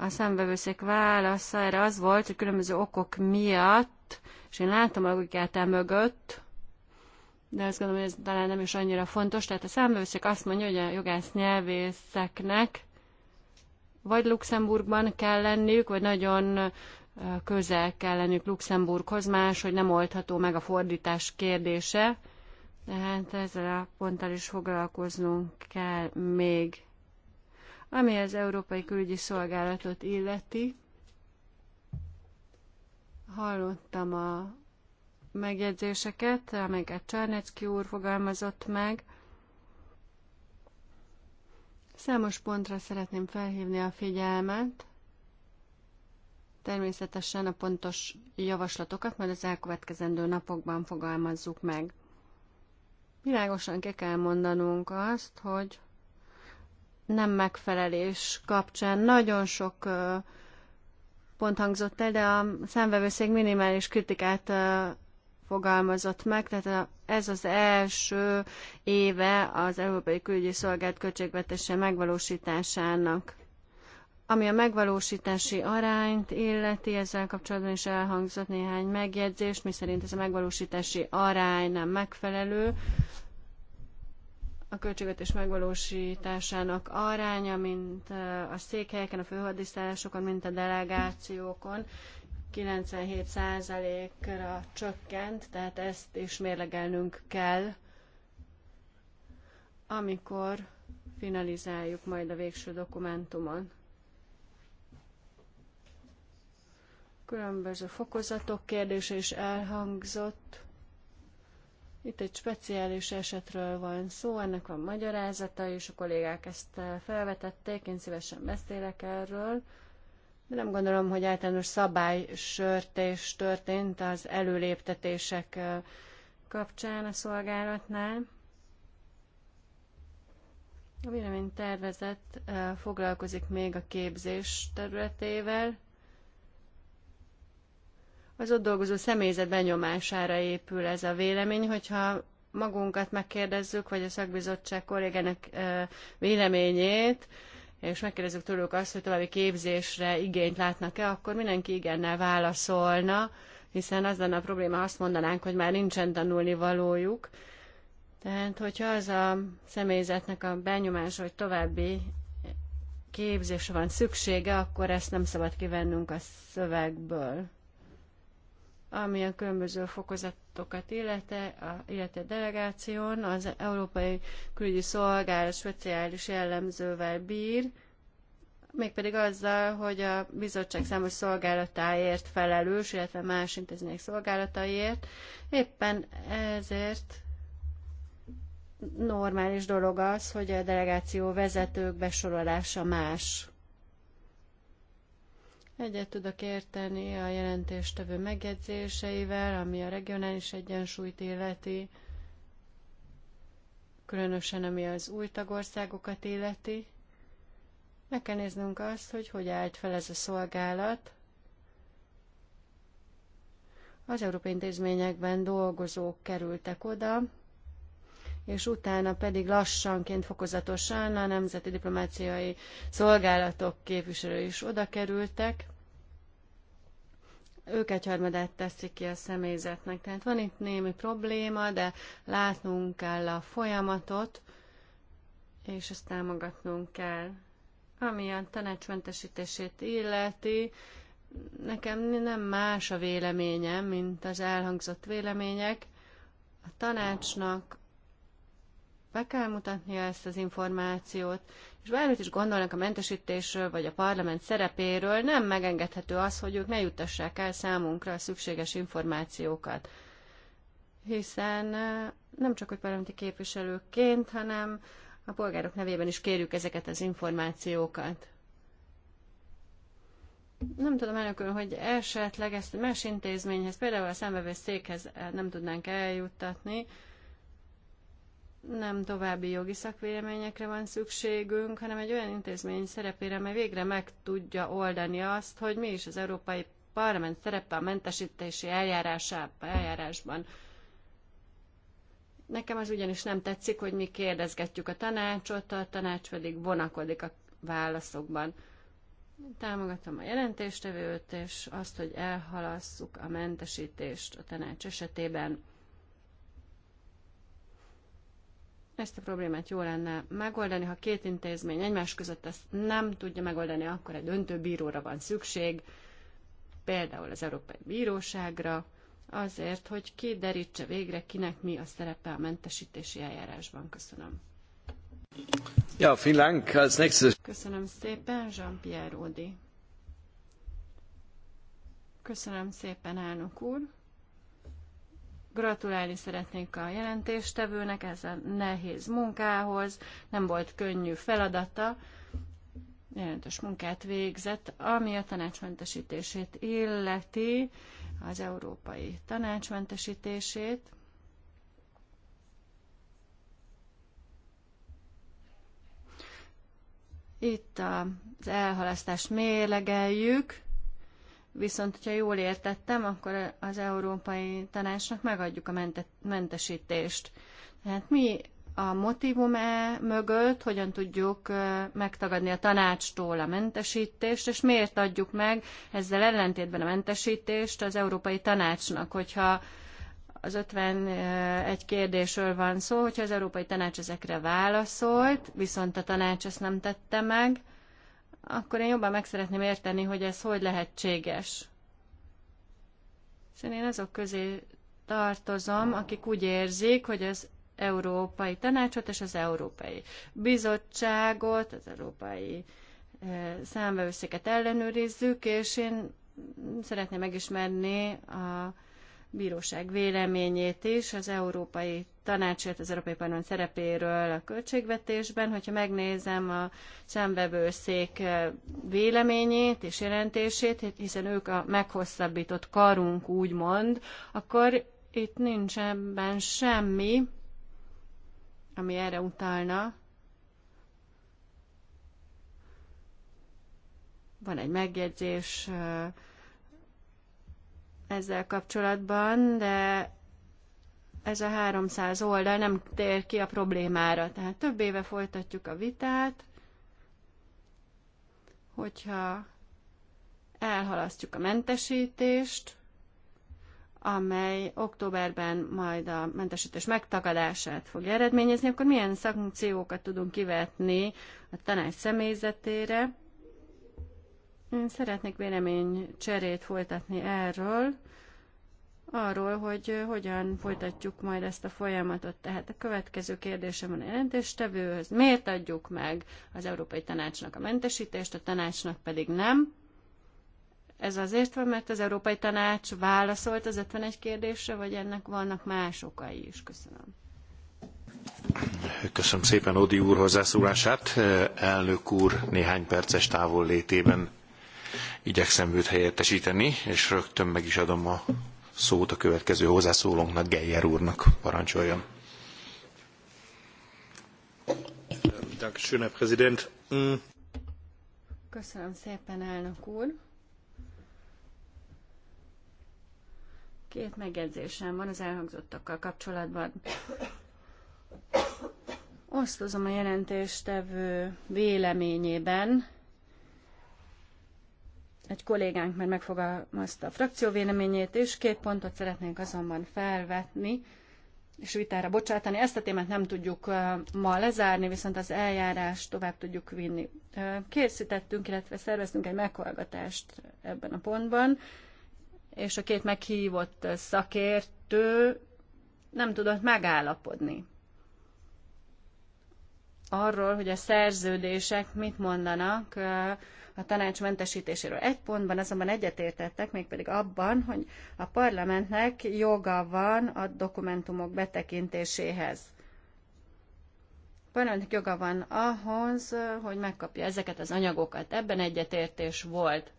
a szembevőszék válasza erre az volt, hogy különböző okok miatt, és én látom a logikát mögött, de azt gondolom, hogy ez talán nem is annyira fontos. Tehát a számbevőszék azt mondja, hogy a jogász nyelvészeknek vagy Luxemburgban kell lenniük, vagy nagyon közel kell lennük Luxemburghoz, más, hogy nem oldható meg a fordítás kérdése. Tehát ezzel a ponttal is foglalkoznunk kell még. Ami az Európai Külügyi Szolgálatot illeti, hallottam a megjegyzéseket, amelyeket Csárnecki úr fogalmazott meg. Számos pontra szeretném felhívni a figyelmet, természetesen a pontos javaslatokat majd az elkövetkezendő napokban fogalmazzuk meg. Világosan ki kell mondanunk azt, hogy nem megfelelés kapcsán nagyon sok pont hangzott el, de a számvevőszék minimális kritikát fogalmazott meg, tehát ez az első éve az Európai Külügyi Szolgált költségvetése megvalósításának. Ami a megvalósítási arányt illeti, ezzel kapcsolatban is elhangzott néhány megjegyzés, szerint ez a megvalósítási arány nem megfelelő. A költségvetés megvalósításának aránya, mint a székhelyeken, a főhadiszállásokon, mint a delegációkon 97%-ra csökkent, tehát ezt is mérlegelnünk kell, amikor finalizáljuk majd a végső dokumentumon. Különböző fokozatok kérdése is elhangzott. Itt egy speciális esetről van szó, ennek van magyarázata, és a kollégák ezt felvetették, én szívesen beszélek erről nem gondolom, hogy általános sörtés történt az előléptetések kapcsán a szolgálatnál. A véleménytervezet foglalkozik még a képzés területével. Az ott dolgozó személyzet benyomására épül ez a vélemény, hogyha magunkat megkérdezzük, vagy a szakbizottság kollégának véleményét, és megkérdezzük tőlük azt, hogy további képzésre igényt látnak-e, akkor mindenki igennel válaszolna, hiszen az lenne a probléma, azt mondanánk, hogy már nincsen tanulni valójuk. Tehát, hogyha az a személyzetnek a benyomása, hogy további képzésre van szüksége, akkor ezt nem szabad kivennünk a szövegből. Ami a különböző fokozat járatokat illeti a delegáción, az Európai Külügyi Szolgálat speciális jellemzővel bír, mégpedig azzal, hogy a bizottság számos szolgálatáért felelős, illetve más intézmények szolgálataiért. Éppen ezért normális dolog az, hogy a delegáció vezetők besorolása más. Egyet tudok érteni a jelentéstevő megjegyzéseivel, ami a regionális egyensúlyt illeti, különösen ami az új tagországokat illeti. Meg kell néznünk azt, hogy hogy állt fel ez a szolgálat. Az európai intézményekben dolgozók kerültek oda, és utána pedig lassanként, fokozatosan a nemzeti diplomáciai szolgálatok képviselői is oda kerültek. Ők harmadát teszik ki a személyzetnek. Tehát van itt némi probléma, de látnunk kell a folyamatot, és ezt támogatnunk kell. Ami a tanácsmentesítését illeti, nekem nem más a véleményem, mint az elhangzott vélemények. A tanácsnak be kell mutatnia ezt az információt, és bármit is gondolnak a mentesítésről, vagy a parlament szerepéről, nem megengedhető az, hogy ők ne juttassák el számunkra a szükséges információkat. Hiszen nem csak, hogy parlamenti képviselőként, hanem a polgárok nevében is kérjük ezeket az információkat. Nem tudom elnökül, hogy esetleg ezt más intézményhez, például a székhez nem tudnánk eljuttatni, nem további jogi szakvéleményekre van szükségünk, hanem egy olyan intézmény szerepére, amely végre meg tudja oldani azt, hogy mi is az Európai Parlament szerepe a mentesítési eljárásában, eljárásban. Nekem az ugyanis nem tetszik, hogy mi kérdezgetjük a tanácsot, a tanács pedig vonakodik a válaszokban. Támogatom a jelentéstevőt, és azt, hogy elhalasszuk a mentesítést a tanács esetében. Ezt a problémát jó lenne megoldani, ha két intézmény egymás között ezt nem tudja megoldani, akkor egy döntő van szükség, például az Európai Bíróságra, azért, hogy kiderítse végre, kinek mi a szerepe a mentesítési eljárásban. Köszönöm. Ja, Finlánk, az next... Köszönöm szépen, Jean-Pierre Odi. Köszönöm szépen, elnök úr. Gratulálni szeretnék a jelentéstevőnek ez a nehéz munkához, nem volt könnyű feladata, jelentős munkát végzett, ami a tanácsmentesítését illeti, az európai tanácsmentesítését. Itt az elhalasztást mélegeljük, Viszont, hogyha jól értettem, akkor az Európai Tanácsnak megadjuk a mentesítést. Tehát mi a motivum -e mögött, hogyan tudjuk megtagadni a tanácstól a mentesítést, és miért adjuk meg ezzel ellentétben a mentesítést az Európai Tanácsnak, hogyha az 51 kérdésről van szó, hogyha az Európai Tanács ezekre válaszolt, viszont a tanács ezt nem tette meg, akkor én jobban meg szeretném érteni, hogy ez hogy lehetséges. És én azok közé tartozom, akik úgy érzik, hogy az Európai Tanácsot és az Európai Bizottságot, az Európai eh, számbeőszéket ellenőrizzük, és én szeretném megismerni a bíróság véleményét is az Európai Tanácsért, az Európai Parlament szerepéről a költségvetésben. Hogyha megnézem a számvevőszék eh, véleményét és jelentését, hiszen ők a meghosszabbított karunk úgymond, akkor itt nincs ebben semmi, ami erre utalna. Van egy megjegyzés, eh, ezzel kapcsolatban, de ez a 300 oldal nem tér ki a problémára. Tehát több éve folytatjuk a vitát, hogyha elhalasztjuk a mentesítést, amely októberben majd a mentesítés megtagadását fog eredményezni, akkor milyen szankciókat tudunk kivetni a tanács személyzetére, én szeretnék vélemény cserét folytatni erről, arról, hogy hogyan folytatjuk majd ezt a folyamatot. Tehát a következő kérdésem van a jelentéstevőhöz. Miért adjuk meg az Európai Tanácsnak a mentesítést, a tanácsnak pedig nem? Ez azért van, mert az Európai Tanács válaszolt az 51 kérdésre, vagy ennek vannak más okai is? Köszönöm. Köszönöm szépen Odi úr hozzászólását. Elnök úr néhány perces távol létében igyekszem őt helyettesíteni, és rögtön meg is adom a szót a következő hozzászólónknak, Geyer úrnak. Parancsoljon. Mm. Köszönöm szépen, elnök úr. Két megjegyzésem van az elhangzottakkal kapcsolatban. Osztozom a jelentéstevő véleményében, egy kollégánk már megfogalmazta a frakció véleményét, és két pontot szeretnénk azonban felvetni, és vitára bocsátani. Ezt a témát nem tudjuk ma lezárni, viszont az eljárás tovább tudjuk vinni. Készítettünk, illetve szerveztünk egy meghallgatást ebben a pontban, és a két meghívott szakértő nem tudott megállapodni arról, hogy a szerződések mit mondanak a tanács mentesítéséről. Egy pontban azonban egyetértettek, mégpedig abban, hogy a parlamentnek joga van a dokumentumok betekintéséhez. A parlamentnek joga van ahhoz, hogy megkapja ezeket az anyagokat. Ebben egyetértés volt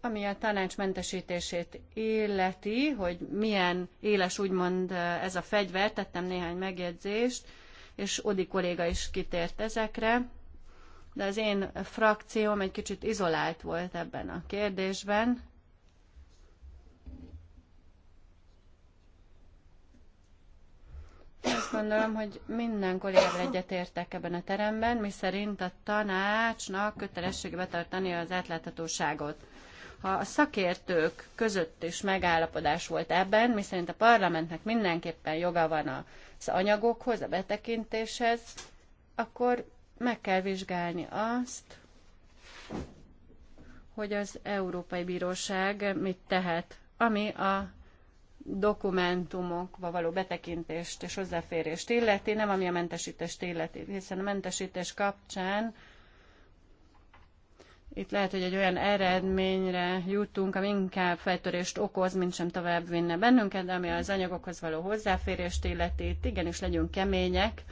ami a tanács mentesítését illeti, hogy milyen éles úgymond ez a fegyver, tettem néhány megjegyzést, és Odi kolléga is kitért ezekre de az én frakcióm egy kicsit izolált volt ebben a kérdésben. Azt gondolom, hogy minden kollégával egyetértek ebben a teremben, mi szerint a tanácsnak kötelessége betartani az átláthatóságot. Ha a szakértők között is megállapodás volt ebben, szerint a parlamentnek mindenképpen joga van az anyagokhoz, a betekintéshez, akkor meg kell vizsgálni azt, hogy az Európai Bíróság mit tehet, ami a dokumentumokba való betekintést és hozzáférést illeti, nem ami a mentesítést illeti, hiszen a mentesítés kapcsán itt lehet, hogy egy olyan eredményre jutunk, ami inkább feltörést okoz, mint sem tovább vinne bennünket, de ami az anyagokhoz való hozzáférést illeti, itt igenis legyünk kemények,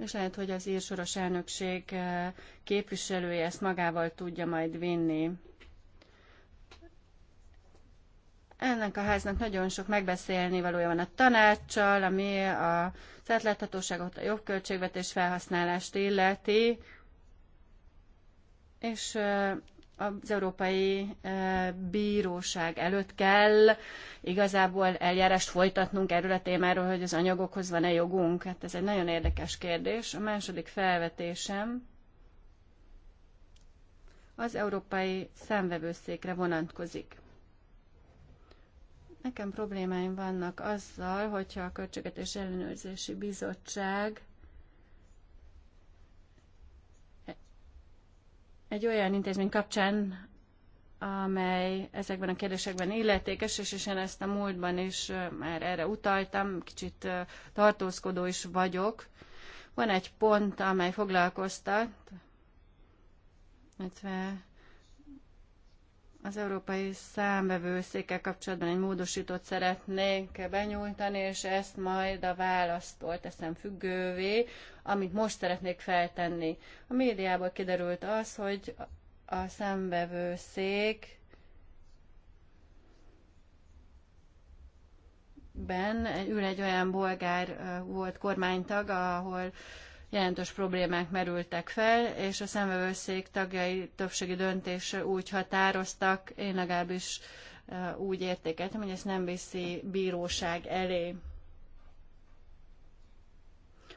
és lehet, hogy az írsoros elnökség eh, képviselője ezt magával tudja majd vinni. Ennek a háznak nagyon sok megbeszélni valója van a tanácssal, ami a átláthatóságot, a jobb költségvetés felhasználást illeti, és eh, az Európai eh, Bíróság előtt kell igazából eljárást folytatnunk erről a témáról, hogy az anyagokhoz van-e jogunk. Hát ez egy nagyon érdekes kérdés. A második felvetésem az Európai Szemvevőszékre vonatkozik. Nekem problémáim vannak azzal, hogyha a Költségvetés Ellenőrzési Bizottság egy olyan intézmény kapcsán, amely ezekben a kérdésekben illetékes, és, és én ezt a múltban is már erre utaltam, kicsit tartózkodó is vagyok. Van egy pont, amely foglalkoztat, az európai számbevőszékkel kapcsolatban egy módosítót szeretnénk benyújtani, és ezt majd a választól teszem függővé, amit most szeretnék feltenni. A médiából kiderült az, hogy a számbevőszék ben ül egy olyan bolgár volt kormánytag, ahol jelentős problémák merültek fel, és a szemvevőszék tagjai többségi döntése úgy határoztak, én legalábbis úgy értékeltem, hogy ezt nem viszi bíróság elé.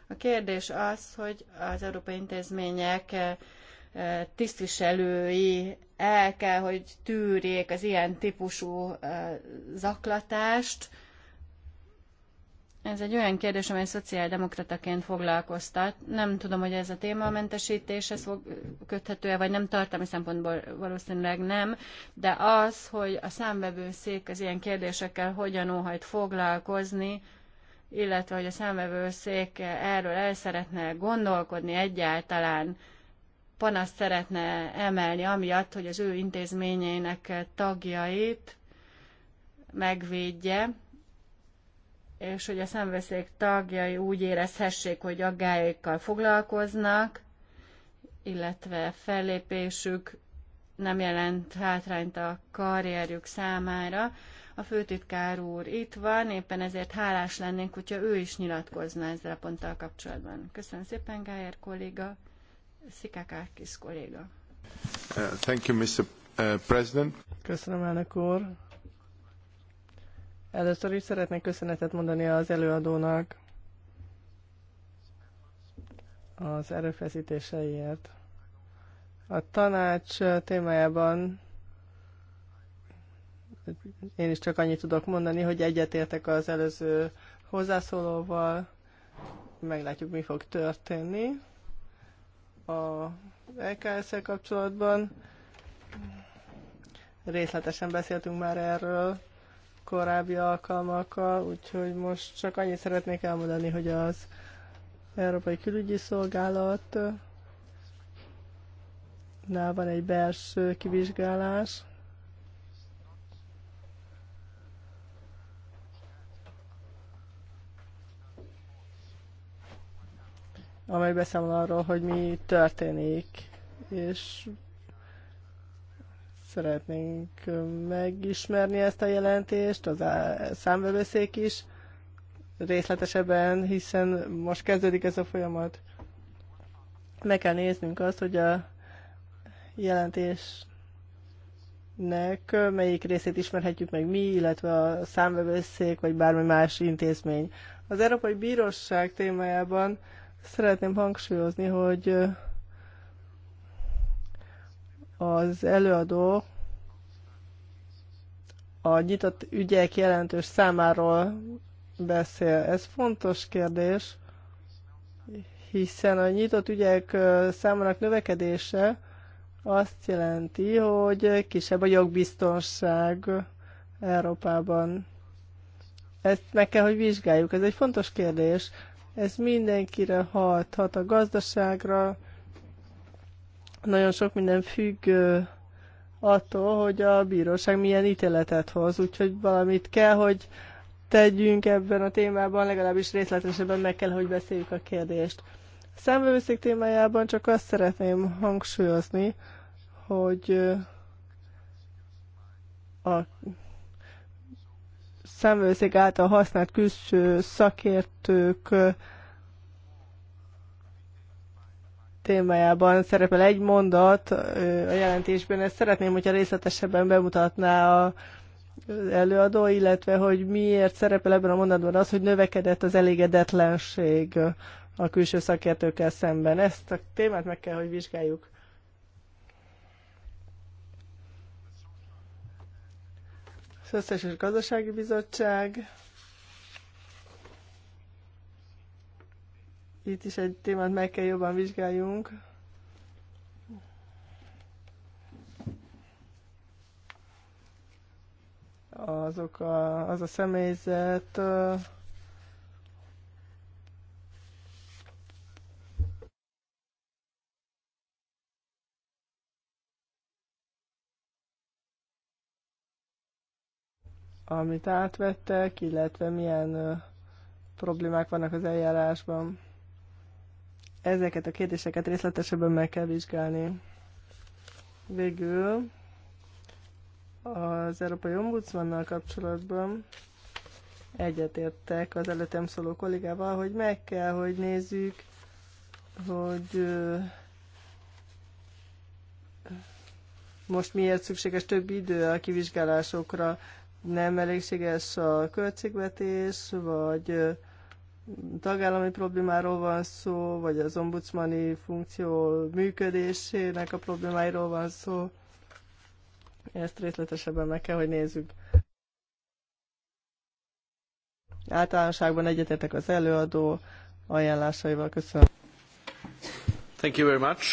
A kérdés az, hogy az európai intézmények tisztviselői el kell, hogy tűrjék az ilyen típusú zaklatást, ez egy olyan kérdés, amely szociáldemokrataként foglalkoztat. Nem tudom, hogy ez a téma a mentesítéshez köthető-e, vagy nem tartalmi szempontból valószínűleg nem, de az, hogy a számvevőszék az ilyen kérdésekkel hogyan óhajt foglalkozni, illetve hogy a számvevőszék erről el szeretne gondolkodni egyáltalán, panaszt szeretne emelni amiatt, hogy az ő intézményeinek tagjait megvédje, és hogy a szemveszék tagjai úgy érezhessék, hogy aggájaikkal foglalkoznak, illetve fellépésük nem jelent hátrányt a karrierjük számára. A főtitkár úr itt van, éppen ezért hálás lennénk, hogyha ő is nyilatkozna ezzel a ponttal kapcsolatban. Köszönöm szépen, Gájer kolléga, Szikákárkis kolléga. Uh, thank you, Mr. Uh, president. Köszönöm, elnök úr. Először is szeretnék köszönetet mondani az előadónak az erőfeszítéseiért. A tanács témájában én is csak annyit tudok mondani, hogy egyetértek az előző hozzászólóval, meglátjuk, mi fog történni a lks kapcsolatban. Részletesen beszéltünk már erről, korábbi alkalmakkal, úgyhogy most csak annyit szeretnék elmondani, hogy az Európai Külügyi Szolgálat nál van egy belső kivizsgálás, amely beszámol arról, hogy mi történik, és Szeretnénk megismerni ezt a jelentést, az a számvevőszék is részletesebben, hiszen most kezdődik ez a folyamat. Meg kell néznünk azt, hogy a jelentésnek melyik részét ismerhetjük meg mi, illetve a számvevőszék, vagy bármi más intézmény. Az Európai Bíróság témájában szeretném hangsúlyozni, hogy az előadó a nyitott ügyek jelentős számáról beszél. Ez fontos kérdés, hiszen a nyitott ügyek számának növekedése azt jelenti, hogy kisebb a jogbiztonság Európában. Ezt meg kell, hogy vizsgáljuk. Ez egy fontos kérdés. Ez mindenkire hat, hat a gazdaságra, nagyon sok minden függ attól, hogy a bíróság milyen ítéletet hoz, úgyhogy valamit kell, hogy tegyünk ebben a témában, legalábbis részletesebben meg kell, hogy beszéljük a kérdést. A számvevőszék témájában csak azt szeretném hangsúlyozni, hogy a számvevőszék által használt külső szakértők témájában szerepel egy mondat a jelentésben. Ezt szeretném, hogyha részletesebben bemutatná a előadó, illetve hogy miért szerepel ebben a mondatban az, hogy növekedett az elégedetlenség a külső szakértőkkel szemben. Ezt a témát meg kell, hogy vizsgáljuk. Az Összes Gazdasági Bizottság Itt is egy témát meg kell jobban vizsgáljunk. Azok a, az a személyzet, amit átvettek, illetve milyen ö, problémák vannak az eljárásban ezeket a kérdéseket részletesebben meg kell vizsgálni. Végül az Európai Ombudsmannal kapcsolatban egyetértek az előttem szóló kollégával, hogy meg kell, hogy nézzük, hogy most miért szükséges több idő a kivizsgálásokra, nem elégséges a költségvetés, vagy tagállami problémáról van szó, vagy az ombudsmani funkció működésének a problémáiról van szó. Ezt részletesebben meg kell, hogy nézzük. Általánosságban egyetetek az előadó ajánlásaival. Köszönöm. Thank you very much.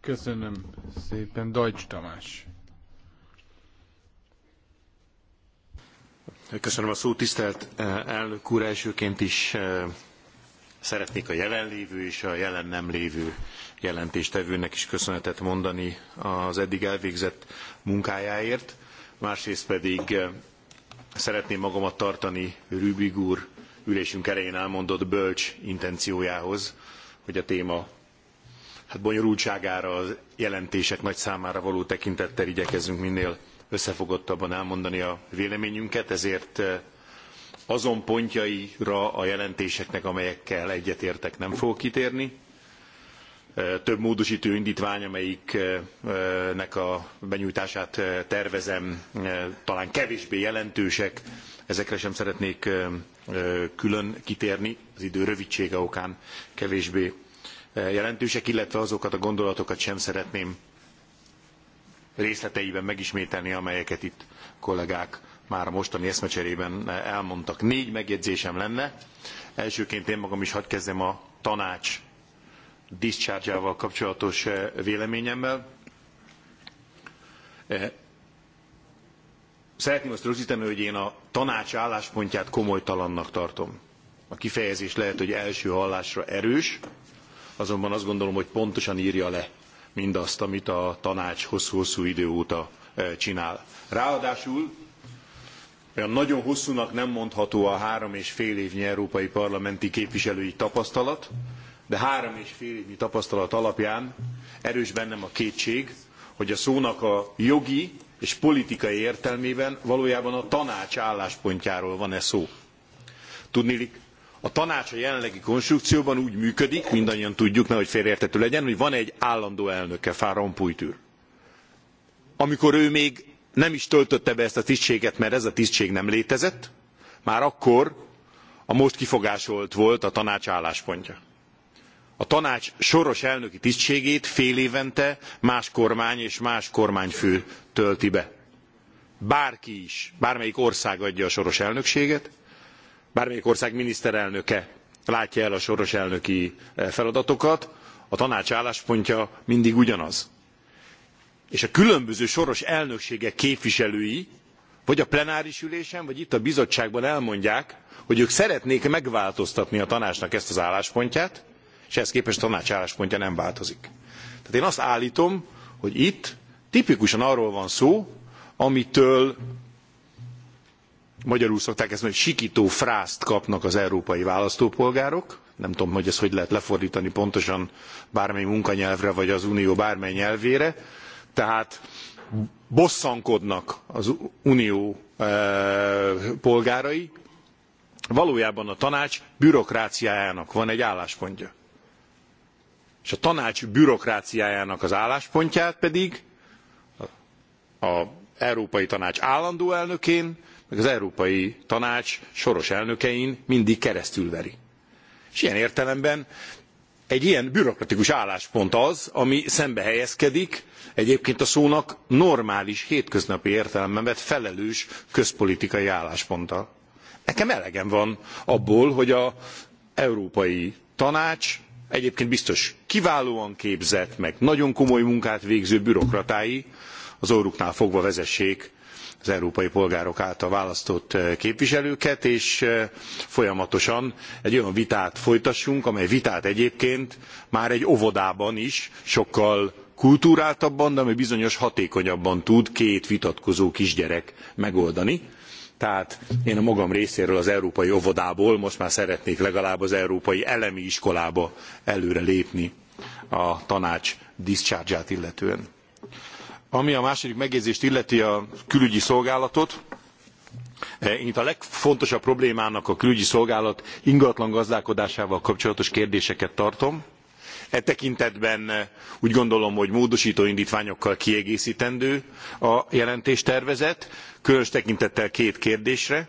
Köszönöm szépen. Deutsch Tamás. Köszönöm a szót, tisztelt eh, elnök úr! Elsőként is eh, szeretnék a jelenlévő és a jelen nem lévő jelentéstevőnek is köszönetet mondani az eddig elvégzett munkájáért. Másrészt pedig eh, szeretném magamat tartani Rübig úr ülésünk elején elmondott bölcs intenciójához, hogy a téma hát bonyolultságára, a jelentések nagy számára való tekintettel igyekezzünk minél összefogottabban elmondani a véleményünket, ezért eh, azon pontjaira a jelentéseknek, amelyekkel egyetértek, nem fogok kitérni. Eh, több módosító indítvány, amelyiknek eh, a benyújtását tervezem, talán kevésbé jelentősek, ezekre sem szeretnék külön kitérni, az idő rövidsége okán kevésbé jelentősek, illetve azokat a gondolatokat sem szeretném részleteiben megismételni, amelyeket itt kollégák már a mostani eszmecserében elmondtak. Négy megjegyzésem lenne. Elsőként én magam is hadd kezdem a tanács discharge kapcsolatos eh, véleményemmel. Eh, szeretném azt rögzíteni, hogy én a tanács álláspontját komolytalannak tartom. A kifejezés lehet, hogy első hallásra erős, azonban azt gondolom, hogy pontosan írja le mindazt, amit a tanács hosszú-hosszú idő óta e, csinál. Ráadásul olyan nagyon hosszúnak nem mondható a három és fél évnyi európai parlamenti képviselői tapasztalat, de három és fél évnyi tapasztalat alapján erős bennem a kétség, hogy a szónak a jogi és politikai értelmében valójában a tanács álláspontjáról van-e szó. Tudnilik, a tanács a jelenlegi konstrukcióban úgy működik, mindannyian tudjuk, nehogy félreérthető legyen, hogy van egy állandó elnöke, van Rompuy Amikor ő még nem is töltötte be ezt a tisztséget, mert ez a tisztség nem létezett, már akkor a most kifogásolt volt a tanács álláspontja. A tanács soros elnöki tisztségét fél évente más kormány és más kormányfő tölti be. Bárki is, bármelyik ország adja a soros elnökséget, bármelyik ország miniszterelnöke látja el a soros elnöki eh, feladatokat, a tanács álláspontja mindig ugyanaz. És a különböző soros elnökségek képviselői vagy a plenáris ülésen, vagy itt a bizottságban elmondják, hogy ők szeretnék megváltoztatni a tanácsnak ezt az álláspontját, és ehhez képest a tanács álláspontja nem változik. Tehát én azt állítom, hogy itt tipikusan arról van szó, amitől magyarul szokták ezt mondani, hogy sikító frászt kapnak az európai választópolgárok. Nem tudom, hogy ezt hogy lehet lefordítani pontosan bármely munkanyelvre, vagy az unió bármely nyelvére. Tehát bosszankodnak az unió e, polgárai. Valójában a tanács bürokráciájának van egy álláspontja. És a tanács bürokráciájának az álláspontját pedig az Európai Tanács állandó elnökén meg az Európai Tanács soros elnökein mindig keresztülveri. És ilyen értelemben egy ilyen bürokratikus álláspont az, ami szembe helyezkedik egyébként a szónak normális, hétköznapi értelemben vett felelős közpolitikai állásponttal. Nekem elegem van abból, hogy a Európai Tanács egyébként biztos kiválóan képzett, meg nagyon komoly munkát végző bürokratái az orruknál fogva vezessék az európai polgárok által választott eh, képviselőket, és eh, folyamatosan egy olyan vitát folytassunk, amely vitát egyébként már egy óvodában is sokkal kultúráltabban, de ami bizonyos hatékonyabban tud két vitatkozó kisgyerek megoldani. Tehát én a magam részéről az európai óvodából most már szeretnék legalább az európai elemi iskolába előre lépni a tanács discharge illetően. Ami a második megjegyzést illeti a külügyi szolgálatot, eh, én itt a legfontosabb problémának a külügyi szolgálat ingatlan gazdálkodásával kapcsolatos kérdéseket tartom. E tekintetben eh, úgy gondolom, hogy módosító indítványokkal kiegészítendő a jelentéstervezet, különös tekintettel két kérdésre.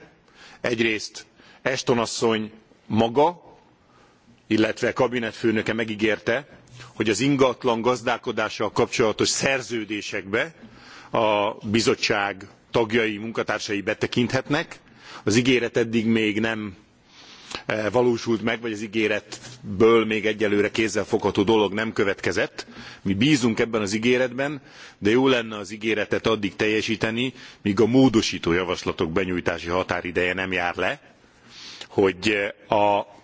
Egyrészt Eston asszony maga, illetve kabinetfőnöke megígérte, hogy az ingatlan gazdálkodással kapcsolatos szerződésekbe a bizottság tagjai, munkatársai betekinthetnek. Az ígéret eddig még nem eh, valósult meg, vagy az ígéretből még egyelőre kézzelfogható dolog nem következett. Mi bízunk ebben az ígéretben, de jó lenne az ígéretet addig teljesíteni, míg a módosító javaslatok benyújtási határideje nem jár le, hogy eh, a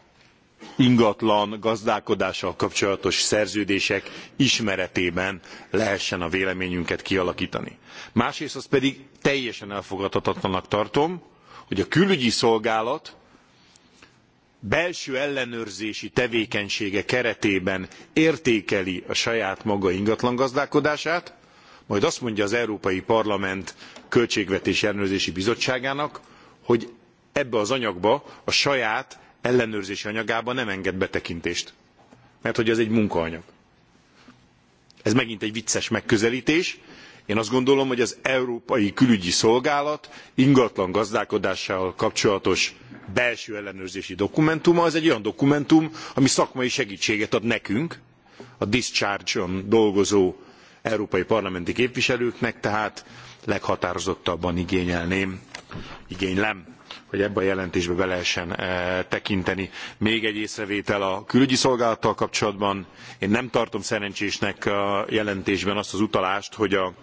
ingatlan gazdálkodással kapcsolatos szerződések ismeretében lehessen a véleményünket kialaktani. másrészt azt pedig teljesen elfogadhatatlannak tartom hogy a külügyi szolgálat belső ellenőrzési tevékenysége keretében értékeli a saját maga ingatlangazdálkodását majd azt mondja az európai parlament költségvetési ellenőrzési bizottságának hogy ebbe az anyagba a saját ellenőrzési anyagába nem enged betekintést. Mert hogy ez egy munkaanyag. Ez megint egy vicces megközelítés. Én azt gondolom, hogy az Európai Külügyi Szolgálat ingatlan gazdálkodással kapcsolatos belső ellenőrzési dokumentuma, az egy olyan dokumentum, ami szakmai segítséget ad nekünk, a discharge-on dolgozó európai parlamenti képviselőknek, tehát leghatározottabban igényelném, igénylem hogy ebbe a jelentésbe be lehessen eh, tekinteni. Még egy észrevétel a külügyi szolgálattal kapcsolatban. Én nem tartom szerencsésnek a jelentésben azt az utalást, hogy a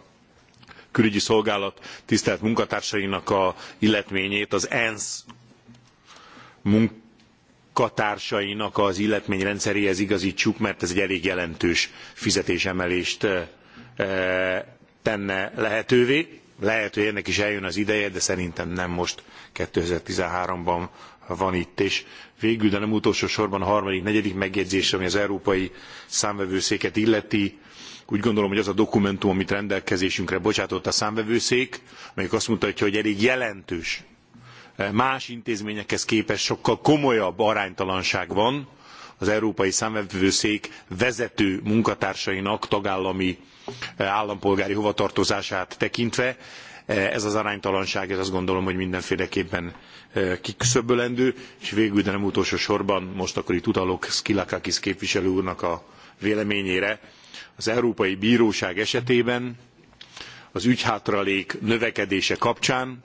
külügyi szolgálat tisztelt munkatársainak a illetményét az ENSZ munkatársainak az illetményrendszeréhez igazítsuk, mert ez egy elég jelentős fizetésemelést eh, eh, tenne lehetővé lehet, hogy ennek is eljön az ideje, de szerintem nem most 2013-ban van itt. És végül, de nem utolsó sorban a harmadik, negyedik megjegyzés, ami az európai számvevőszéket illeti, úgy gondolom, hogy az a dokumentum, amit rendelkezésünkre bocsátott a számvevőszék, amelyik azt mutatja, hogy elég jelentős eh, más intézményekhez képest sokkal komolyabb aránytalanság van, az Európai Számvevőszék vezető munkatársainak tagállami eh, állampolgári hovatartozását tekintve. Eh, ez az aránytalanság, ez azt gondolom, hogy mindenféleképpen eh, kiküszöbölendő, és végül, de nem utolsó sorban, most akkor itt utalok skylakakis képviselő úrnak a véleményére, az Európai Bíróság esetében az ügyhátralék növekedése kapcsán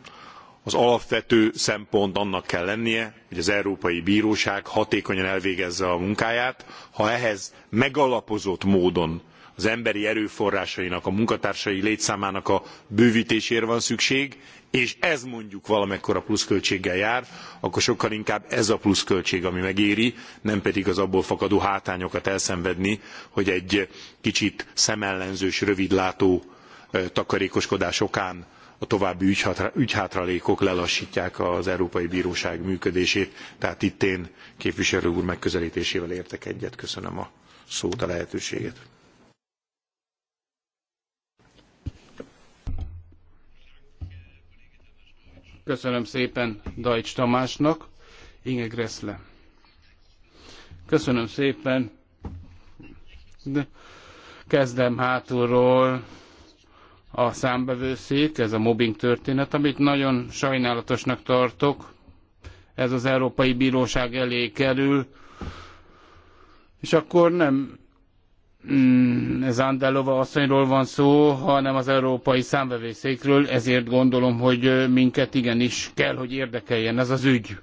az alapvető szempont annak kell lennie, hogy az Európai Bíróság hatékonyan elvégezze a munkáját, ha ehhez megalapozott módon az emberi erőforrásainak, a munkatársai létszámának a bővítésére van szükség, és ez mondjuk valamekkora pluszköltséggel jár, akkor sokkal inkább ez a pluszköltség, ami megéri, nem pedig az abból fakadó hátányokat elszenvedni, hogy egy kicsit szemellenzős, rövidlátó takarékoskodás okán a további ügyhátralékok lelassítják az Európai Bíróság működését, tehát itt én képviselő úr megközelítésével értek egyet. Köszönöm a szót, a lehetőséget. Köszönöm szépen Dajcs Tamásnak, Inge Gressle. Köszönöm szépen. De kezdem hátulról a számbevőszék, ez a mobbing történet, amit nagyon sajnálatosnak tartok. Ez az Európai Bíróság elé kerül, és akkor nem mm, Zándelova asszonyról van szó, hanem az Európai Számbevőszékről, ezért gondolom, hogy minket igenis kell, hogy érdekeljen ez az ügy.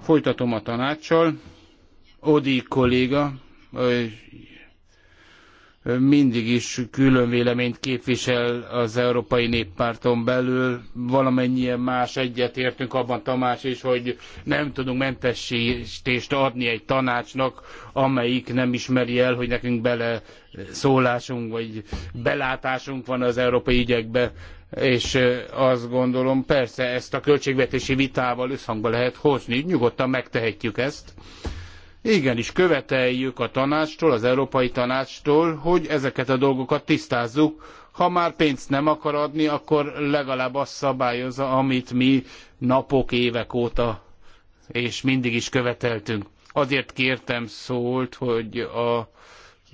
Folytatom a tanácssal. Odi kolléga, mindig is külön véleményt képvisel az Európai Néppárton belül. Valamennyien más egyetértünk abban, Tamás is, hogy nem tudunk mentesítést adni egy tanácsnak, amelyik nem ismeri el, hogy nekünk bele szólásunk, vagy belátásunk van az európai ügyekbe. És azt gondolom, persze ezt a költségvetési vitával összhangba lehet hozni, nyugodtan megtehetjük ezt. Igenis, követeljük a tanácstól, az Európai Tanácstól, hogy ezeket a dolgokat tisztázzuk. Ha már pénzt nem akar adni, akkor legalább azt szabályozza, amit mi napok, évek óta és mindig is követeltünk. Azért kértem szólt, hogy a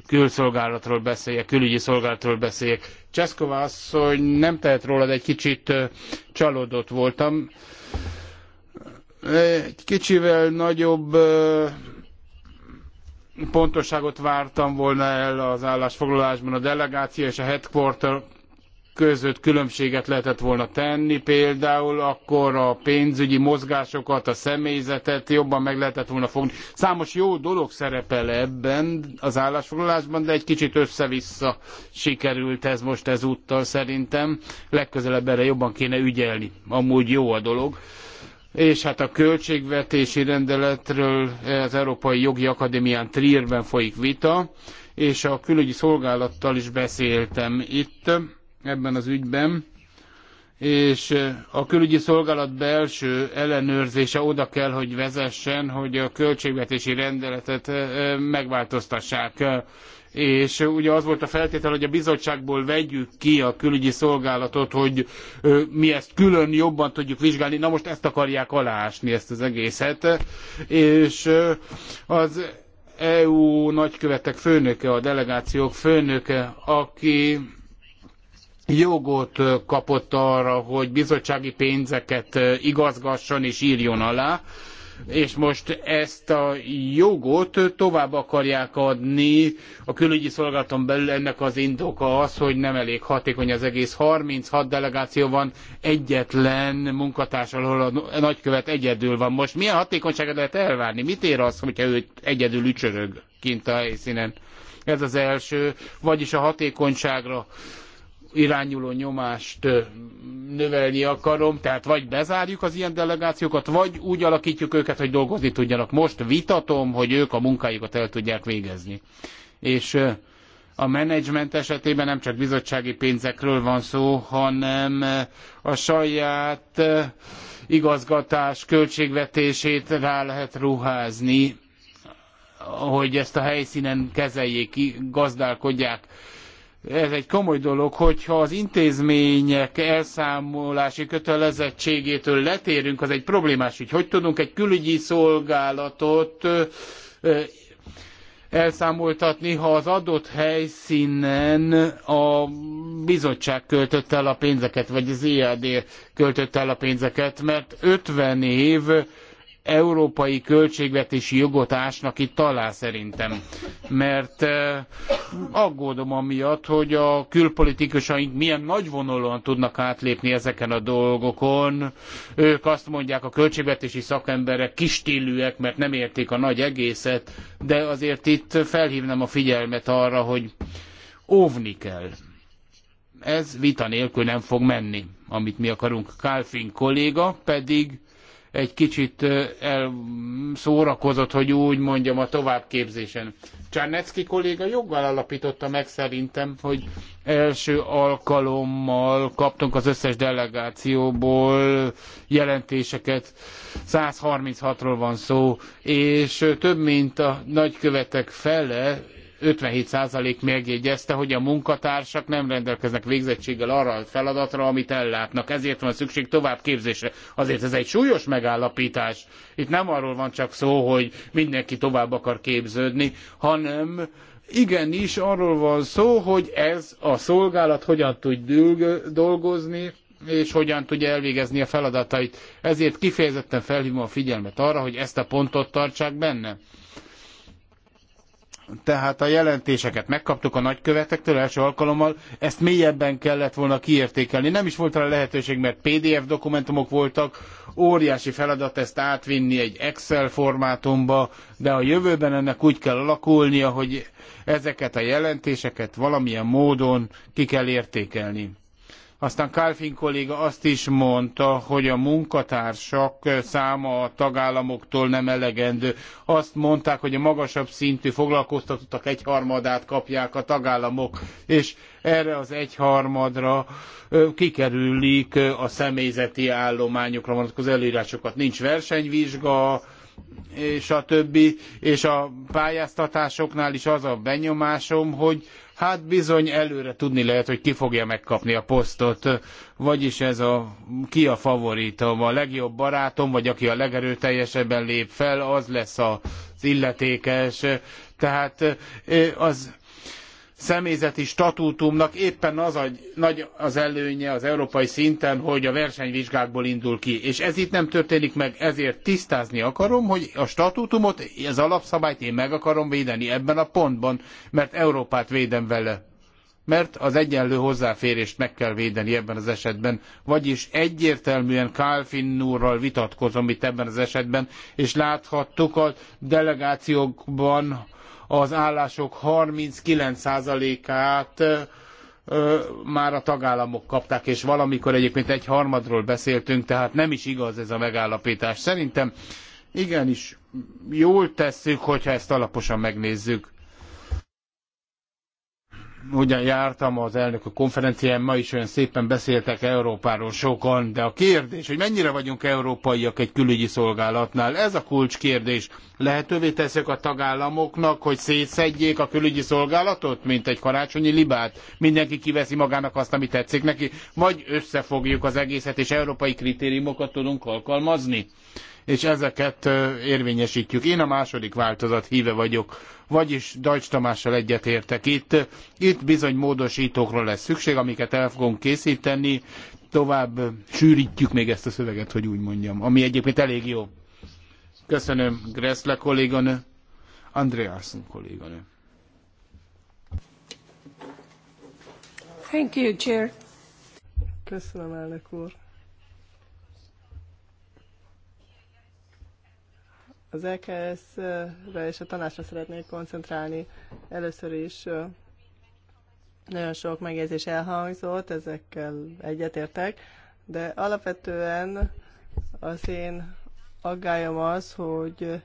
külszolgálatról beszéljek, külügyi szolgálatról beszéljek. Cseszkova asszony nem tehet de egy kicsit csalódott voltam. Egy kicsivel nagyobb pontosságot vártam volna el az állásfoglalásban a delegáció és a headquarter között különbséget lehetett volna tenni, például akkor a pénzügyi mozgásokat, a személyzetet jobban meg lehetett volna fogni. Számos jó dolog szerepel ebben az állásfoglalásban, de egy kicsit össze-vissza sikerült ez most ezúttal szerintem. Legközelebb erre jobban kéne ügyelni. Amúgy jó a dolog és hát a költségvetési rendeletről az Európai Jogi Akadémián Trierben folyik vita, és a külügyi szolgálattal is beszéltem itt ebben az ügyben, és a külügyi szolgálat belső ellenőrzése oda kell, hogy vezessen, hogy a költségvetési rendeletet eh, megváltoztassák és ugye az volt a feltétel, hogy a bizottságból vegyük ki a külügyi szolgálatot, hogy mi ezt külön jobban tudjuk vizsgálni. Na most ezt akarják aláásni, ezt az egészet. És az EU nagykövetek főnöke, a delegációk főnöke, aki jogot kapott arra, hogy bizottsági pénzeket igazgasson és írjon alá, és most ezt a jogot tovább akarják adni a külügyi szolgálaton belül. Ennek az indoka az, hogy nem elég hatékony az egész. 36 delegáció van, egyetlen munkatárs, ahol a nagykövet egyedül van. Most milyen hatékonyságot lehet elvárni? Mit ér az, hogyha ő egyedül ücsörög kint a helyszínen? Ez az első, vagyis a hatékonyságra irányuló nyomást növelni akarom, tehát vagy bezárjuk az ilyen delegációkat, vagy úgy alakítjuk őket, hogy dolgozni tudjanak. Most vitatom, hogy ők a munkájukat el tudják végezni. És a menedzsment esetében nem csak bizottsági pénzekről van szó, hanem a saját igazgatás költségvetését rá lehet ruházni, hogy ezt a helyszínen kezeljék, gazdálkodják ez egy komoly dolog, hogyha az intézmények elszámolási kötelezettségétől letérünk, az egy problémás ügy. Hogy tudunk egy külügyi szolgálatot elszámoltatni, ha az adott helyszínen a bizottság költött el a pénzeket, vagy az IAD költött el a pénzeket, mert 50 év európai költségvetési jogot ásnak itt alá szerintem. Mert eh, aggódom amiatt, hogy a külpolitikusaink milyen nagyvonalúan tudnak átlépni ezeken a dolgokon. Ők azt mondják, a költségvetési szakemberek kistillűek, mert nem értik a nagy egészet, de azért itt felhívnám a figyelmet arra, hogy óvni kell. Ez vita nélkül nem fog menni, amit mi akarunk. Kálfin kolléga pedig egy kicsit elszórakozott, hogy úgy mondjam, a továbbképzésen. Csárnecki kolléga joggal alapította meg szerintem, hogy első alkalommal kaptunk az összes delegációból jelentéseket, 136-ról van szó, és több mint a nagykövetek fele 57% megjegyezte, hogy a munkatársak nem rendelkeznek végzettséggel arra a feladatra, amit ellátnak. Ezért van szükség továbbképzésre. Azért ez egy súlyos megállapítás. Itt nem arról van csak szó, hogy mindenki tovább akar képződni, hanem igenis arról van szó, hogy ez a szolgálat hogyan tud dolgozni, és hogyan tudja elvégezni a feladatait. Ezért kifejezetten felhívom a figyelmet arra, hogy ezt a pontot tartsák benne. Tehát a jelentéseket megkaptuk a nagykövetektől első alkalommal, ezt mélyebben kellett volna kiértékelni. Nem is volt rá lehetőség, mert PDF dokumentumok voltak, óriási feladat ezt átvinni egy Excel formátumba, de a jövőben ennek úgy kell alakulnia, hogy ezeket a jelentéseket valamilyen módon ki kell értékelni. Aztán Kalfin kolléga azt is mondta, hogy a munkatársak száma a tagállamoktól nem elegendő. Azt mondták, hogy a magasabb szintű foglalkoztatottak egyharmadát kapják a tagállamok, és erre az egyharmadra kikerülik a személyzeti állományokra vonatkozó előírásokat. Nincs versenyvizsga, és a többi, és a pályáztatásoknál is az a benyomásom, hogy hát bizony előre tudni lehet, hogy ki fogja megkapni a posztot, vagyis ez a ki a favoritom, a legjobb barátom, vagy aki a legerőteljesebben lép fel, az lesz az illetékes. Tehát az személyzeti statútumnak éppen az a, nagy az előnye az európai szinten, hogy a versenyvizsgákból indul ki. És ez itt nem történik meg, ezért tisztázni akarom, hogy a statútumot, az alapszabályt én meg akarom védeni ebben a pontban, mert Európát védem vele. Mert az egyenlő hozzáférést meg kell védeni ebben az esetben. Vagyis egyértelműen Kálfin úrral vitatkozom itt ebben az esetben, és láthattuk a delegációkban, az állások 39%-át már a tagállamok kapták, és valamikor egyébként egy harmadról beszéltünk, tehát nem is igaz ez a megállapítás. Szerintem igenis jól tesszük, hogyha ezt alaposan megnézzük ugyan jártam az elnök a konferencián, ma is olyan szépen beszéltek Európáról sokan, de a kérdés, hogy mennyire vagyunk európaiak egy külügyi szolgálatnál, ez a kulcskérdés. Lehetővé teszek a tagállamoknak, hogy szétszedjék a külügyi szolgálatot, mint egy karácsonyi libát, mindenki kiveszi magának azt, ami tetszik neki, vagy összefogjuk az egészet, és európai kritériumokat tudunk alkalmazni és ezeket érvényesítjük. Én a második változat híve vagyok, vagyis Dajcs Tamással egyetértek itt. Itt bizony módosítókról lesz szükség, amiket el fogunk készíteni, tovább sűrítjük még ezt a szöveget, hogy úgy mondjam, ami egyébként elég jó. Köszönöm Gressle kolléganő, Andreasen kolléganő. Thank you, Chair. Köszönöm, elnök úr. Az EKS-re és a tanásra szeretnék koncentrálni. Először is nagyon sok megjegyzés elhangzott, ezekkel egyetértek, de alapvetően az én aggályom az, hogy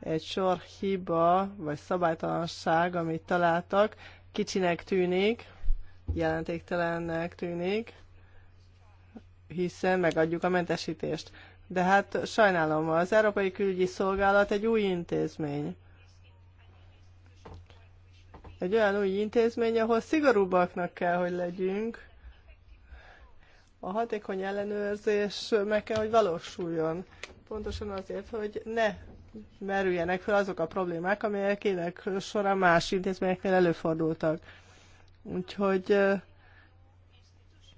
egy sor hiba vagy szabálytalanság, amit találtak, kicsinek tűnik, jelentéktelennek tűnik, hiszen megadjuk a mentesítést. De hát sajnálom, az Európai Külügyi Szolgálat egy új intézmény. Egy olyan új intézmény, ahol szigorúbbaknak kell, hogy legyünk. A hatékony ellenőrzés meg kell, hogy valósuljon. Pontosan azért, hogy ne merüljenek fel azok a problémák, amelyek ének során más intézményeknél előfordultak. Úgyhogy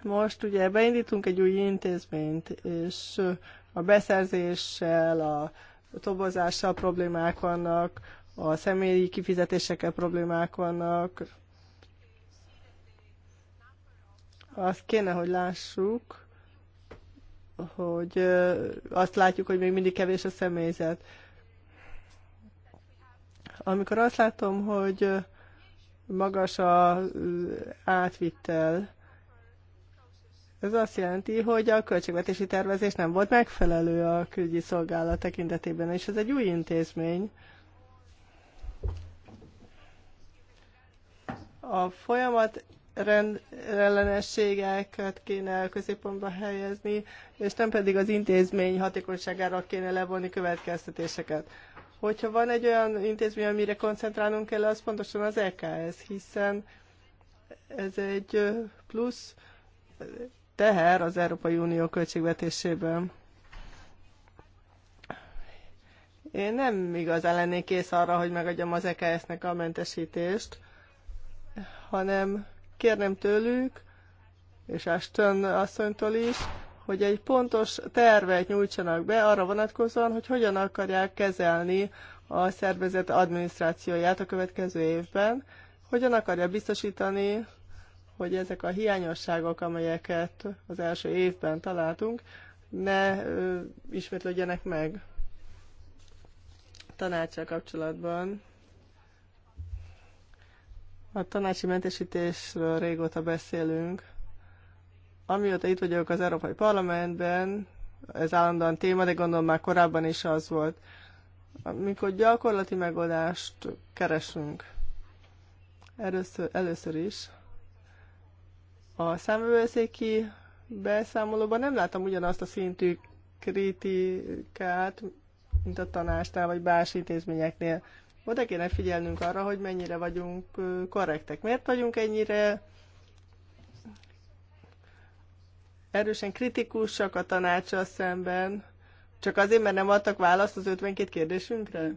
most ugye beindítunk egy új intézményt, és a beszerzéssel, a tobozással problémák vannak, a személyi kifizetésekkel problémák vannak. Azt kéne, hogy lássuk, hogy azt látjuk, hogy még mindig kevés a személyzet. Amikor azt látom, hogy magas a átvittel, ez azt jelenti, hogy a költségvetési tervezés nem volt megfelelő a külügyi szolgálat tekintetében, és ez egy új intézmény. A folyamat rendellenességeket kéne középpontba helyezni, és nem pedig az intézmény hatékonyságára kéne levonni következtetéseket. Hogyha van egy olyan intézmény, amire koncentrálnunk kell, az pontosan az EKS, hiszen ez egy plusz teher az Európai Unió költségvetésében. Én nem igazán lennék kész arra, hogy megadjam az EKS-nek a mentesítést, hanem kérnem tőlük, és Ashton asszonytól is, hogy egy pontos tervet nyújtsanak be arra vonatkozóan, hogy hogyan akarják kezelni a szervezet adminisztrációját a következő évben, hogyan akarja biztosítani hogy ezek a hiányosságok, amelyeket az első évben találtunk, ne ö, ismétlődjenek meg. Tanácsa kapcsolatban a tanácsi mentesítésről régóta beszélünk. Amióta itt vagyok az Európai Parlamentben, ez állandóan téma, de gondolom már korábban is az volt, amikor gyakorlati megoldást keresünk. Először, először is a számövőszéki beszámolóban nem látom ugyanazt a szintű kritikát, mint a tanástál vagy bás intézményeknél. Oda kéne figyelnünk arra, hogy mennyire vagyunk korrektek. Miért vagyunk ennyire erősen kritikusak a tanácsa szemben, csak azért, mert nem adtak választ az 52 kérdésünkre?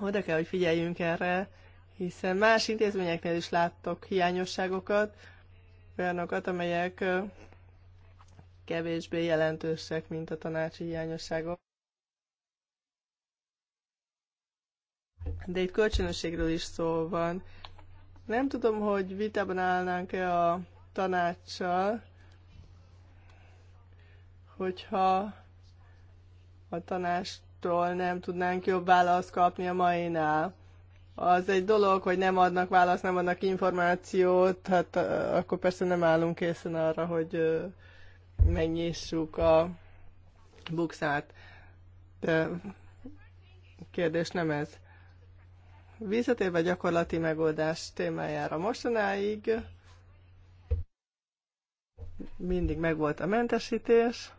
Oda kell, hogy figyeljünk erre, hiszen más intézményeknél is láttok hiányosságokat, olyanokat, amelyek kevésbé jelentősek, mint a tanácsi hiányosságok. De itt kölcsönösségről is szó van. Nem tudom, hogy vitában állnánk-e a tanácssal, hogyha a tanástól nem tudnánk jobb választ kapni a mainál az egy dolog, hogy nem adnak választ, nem adnak információt, hát akkor persze nem állunk készen arra, hogy megnyissuk a bukszát. De kérdés nem ez. Visszatérve gyakorlati megoldás témájára mostanáig mindig megvolt a mentesítés,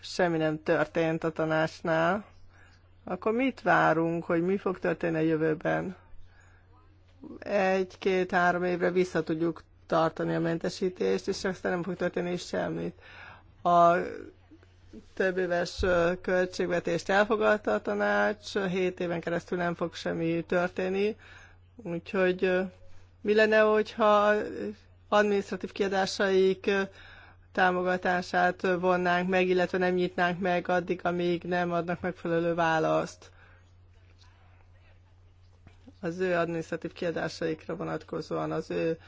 semmi nem történt a tanácsnál akkor mit várunk, hogy mi fog történni a jövőben? Egy-két-három évre vissza tudjuk tartani a mentesítést, és aztán nem fog történni semmit. A több éves költségvetést elfogadta a tanács, hét éven keresztül nem fog semmi történni, úgyhogy mi lenne, hogyha administratív kiadásaik támogatását vonnánk meg, illetve nem nyitnánk meg addig, amíg nem adnak megfelelő választ az ő adminisztratív kiadásaikra vonatkozóan, az ő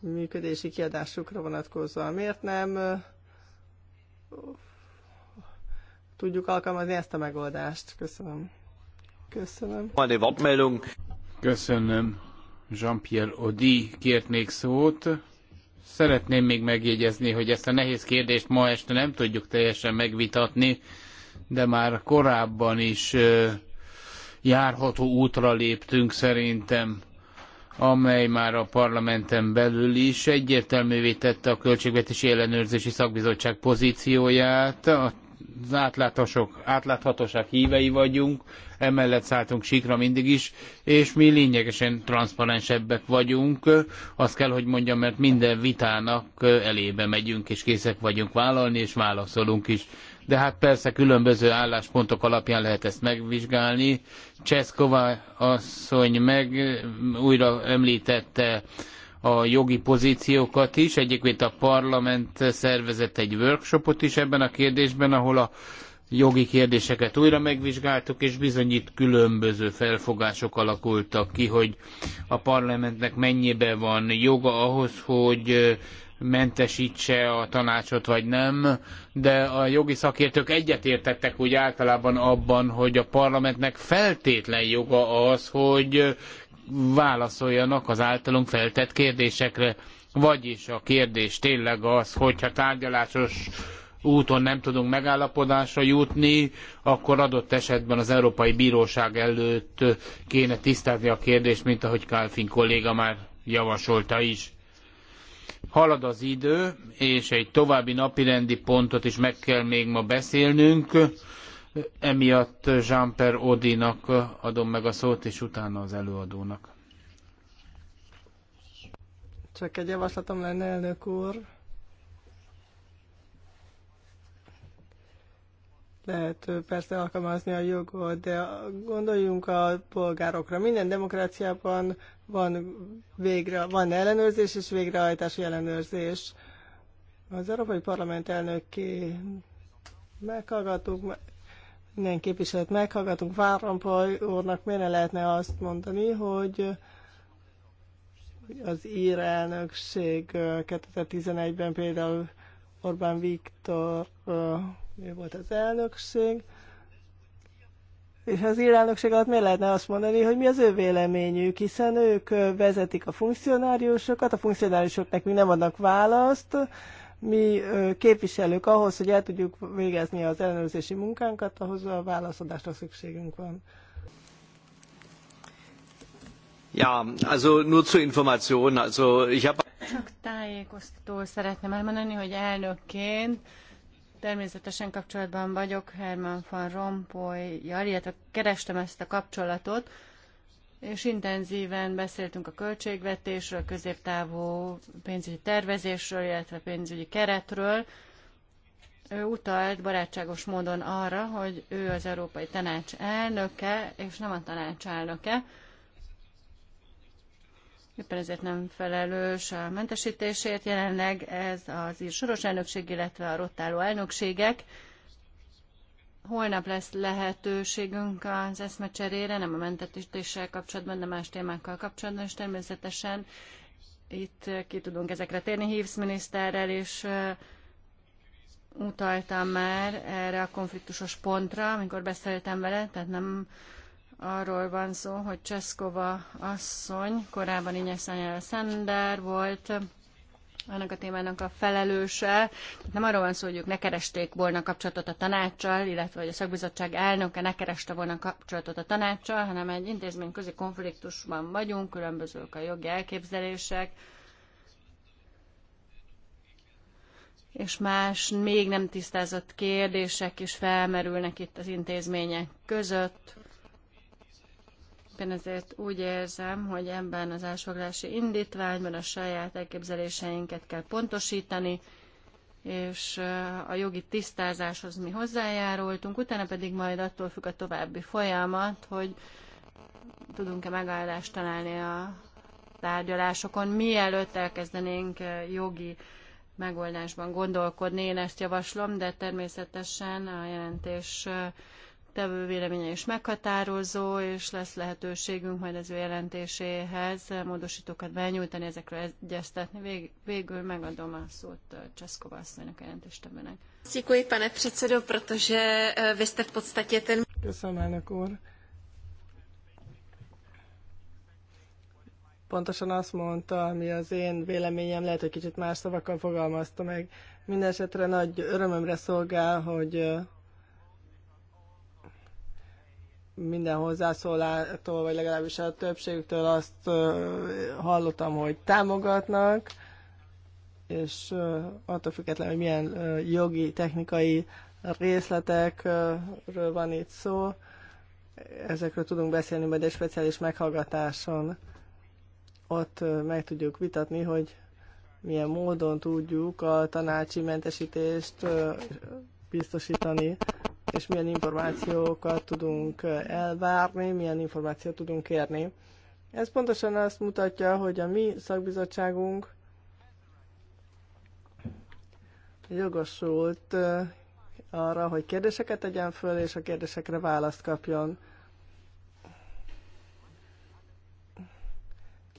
működési kiadásukra vonatkozóan. Miért nem uh, tudjuk alkalmazni ezt a megoldást? Köszönöm. Köszönöm. Van egy Köszönöm. Jean-Pierre Odi kért még szót. Szeretném még megjegyezni, hogy ezt a nehéz kérdést ma este nem tudjuk teljesen megvitatni, de már korábban is járható útra léptünk szerintem amely már a parlamenten belül is egyértelművé tette a Költségvetési Ellenőrzési Szakbizottság pozícióját. A az átláthatóság, átláthatóság hívei vagyunk, emellett szálltunk sikra mindig is, és mi lényegesen transzparensebbek vagyunk. Azt kell, hogy mondjam, mert minden vitának elébe megyünk, és készek vagyunk vállalni, és válaszolunk is. De hát persze különböző álláspontok alapján lehet ezt megvizsgálni. Cseszkova asszony meg újra említette a jogi pozíciókat is. Egyébként a parlament szervezett egy workshopot is ebben a kérdésben, ahol a jogi kérdéseket újra megvizsgáltuk, és bizony itt különböző felfogások alakultak ki, hogy a parlamentnek mennyibe van joga ahhoz, hogy mentesítse a tanácsot, vagy nem, de a jogi szakértők egyetértettek úgy általában abban, hogy a parlamentnek feltétlen joga az, hogy válaszoljanak az általunk feltett kérdésekre. Vagyis a kérdés tényleg az, hogyha tárgyalásos úton nem tudunk megállapodásra jutni, akkor adott esetben az Európai Bíróság előtt kéne tisztázni a kérdést, mint ahogy Kálfin kolléga már javasolta is. Halad az idő, és egy további napirendi pontot is meg kell még ma beszélnünk. Emiatt jean Odinak adom meg a szót, és utána az előadónak. Csak egy javaslatom lenne, elnök úr. Lehet persze alkalmazni a jogot, de gondoljunk a polgárokra. Minden demokráciában van, végre, van ellenőrzés és végrehajtási ellenőrzés. Az Európai Parlament elnöki meghallgattuk minden képviselet meghallgatunk. Várampoly úrnak miért lehetne azt mondani, hogy az ír elnökség 2011-ben például Orbán Viktor mi volt az elnökség, és az ír elnökség alatt miért lehetne azt mondani, hogy mi az ő véleményük, hiszen ők vezetik a funkcionáriusokat, a funkcionáriusok nekünk nem adnak választ, mi képviselők ahhoz, hogy el tudjuk végezni az ellenőrzési munkánkat, ahhoz a válaszadásra szükségünk van. Ja, also nur zur Information, also ich habe... Csak tájékoztató szeretném elmondani, hogy elnökként természetesen kapcsolatban vagyok Herman van Rompuy-jal, illetve kerestem ezt a kapcsolatot, és intenzíven beszéltünk a költségvetésről, a középtávú pénzügyi tervezésről, illetve pénzügyi keretről. Ő utalt barátságos módon arra, hogy ő az Európai Tanács elnöke, és nem a tanács elnöke. Éppen ezért nem felelős a mentesítésért. Jelenleg ez az ír soros elnökség, illetve a rotáló elnökségek Holnap lesz lehetőségünk az eszmecserére, nem a mentetéssel kapcsolatban, de más témákkal kapcsolatban, és természetesen itt ki tudunk ezekre térni. Hívsz miniszterrel és utaltam már erre a konfliktusos pontra, amikor beszéltem vele, tehát nem arról van szó, hogy Cseszkova asszony, korábban Inyeszányára Szender volt, annak a témának a felelőse. Nem arról van szó, hogy ők ne keresték volna kapcsolatot a tanácssal, illetve hogy a szakbizottság elnöke ne kereste volna kapcsolatot a tanácssal, hanem egy intézmény közi konfliktusban vagyunk, különbözők a jogi elképzelések, és más még nem tisztázott kérdések is felmerülnek itt az intézmények között. Éppen ezért úgy érzem, hogy ebben az elsoglási indítványban a saját elképzeléseinket kell pontosítani, és a jogi tisztázáshoz mi hozzájárultunk, utána pedig majd attól függ a további folyamat, hogy tudunk-e megállást találni a tárgyalásokon, mielőtt elkezdenénk jogi megoldásban gondolkodni. Én ezt javaslom, de természetesen a jelentés tevő véleménye is meghatározó, és lesz lehetőségünk majd az ő jelentéséhez módosítókat benyújtani, ezekre egyeztetni. Vég, végül megadom a szót uh, Cseszkova asszonynak a jelentéstevőnek. pane předsedo, protože eh, vy jste v podstatě ten... Köszönöm, elnök úr. Pontosan azt mondta, ami az én véleményem, lehet, hogy kicsit más szavakkal fogalmazta meg. Mindenesetre nagy örömömre szolgál, hogy eh, minden hozzászólától, vagy legalábbis a többségtől azt hallottam, hogy támogatnak, és attól függetlenül, hogy milyen jogi, technikai részletekről van itt szó, ezekről tudunk beszélni majd egy speciális meghallgatáson. Ott meg tudjuk vitatni, hogy milyen módon tudjuk a tanácsi mentesítést biztosítani és milyen információkat tudunk eh, elvárni, milyen információt tudunk kérni. Ez pontosan azt mutatja, hogy a mi szakbizottságunk jogosult eh, arra, hogy kérdéseket tegyen föl, és a kérdésekre választ kapjon.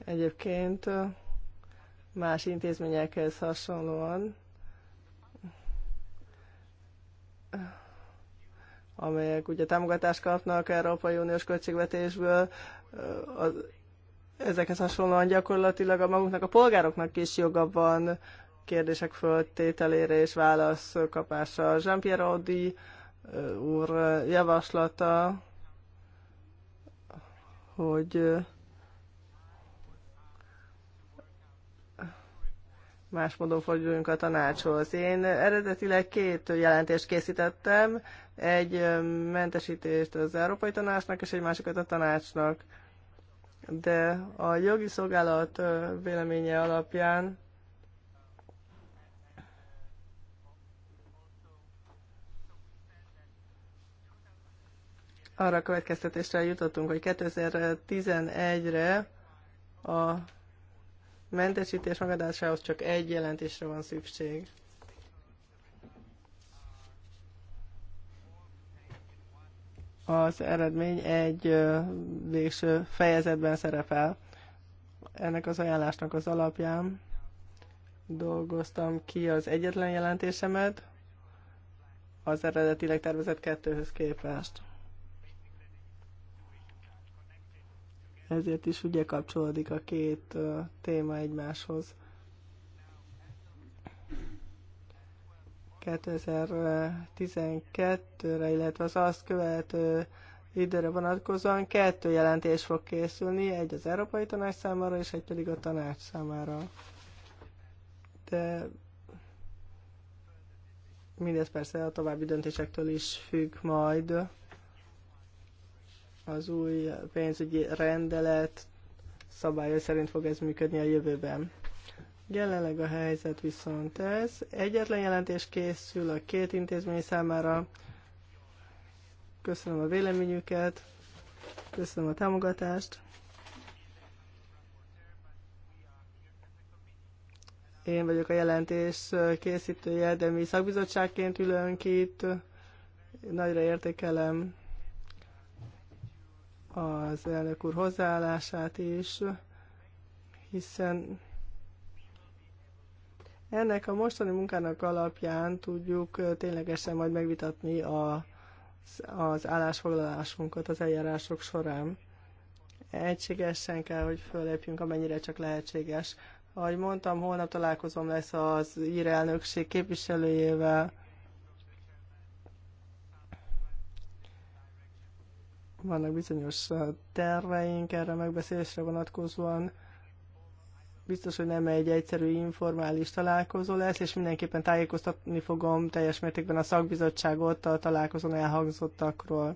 Egyébként eh, más intézményekhez hasonlóan amelyek ugye támogatást kapnak Európai Uniós költségvetésből, az, ezekhez hasonlóan gyakorlatilag a maguknak, a polgároknak is joga van kérdések föltételére és válasz kapása. Jean-Pierre Audi úr javaslata, hogy más módon forduljunk a tanácshoz. Én eredetileg két jelentést készítettem, egy mentesítést az Európai Tanácsnak, és egy másikat a tanácsnak. De a jogi szolgálat véleménye alapján arra a következtetésre jutottunk, hogy 2011-re a mentesítés megadásához csak egy jelentésre van szükség. az eredmény egy végső fejezetben szerepel. Ennek az ajánlásnak az alapján dolgoztam ki az egyetlen jelentésemet az eredetileg tervezett kettőhöz képest. Ezért is ugye kapcsolódik a két téma egymáshoz. 2012-re, illetve az azt követő időre vonatkozóan kettő jelentés fog készülni, egy az Európai Tanács számára, és egy pedig a tanács számára. De mindez persze a további döntésektől is függ majd. Az új pénzügyi rendelet szabályai szerint fog ez működni a jövőben. Jelenleg a helyzet viszont ez. Egyetlen jelentés készül a két intézmény számára. Köszönöm a véleményüket, köszönöm a támogatást. Én vagyok a jelentés készítője, de mi szakbizottságként ülünk itt. Nagyra értékelem az elnök úr hozzáállását is, hiszen ennek a mostani munkának alapján tudjuk ténylegesen majd megvitatni a, az állásfoglalásunkat az eljárások során. Egységesen kell, hogy fölépjünk, amennyire csak lehetséges. Ahogy mondtam, holnap találkozom lesz az írelnökség képviselőjével. Vannak bizonyos terveink erre megbeszélésre vonatkozóan Biztos, hogy nem egy egyszerű informális találkozó lesz, és mindenképpen tájékoztatni fogom teljes mértékben a szakbizottságot a találkozón elhangzottakról.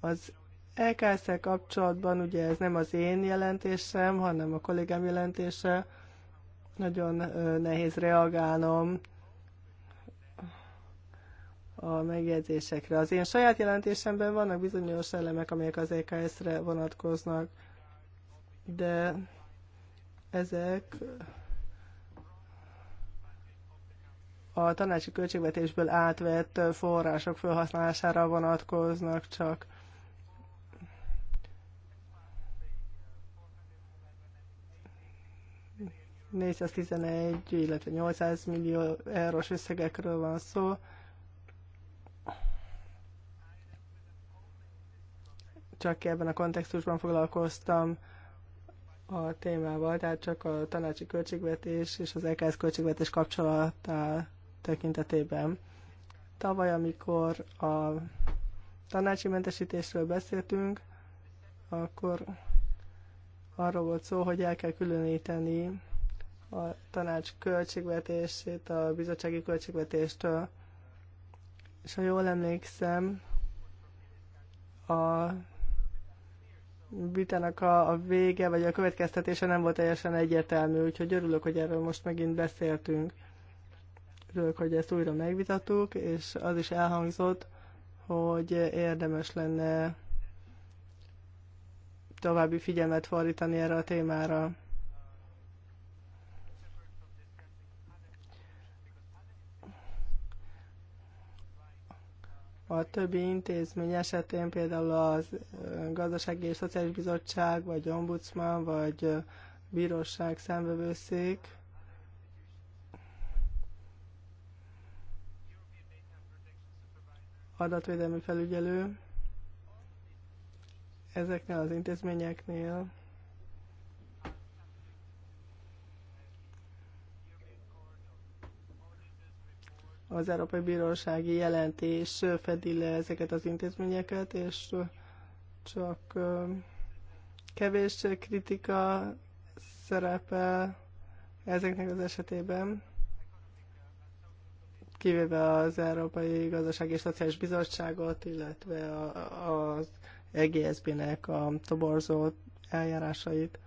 Az e lks kapcsolatban ugye ez nem az én jelentésem, hanem a kollégám jelentése. Nagyon nehéz reagálnom a megjegyzésekre. Az én saját jelentésemben vannak bizonyos elemek, amelyek az EKS-re vonatkoznak, de ezek a tanácsi költségvetésből átvett források felhasználására vonatkoznak csak. ...411, illetve 800 millió eurós összegekről van szó. Csak ebben a kontextusban foglalkoztam a témával, tehát csak a tanácsi költségvetés és az EKS költségvetés kapcsolatá tekintetében. Tavaly, amikor a tanácsi mentesítésről beszéltünk, akkor arról volt szó, hogy el kell különíteni a tanács költségvetését a bizottsági költségvetéstől. És ha jól emlékszem, a vitának a, a vége, vagy a következtetése nem volt teljesen egyértelmű, úgyhogy örülök, hogy erről most megint beszéltünk. Örülök, hogy ezt újra megvitattuk, és az is elhangzott, hogy érdemes lenne további figyelmet fordítani erre a témára. A többi intézmény esetén például az Gazdasági és Szociális Bizottság, vagy Ombudsman, vagy Bíróság szemvevőszék. adatvédelmi felügyelő, ezeknél az intézményeknél Az Európai Bírósági jelentés fedi le ezeket az intézményeket, és csak kevés kritika szerepel ezeknek az esetében, kivéve az Európai Gazdasági és Szociális Bizottságot, illetve az EGSB-nek a toborzó eljárásait.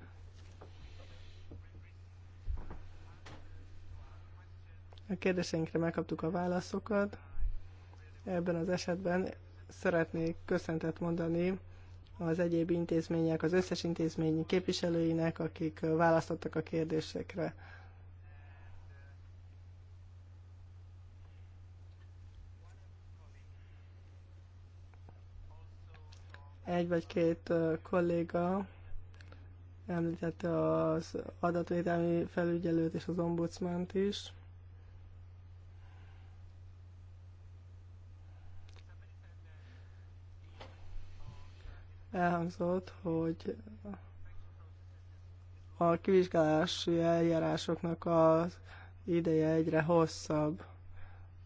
A kérdéseinkre megkaptuk a válaszokat. Ebben az esetben szeretnék köszöntet mondani az egyéb intézmények, az összes intézmény képviselőinek, akik választottak a kérdésekre. Egy vagy két kolléga említette az adatvédelmi felügyelőt és az ombudsmant is. elhangzott, hogy a kivizsgálási eljárásoknak az ideje egyre hosszabb.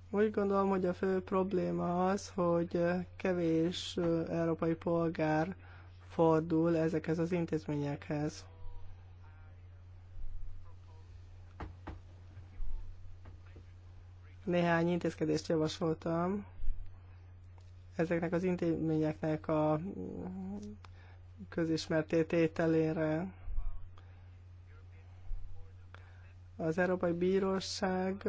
Úgy gondolom, hogy a fő probléma az, hogy kevés európai polgár fordul ezekhez az intézményekhez. Néhány intézkedést javasoltam ezeknek az intézményeknek a közismertétételére. Az Európai Bíróság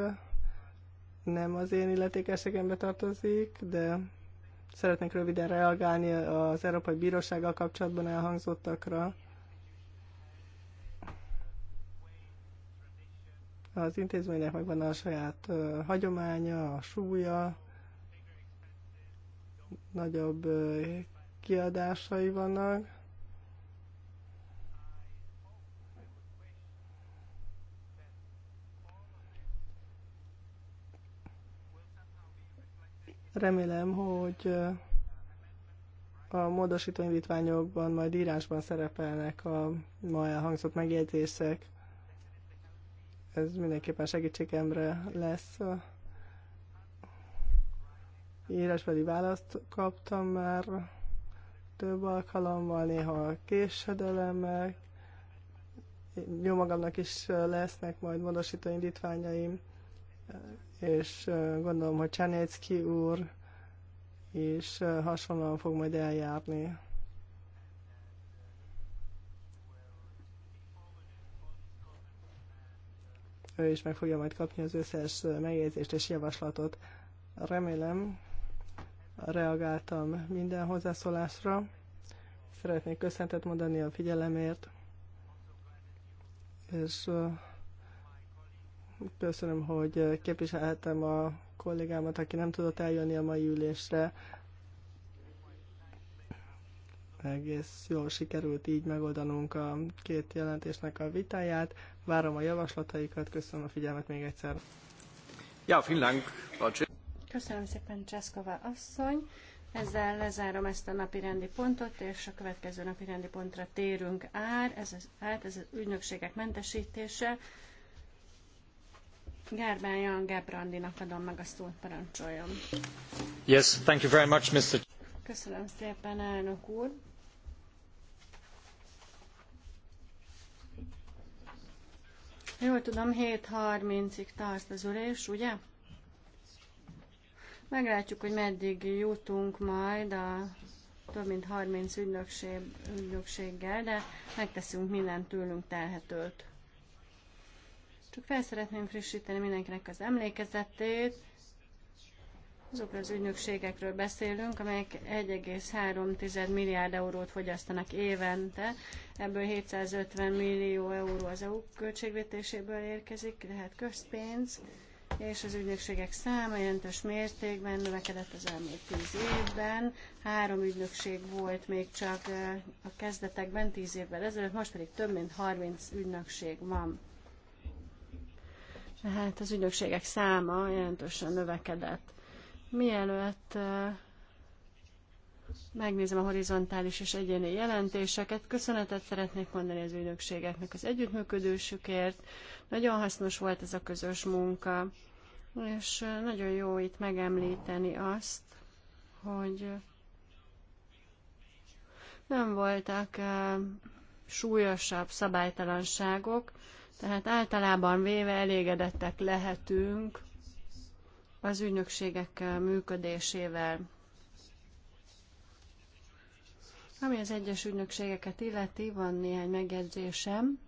nem az én illetékességembe tartozik, de szeretnék röviden reagálni az Európai Bírósággal kapcsolatban elhangzottakra. Az intézménynek megvan a saját hagyománya, a súlya, nagyobb kiadásai vannak. Remélem, hogy a módosító indítványokban majd írásban szerepelnek a ma elhangzott megjegyzések. Ez mindenképpen segítségemre lesz írásbeli választ kaptam már több alkalommal, néha késedelemmel. Jó magamnak is lesznek majd módosító indítványaim, és gondolom, hogy Csernecki úr is hasonlóan fog majd eljárni. Ő is meg fogja majd kapni az összes megjegyzést és javaslatot. Remélem, reagáltam minden hozzászólásra. Szeretnék köszöntet mondani a figyelemért, és köszönöm, hogy képviselhettem a kollégámat, aki nem tudott eljönni a mai ülésre. Egész jól sikerült így megoldanunk a két jelentésnek a vitáját. Várom a javaslataikat, köszönöm a figyelmet még egyszer. Ja, vielen Dank, Köszönöm szépen, Cseszkova asszony. Ezzel lezárom ezt a napi rendi pontot, és a következő napi rendi pontra térünk át. Ez az, át, ez az ügynökségek mentesítése. Gárbán Gebrandinak adom meg a szót, parancsoljon. Yes, thank you very much, Mr. Köszönöm szépen, elnök úr. Jól tudom, 7.30-ig tart az ülés, ugye? Meglátjuk, hogy meddig jutunk majd a több mint 30 ügynökség, ügynökséggel, de megteszünk mindent tőlünk telhetőt. Csak fel szeretném frissíteni mindenkinek az emlékezetét. Azokra az ügynökségekről beszélünk, amelyek 1,3 milliárd eurót fogyasztanak évente, ebből 750 millió euró az EU költségvetéséből érkezik, tehát közpénz és az ügynökségek száma jelentős mértékben növekedett az elmúlt tíz évben. Három ügynökség volt még csak a kezdetekben, tíz évvel ezelőtt, most pedig több mint 30 ügynökség van. Tehát az ügynökségek száma jelentősen növekedett. Mielőtt megnézem a horizontális és egyéni jelentéseket. Köszönetet szeretnék mondani az ügynökségeknek az együttműködősükért. Nagyon hasznos volt ez a közös munka, és nagyon jó itt megemlíteni azt, hogy nem voltak súlyosabb szabálytalanságok, tehát általában véve elégedettek lehetünk az ügynökségek működésével. Ami az egyes ügynökségeket illeti, van néhány megjegyzésem,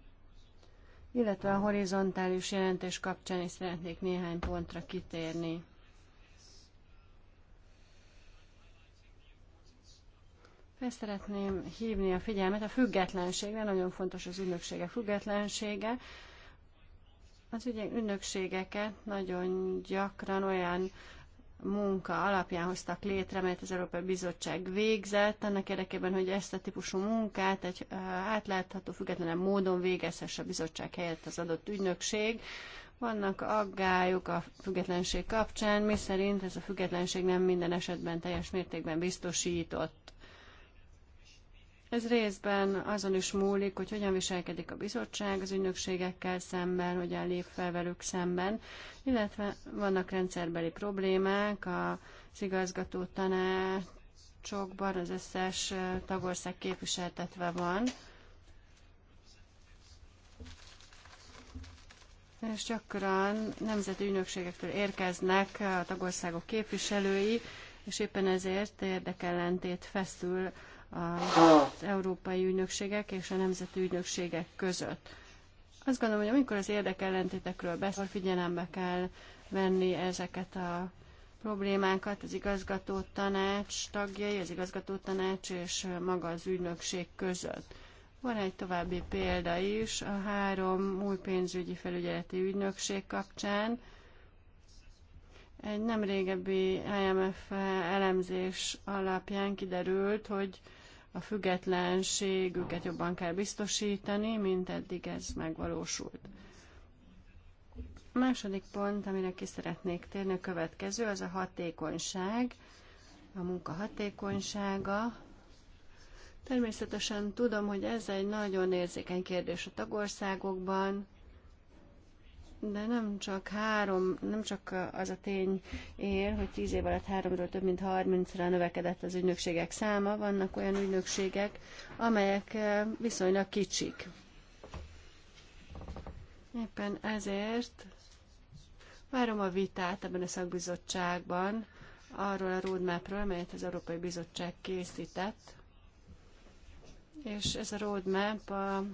illetve a horizontális jelentés kapcsán is szeretnék néhány pontra kitérni. Fel szeretném hívni a figyelmet a függetlenségre, nagyon fontos az ügynöksége függetlensége. Az ügynökségeket nagyon gyakran olyan munka alapján hoztak létre, mert az Európai Bizottság végzett, annak érdekében, hogy ezt a típusú munkát egy átlátható, függetlenül módon végezhesse a bizottság helyett az adott ügynökség. Vannak aggályok a függetlenség kapcsán, mi szerint ez a függetlenség nem minden esetben teljes mértékben biztosított. Ez részben azon is múlik, hogy hogyan viselkedik a bizottság az ügynökségekkel szemben, hogyan lép fel velük szemben, illetve vannak rendszerbeli problémák az igazgató tanácsokban, az összes tagország képviseltetve van. És gyakran nemzeti ügynökségektől érkeznek a tagországok képviselői, és éppen ezért érdekellentét feszül az európai ügynökségek és a nemzeti ügynökségek között. Azt gondolom, hogy amikor az érdekellentétekről beszél, figyelembe kell venni ezeket a problémákat az igazgató tanács tagjai, az igazgató tanács és maga az ügynökség között. Van egy további példa is a három új pénzügyi felügyeleti ügynökség kapcsán. Egy nem régebbi IMF elemzés alapján kiderült, hogy a függetlenségüket jobban kell biztosítani, mint eddig ez megvalósult. A második pont, amire ki szeretnék térni, a következő, az a hatékonyság, a munka hatékonysága. Természetesen tudom, hogy ez egy nagyon érzékeny kérdés a tagországokban, de nem csak három, nem csak az a tény ér, hogy tíz év alatt háromról több mint 30-ra növekedett az ügynökségek száma, vannak olyan ügynökségek, amelyek eh, viszonylag kicsik. Éppen ezért várom a vitát ebben a szakbizottságban arról a roadmapról, amelyet az Európai Bizottság készített, és ez a roadmap a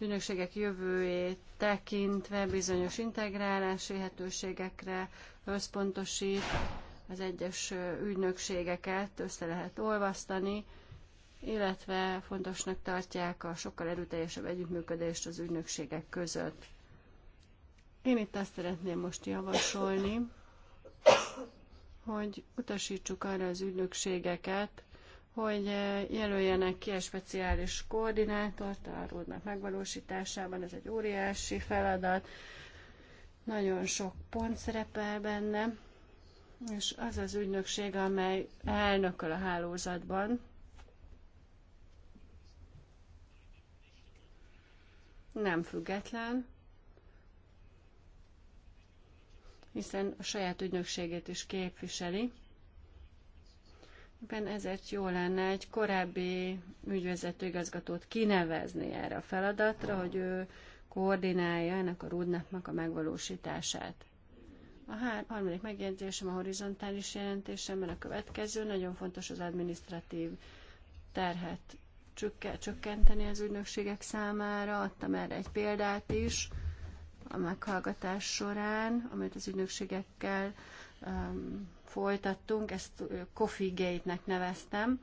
az ügynökségek jövőjét tekintve bizonyos integrálás lehetőségekre összpontosít, az egyes ügynökségeket össze lehet olvasztani, illetve fontosnak tartják a sokkal erőteljesebb együttműködést az ügynökségek között. Én itt azt szeretném most javasolni, hogy utasítsuk arra az ügynökségeket, hogy jelöljenek ki egy speciális koordinátort a roadmap megvalósításában, ez egy óriási feladat, nagyon sok pont szerepel benne, és az az ügynökség, amely elnököl a hálózatban, nem független, hiszen a saját ügynökségét is képviseli. Ben ezért jó lenne egy korábbi ügyvezető igazgatót kinevezni erre a feladatra, hogy ő koordinálja ennek a rudnapnak a megvalósítását. A harmadik megjegyzésem a horizontális jelentésemben a következő, nagyon fontos az administratív terhet csökkenteni az ügynökségek számára. Adtam erre egy példát is a meghallgatás során, amit az ügynökségekkel um, folytattunk, ezt Coffee Gate-nek neveztem.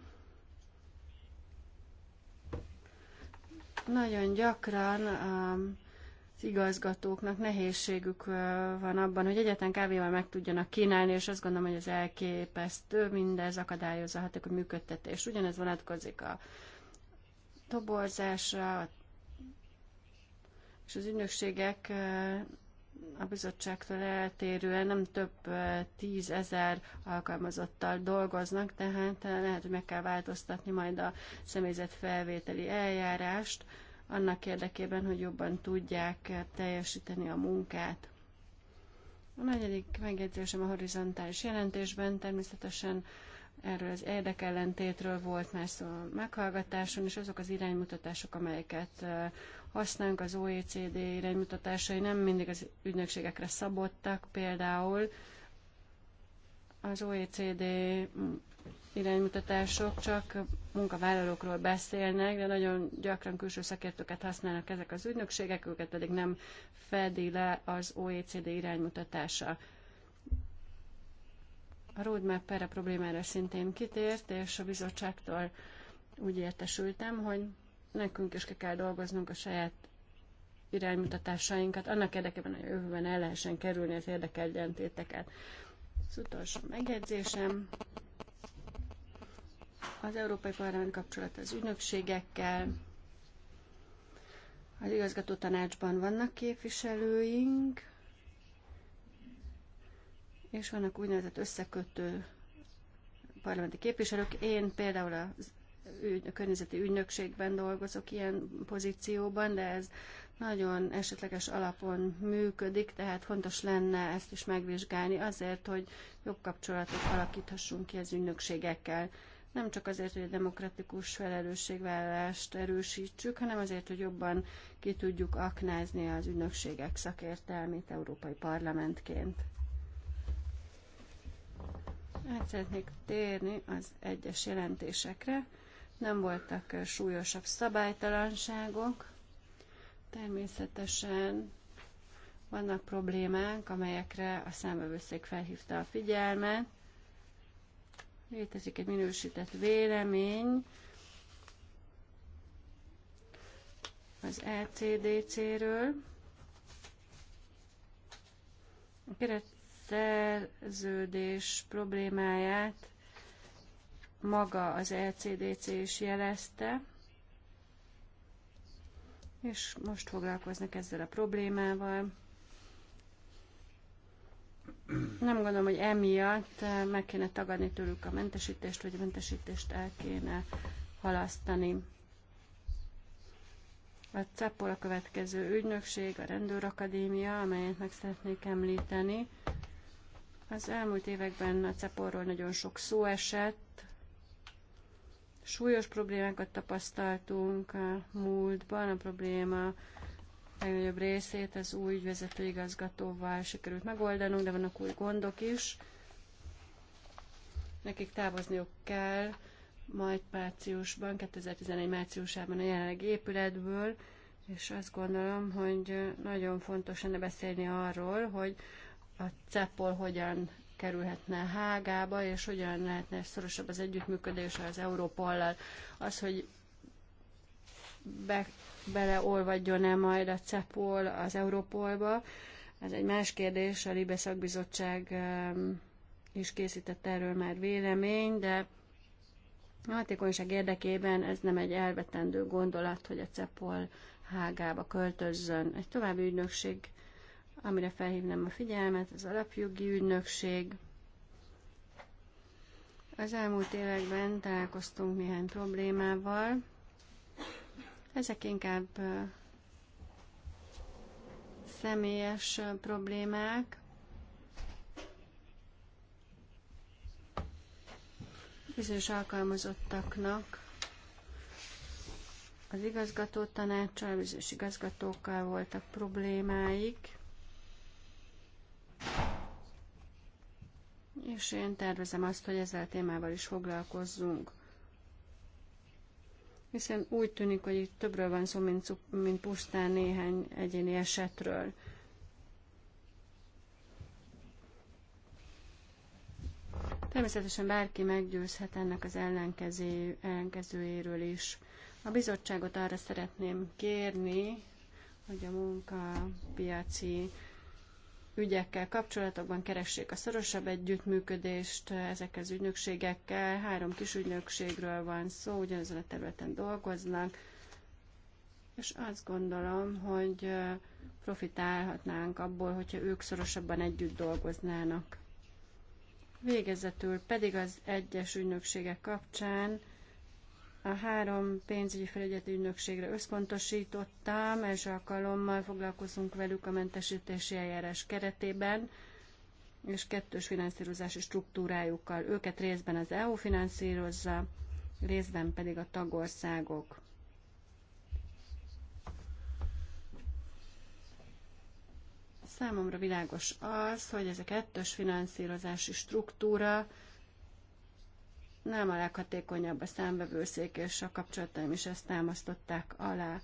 Nagyon gyakran az igazgatóknak nehézségük van abban, hogy egyetlen kávéval meg tudjanak kínálni, és azt gondolom, hogy ez elképesztő, mindez akadályozza a hatékony működtetés. Ugyanez vonatkozik a toborzásra, és az ügynökségek a bizottságtól eltérően nem több tízezer alkalmazottal dolgoznak, tehát lehet, hogy meg kell változtatni majd a személyzet felvételi eljárást, annak érdekében, hogy jobban tudják teljesíteni a munkát. A negyedik megjegyzésem a horizontális jelentésben természetesen erről az érdekellentétről volt már szó a meghallgatáson, és azok az iránymutatások, amelyeket használunk, az OECD iránymutatásai nem mindig az ügynökségekre szabottak, például az OECD iránymutatások csak munkavállalókról beszélnek, de nagyon gyakran külső szakértőket használnak ezek az ügynökségek, őket pedig nem fedi le az OECD iránymutatása. A roadmap erre problémára szintén kitért, és a bizottságtól úgy értesültem, hogy nekünk is ki kell dolgoznunk a saját iránymutatásainkat, annak érdekében, hogy a jövőben el lehessen kerülni az érdekellentéteket. Az utolsó megjegyzésem. Az Európai Parlament kapcsolat az ügynökségekkel, az igazgató tanácsban vannak képviselőink, és vannak úgynevezett összekötő parlamenti képviselők. Én például az ügy, a környezeti ügynökségben dolgozok ilyen pozícióban, de ez nagyon esetleges alapon működik, tehát fontos lenne ezt is megvizsgálni azért, hogy jobb kapcsolatot alakíthassunk ki az ügynökségekkel. Nem csak azért, hogy a demokratikus felelősségvállalást erősítsük, hanem azért, hogy jobban ki tudjuk aknázni az ügynökségek szakértelmét Európai Parlamentként. Át szeretnék térni az egyes jelentésekre nem voltak súlyosabb szabálytalanságok. Természetesen vannak problémák, amelyekre a számbevőszék felhívta a figyelmet. Létezik egy minősített vélemény az ECDC-ről. A keretszerződés problémáját maga az LCDC e is jelezte, és most foglalkoznak ezzel a problémával. Nem gondolom, hogy emiatt eh, meg kéne tagadni tőlük a mentesítést, vagy a mentesítést el kéne halasztani. A CEPOL a következő ügynökség, a rendőrakadémia, amelyet meg szeretnék említeni. Az elmúlt években a CEPOL-ról nagyon sok szó esett, Súlyos problémákat tapasztaltunk a múltban, a probléma legnagyobb részét az új vezetőigazgatóval sikerült megoldanunk, de vannak új gondok is. Nekik távozniuk kell, majd márciusban, 2011 márciusában a jelenlegi épületből, és azt gondolom, hogy nagyon fontos lenne beszélni arról, hogy a CEPOL hogyan kerülhetne Hágába, és hogyan lehetne szorosabb az együttműködés az Európollal. Az, hogy be, beleolvadjon-e majd a CEPOL az Európolba, ez egy más kérdés, a Libe szakbizottság is készített erről már vélemény, de a hatékonyság érdekében ez nem egy elvetendő gondolat, hogy a CEPOL hágába költözzön. Egy további ügynökség amire felhívnám a figyelmet, az alapjogi ügynökség. Az elmúlt években találkoztunk néhány problémával. Ezek inkább személyes problémák. Bizonyos alkalmazottaknak az igazgató tanácsal, bizonyos igazgatókkal voltak problémáik. és én tervezem azt, hogy ezzel a témával is foglalkozzunk. Hiszen úgy tűnik, hogy itt többről van szó, mint, mint pusztán néhány egyéni esetről. Természetesen bárki meggyőzhet ennek az ellenkező, ellenkezőjéről is. A bizottságot arra szeretném kérni, hogy a munkapiaci ügyekkel kapcsolatokban keressék a szorosabb együttműködést ezekkel az ügynökségekkel. Három kis ügynökségről van szó, ugyanazon a területen dolgoznak, és azt gondolom, hogy profitálhatnánk abból, hogyha ők szorosabban együtt dolgoznának. Végezetül pedig az egyes ügynökségek kapcsán a három pénzügyi felügyeleti ügynökségre összpontosítottam, első alkalommal foglalkozunk velük a mentesítési eljárás keretében, és kettős finanszírozási struktúrájukkal. Őket részben az EU finanszírozza, részben pedig a tagországok. Számomra világos az, hogy ez a kettős finanszírozási struktúra nem a leghatékonyabb a számbevőszék, és a kapcsolataim is ezt támasztották alá.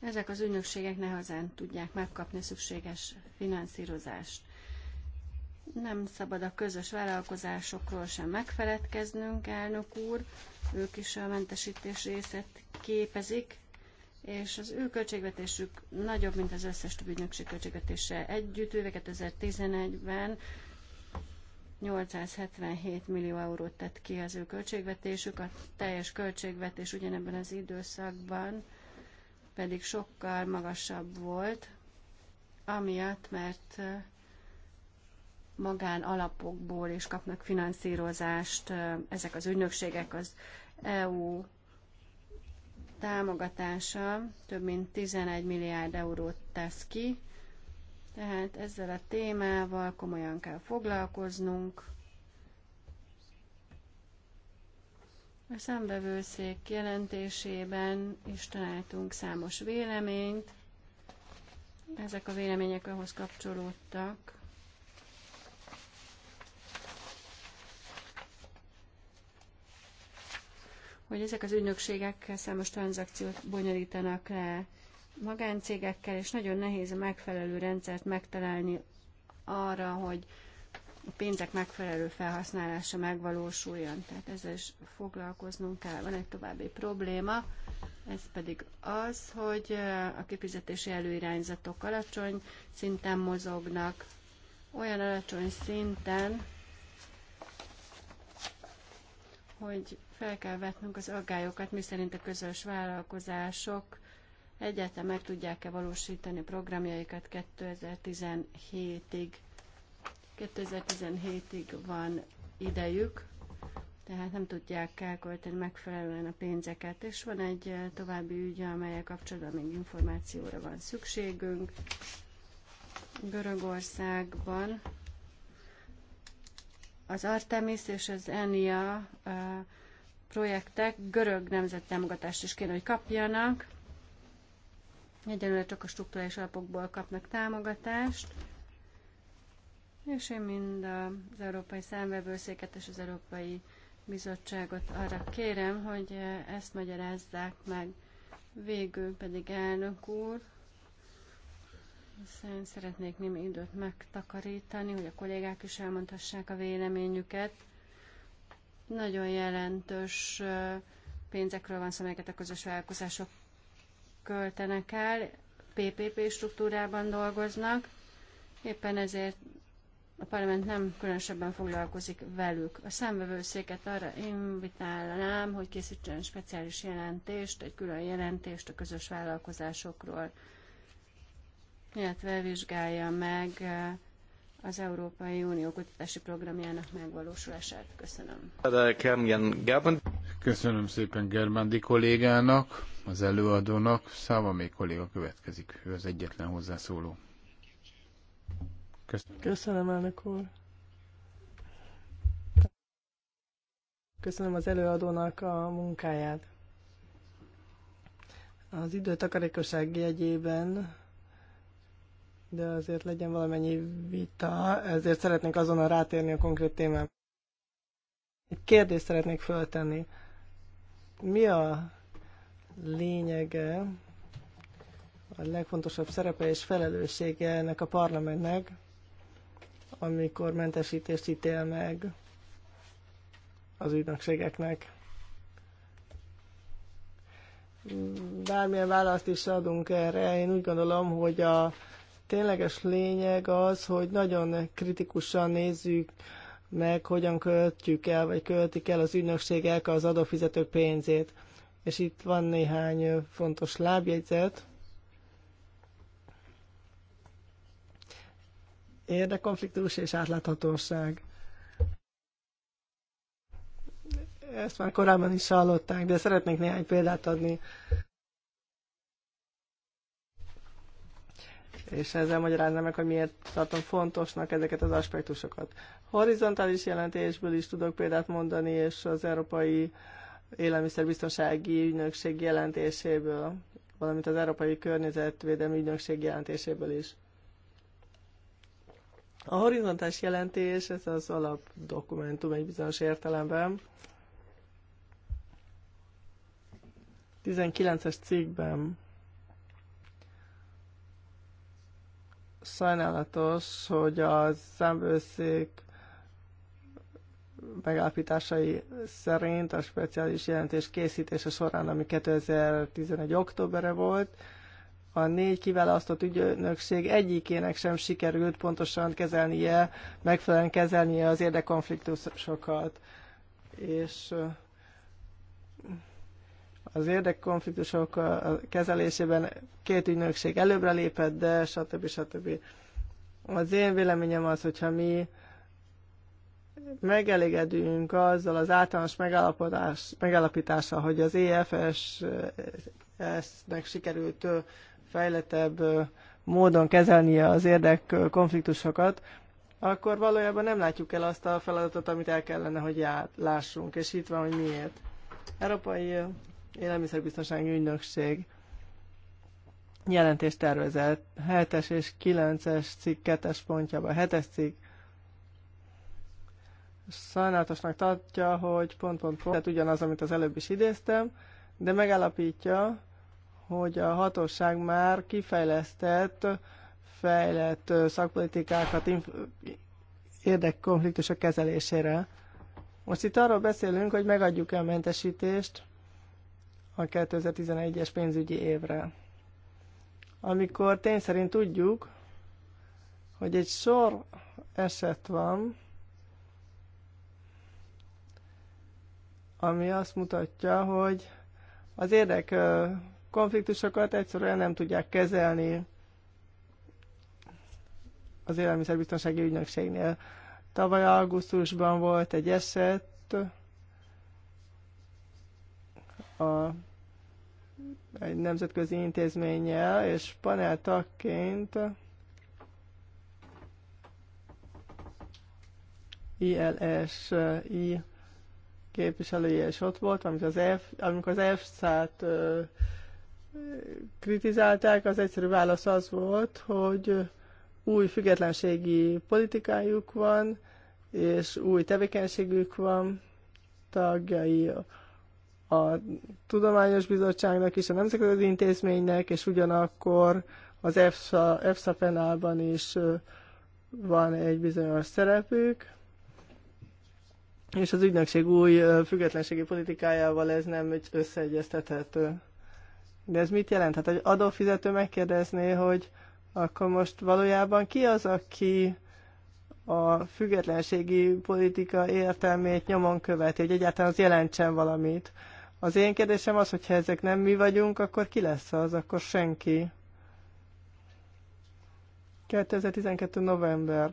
Ezek az ügynökségek nehezen tudják megkapni szükséges finanszírozást. Nem szabad a közös vállalkozásokról sem megfeledkeznünk, elnök úr, ők is a mentesítés részét képezik, és az ő költségvetésük nagyobb, mint az összes többi ügynökség költségvetése együtt. Ő 2011-ben 877 millió eurót tett ki az ő költségvetésük, a teljes költségvetés ugyanebben az időszakban pedig sokkal magasabb volt, amiatt, mert magán alapokból is kapnak finanszírozást ezek az ügynökségek az EU támogatása több mint 11 milliárd eurót tesz ki, tehát ezzel a témával komolyan kell foglalkoznunk. A számbevőszék jelentésében is találtunk számos véleményt. Ezek a vélemények ahhoz kapcsolódtak, hogy ezek az ügynökségek számos tranzakciót bonyolítanak le magáncégekkel, és nagyon nehéz a megfelelő rendszert megtalálni arra, hogy a pénzek megfelelő felhasználása megvalósuljon. Tehát ezzel is foglalkoznunk kell. Van egy további probléma, ez pedig az, hogy a kifizetési előirányzatok alacsony szinten mozognak, olyan alacsony szinten, hogy fel kell vetnünk az aggályokat, miszerint a közös vállalkozások egyáltalán meg tudják-e valósítani programjaikat 2017-ig. 2017-ig van idejük, tehát nem tudják elkölteni megfelelően a pénzeket, és van egy eh, további ügy, amelyek kapcsolatban még információra van szükségünk. Görögországban az Artemis és az Enia eh, projektek görög támogatást is kéne, hogy kapjanak. Egyelőre csak a struktúrális alapokból kapnak támogatást. És én mind az Európai Számvevőszéket és az Európai Bizottságot arra kérem, hogy ezt magyarázzák meg. Végül pedig elnök úr, hiszen szeretnék némi időt megtakarítani, hogy a kollégák is elmondhassák a véleményüket. Nagyon jelentős pénzekről van szó, amelyeket a közös vállalkozások költenek el, PPP struktúrában dolgoznak, éppen ezért a parlament nem különösebben foglalkozik velük. A számvevőszéket arra invitálnám, hogy készítsen speciális jelentést, egy külön jelentést a közös vállalkozásokról, illetve vizsgálja meg az Európai Unió kutatási programjának megvalósulását. Köszönöm. Köszönöm szépen Germándi kollégának, az előadónak. Száva még kolléga következik, ő az egyetlen hozzászóló. Köszönöm. Köszönöm, elnök úr. Köszönöm az előadónak a munkáját. Az időtakarékosság jegyében de azért legyen valamennyi vita, ezért szeretnék azonnal rátérni a konkrét témám. Egy kérdést szeretnék föltenni. Mi a lényege, a legfontosabb szerepe és felelőssége ennek a parlamentnek, amikor mentesítést ítél meg az ügynökségeknek? bármilyen választ is adunk erre, én úgy gondolom, hogy a tényleges lényeg az, hogy nagyon kritikusan nézzük meg, hogyan költjük el, vagy költik el az ügynökségek az adófizető pénzét. És itt van néhány fontos lábjegyzet. Érdekonfliktus és átláthatóság. Ezt már korábban is hallották, de szeretnék néhány példát adni. és ezzel magyaráznám meg, hogy miért tartom fontosnak ezeket az aspektusokat. Horizontális jelentésből is tudok példát mondani, és az Európai Élelmiszerbiztonsági Ügynökség jelentéséből, valamint az Európai Környezetvédelmi Ügynökség jelentéséből is. A horizontális jelentés, ez az alapdokumentum egy bizonyos értelemben. 19-es cikkben Sajnálatos, hogy a szemvőszék megállapításai szerint a speciális jelentés készítése során, ami 2011. októberre volt, a négy kiválasztott ügynökség egyikének sem sikerült pontosan kezelnie, megfelelően kezelnie az érdekkonfliktusokat. És az érdekkonfliktusok kezelésében két ügynökség előbbre lépett, de stb. stb. Az én véleményem az, hogyha mi megelégedünk azzal az általános megállapítással, hogy az EFS-nek sikerült fejletebb módon kezelnie az érdekkonfliktusokat, akkor valójában nem látjuk el azt a feladatot, amit el kellene, hogy lássunk. És itt van, hogy miért. Európai Élelmiszerbiztonsági Ügynökség jelentést tervezett 7-es és 9-es cikk 2-es pontjában, 7-es cikk sajnálatosnak tartja, hogy pont, pont, pont, tehát ugyanaz, amit az előbb is idéztem, de megállapítja, hogy a hatóság már kifejlesztett, fejlett szakpolitikákat, érdekkonfliktusok kezelésére. Most itt arról beszélünk, hogy megadjuk-e a mentesítést a 2011-es pénzügyi évre. Amikor tény szerint tudjuk, hogy egy sor eset van, ami azt mutatja, hogy az érdek konfliktusokat egyszerűen nem tudják kezelni az élelmiszerbiztonsági ügynökségnél. Tavaly augusztusban volt egy eset, a egy nemzetközi intézménnyel, és paneltagként ILSI képviselője is ott volt, amit az, F, amikor az f t kritizálták, az egyszerű válasz az volt, hogy új függetlenségi politikájuk van, és új tevékenységük van, tagjai a Tudományos Bizottságnak is, a Nemzetközi Intézménynek, és ugyanakkor az EFSA, EFSA penálban is van egy bizonyos szerepük, és az ügynökség új függetlenségi politikájával ez nem összeegyeztethető. De ez mit jelent? Hát egy adófizető megkérdezné, hogy akkor most valójában ki az, aki a függetlenségi politika értelmét nyomon követi, hogy egyáltalán az jelentsen valamit. Az én kérdésem az, ha ezek nem mi vagyunk, akkor ki lesz az, akkor senki. 2012. november.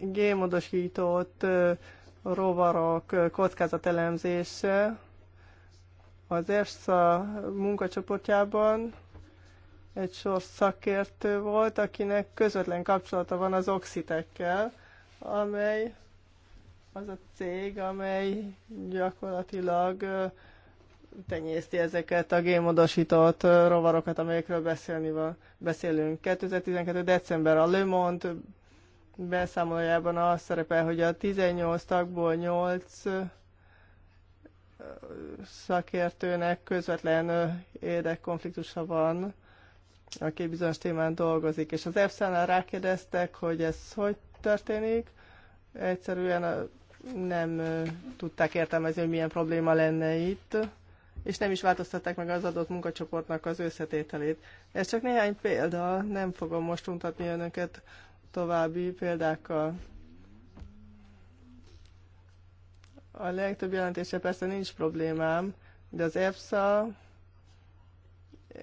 Gémodosított rovarok kockázatelemzése az EFSA munkacsoportjában egy sor szakértő volt, akinek közvetlen kapcsolata van az oxitekkel, amely az a cég, amely gyakorlatilag tenyészti ezeket a gémodosított rovarokat, amelyekről beszélni van, beszélünk. 2012. december a Le Monde beszámolójában az szerepel, hogy a 18 tagból 8 szakértőnek közvetlen érdekkonfliktusa van, aki bizonyos témán dolgozik. És az EFSA-nál rákérdeztek, hogy ez hogy történik. Egyszerűen nem tudták értelmezni, hogy milyen probléma lenne itt, és nem is változtatták meg az adott munkacsoportnak az összetételét. Ez csak néhány példa, nem fogom most untatni önöket további példákkal. A legtöbb jelentése persze nincs problémám, de az EFSA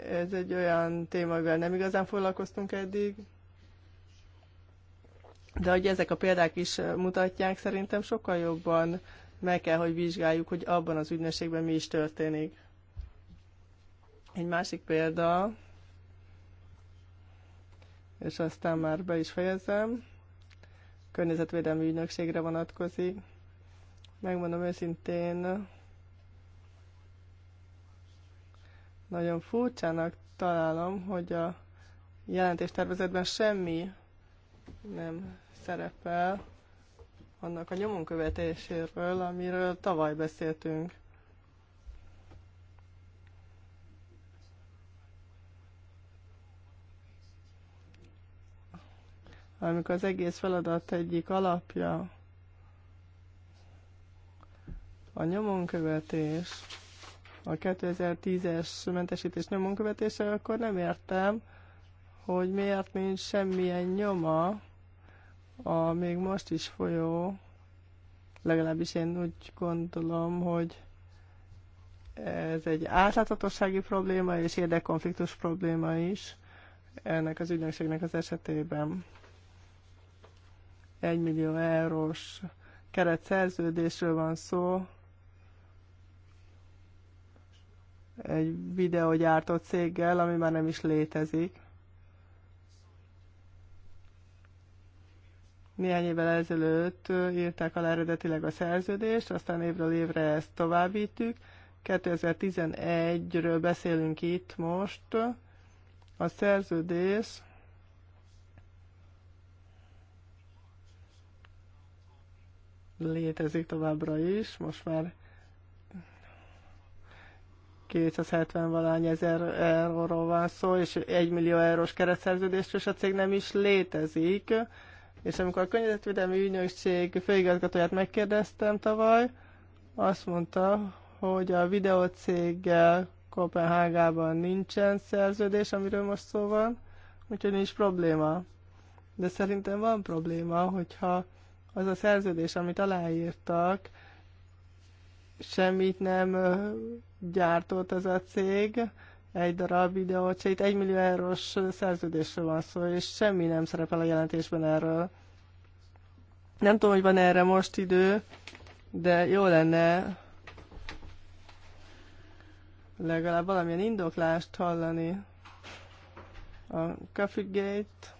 ez egy olyan téma, amivel nem igazán foglalkoztunk eddig, de hogy ezek a példák is mutatják, szerintem sokkal jobban meg kell, hogy vizsgáljuk, hogy abban az ügynökségben mi is történik. Egy másik példa, és aztán már be is fejezem, környezetvédelmi ügynökségre vonatkozik. Megmondom őszintén, nagyon furcsának találom, hogy a jelentéstervezetben semmi nem szerepel annak a nyomon követéséről, amiről tavaly beszéltünk. Amikor az egész feladat egyik alapja a nyomonkövetés, a 2010-es mentesítés nyomonkövetése, akkor nem értem, hogy miért nincs semmilyen nyoma a még most is folyó, legalábbis én úgy gondolom, hogy ez egy átláthatósági probléma és érdekkonfliktus probléma is ennek az ügynökségnek az esetében. egy millió eurós keretszerződésről van szó, egy videógyártó céggel, ami már nem is létezik. néhány évvel ezelőtt írták alá eredetileg a szerződést, aztán évről évre ezt továbbítjuk. 2011-ről beszélünk itt most. A szerződés létezik továbbra is, most már 270 valány ezer euróról van szó, és 1 millió eurós keretszerződést, és a cég nem is létezik. És amikor a Környezetvédelmi Ügynökség főigazgatóját megkérdeztem tavaly, azt mondta, hogy a videócéggel Kopenhágában nincsen szerződés, amiről most szó van, úgyhogy nincs probléma. De szerintem van probléma, hogyha az a szerződés, amit aláírtak, semmit nem gyártott ez a cég, egy darab videó, hogyha itt egy millió eurós szerződésről van szó, és semmi nem szerepel a jelentésben erről. Nem tudom, hogy van erre most idő, de jó lenne legalább valamilyen indoklást hallani. A Coffee Gate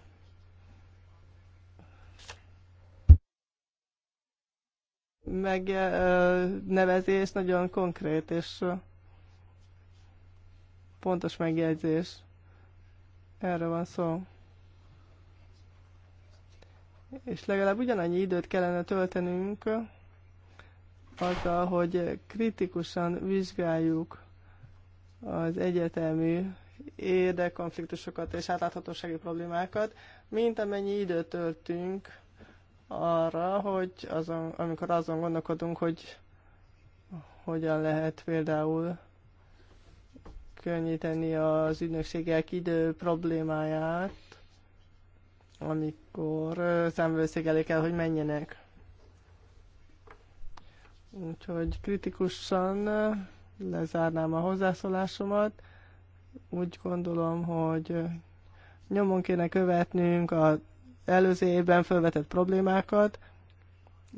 megnevezés nagyon konkrét, és Pontos megjegyzés. Erről van szó. És legalább ugyanannyi időt kellene töltenünk azzal, hogy kritikusan vizsgáljuk az egyetemű érdekkonfliktusokat és átláthatósági problémákat, mint amennyi időt töltünk arra, hogy azon, amikor azon gondolkodunk, hogy hogyan lehet például könnyíteni az ügynökségek idő problémáját, amikor számvőszék elé kell, hogy menjenek. Úgyhogy kritikusan lezárnám a hozzászólásomat. Úgy gondolom, hogy nyomon kéne követnünk az előző évben felvetett problémákat,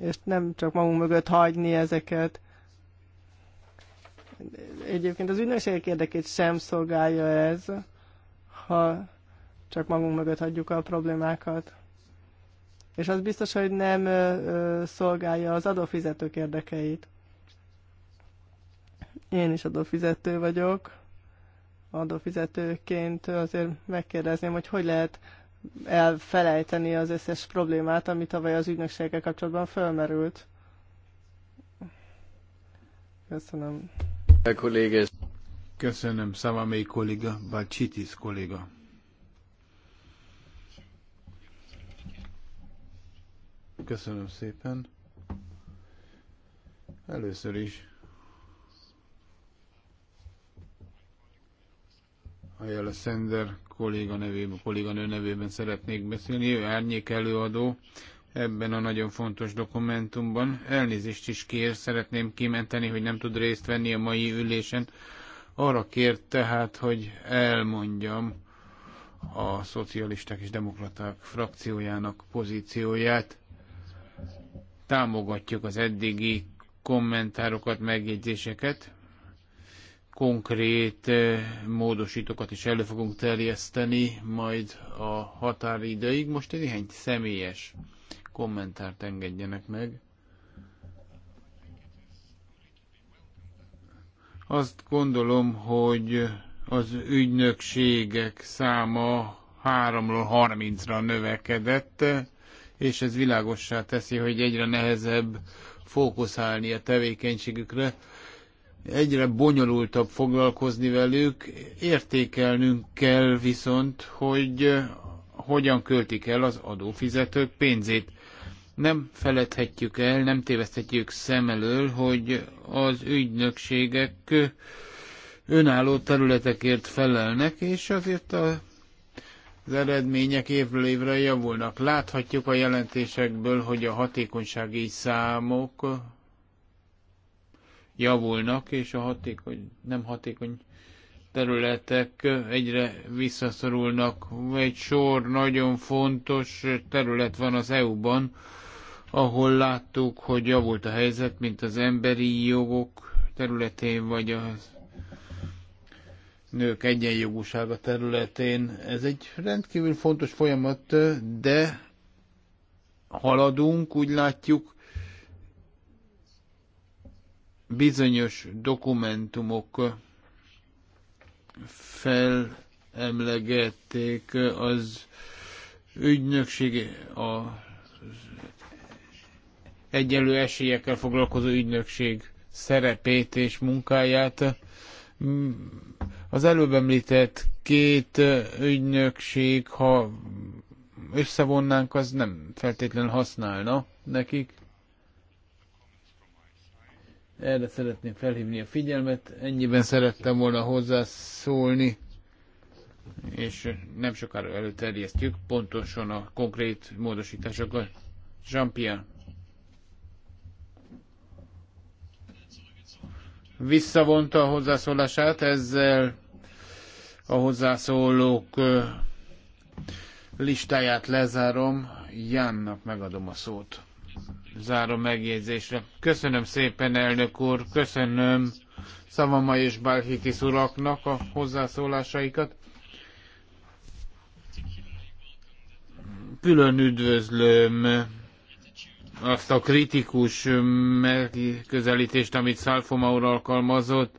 és nem csak magunk mögött hagyni ezeket. Egyébként az ügynökségek érdekét sem szolgálja ez, ha csak magunk mögött hagyjuk a problémákat. És az biztos, hogy nem szolgálja az adófizetők érdekeit. Én is adófizető vagyok. Adófizetőként azért megkérdezném, hogy hogy lehet elfelejteni az összes problémát, amit tavaly az ügynökségekkel kapcsolatban felmerült. Köszönöm. Köszönöm, Szavamé kolléga, Bacsitis kolléga. Köszönöm szépen. Először is a Jele Szender kolléga nevében, kolléga nő nevében szeretnék beszélni. Ő árnyék előadó ebben a nagyon fontos dokumentumban. Elnézést is kér, szeretném kimenteni, hogy nem tud részt venni a mai ülésen. Arra kért tehát, hogy elmondjam a szocialisták és demokraták frakciójának pozícióját. Támogatjuk az eddigi kommentárokat, megjegyzéseket, konkrét eh, módosítókat is elő fogunk terjeszteni majd a határidőig. Most egy néhány személyes kommentárt engedjenek meg. Azt gondolom, hogy az ügynökségek száma 3-ról 30-ra növekedett, és ez világossá teszi, hogy egyre nehezebb fókuszálni a tevékenységükre, egyre bonyolultabb foglalkozni velük, értékelnünk kell viszont, hogy hogyan költik el az adófizetők pénzét nem feledhetjük el, nem téveszthetjük szem elől, hogy az ügynökségek önálló területekért felelnek, és azért a, az eredmények évről évre javulnak. Láthatjuk a jelentésekből, hogy a hatékonysági számok javulnak, és a hatékony, nem hatékony területek egyre visszaszorulnak. Egy sor nagyon fontos terület van az EU-ban, ahol láttuk, hogy javult a helyzet, mint az emberi jogok területén, vagy a nők egyenjogúsága területén. Ez egy rendkívül fontos folyamat, de haladunk, úgy látjuk, bizonyos dokumentumok felemlegették az ügynökség, a egyenlő esélyekkel foglalkozó ügynökség szerepét és munkáját. Az előbb említett két ügynökség, ha összevonnánk, az nem feltétlenül használna nekik. Erre szeretném felhívni a figyelmet, ennyiben szerettem volna hozzászólni, és nem sokára előterjesztjük pontosan a konkrét módosításokat. Jean-Pierre. visszavonta a hozzászólását, ezzel a hozzászólók listáját lezárom. Jánnak megadom a szót. Záró megjegyzésre. Köszönöm szépen, elnök úr, köszönöm Szavama és Bálhitis uraknak a hozzászólásaikat. Külön üdvözlöm azt a kritikus megközelítést, amit Szálfoma úr alkalmazott,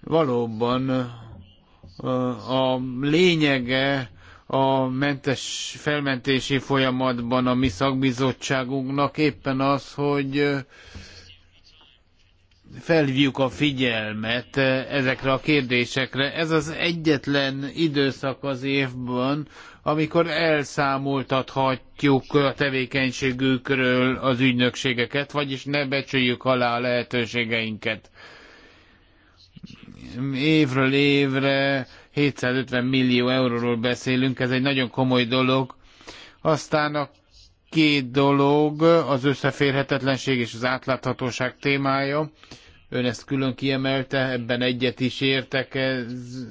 valóban a lényege a mentes felmentési folyamatban a mi szakbizottságunknak éppen az, hogy felhívjuk a figyelmet ezekre a kérdésekre. Ez az egyetlen időszak az évben, amikor elszámoltathatjuk a tevékenységükről az ügynökségeket, vagyis ne becsüljük alá a lehetőségeinket. Évről évre 750 millió euróról beszélünk, ez egy nagyon komoly dolog. Aztán a két dolog, az összeférhetetlenség és az átláthatóság témája. Ön ezt külön kiemelte, ebben egyet is értek ez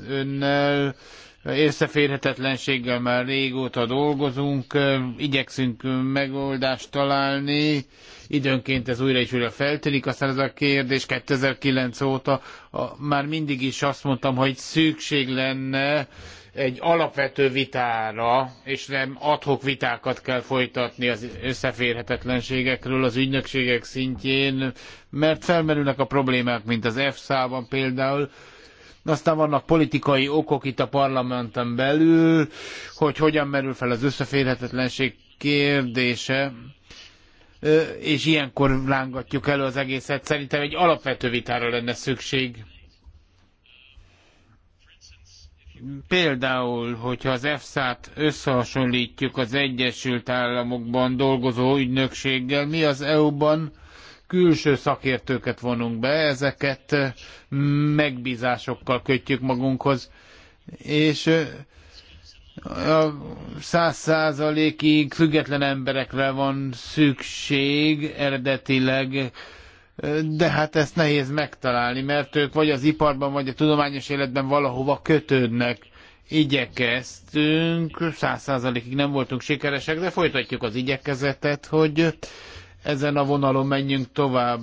önnel összeférhetetlenséggel már régóta dolgozunk, igyekszünk megoldást találni, időnként ez újra és újra feltűnik, aztán ez a kérdés 2009 óta a, már mindig is azt mondtam, hogy szükség lenne egy alapvető vitára, és nem adhok vitákat kell folytatni az összeférhetetlenségekről az ügynökségek szintjén, mert felmerülnek a problémák, mint az EFSA-ban például, aztán vannak politikai okok itt a parlamenten belül, hogy hogyan merül fel az összeférhetetlenség kérdése, és ilyenkor lángatjuk elő az egészet. Szerintem egy alapvető vitára lenne szükség. Például, hogyha az EFSA-t összehasonlítjuk az Egyesült Államokban dolgozó ügynökséggel, mi az EU-ban külső szakértőket vonunk be, ezeket megbízásokkal kötjük magunkhoz, és a száz százalékig független emberekre van szükség eredetileg, de hát ezt nehéz megtalálni, mert ők vagy az iparban, vagy a tudományos életben valahova kötődnek. Igyekeztünk, száz százalékig nem voltunk sikeresek, de folytatjuk az igyekezetet, hogy ezen a vonalon menjünk tovább.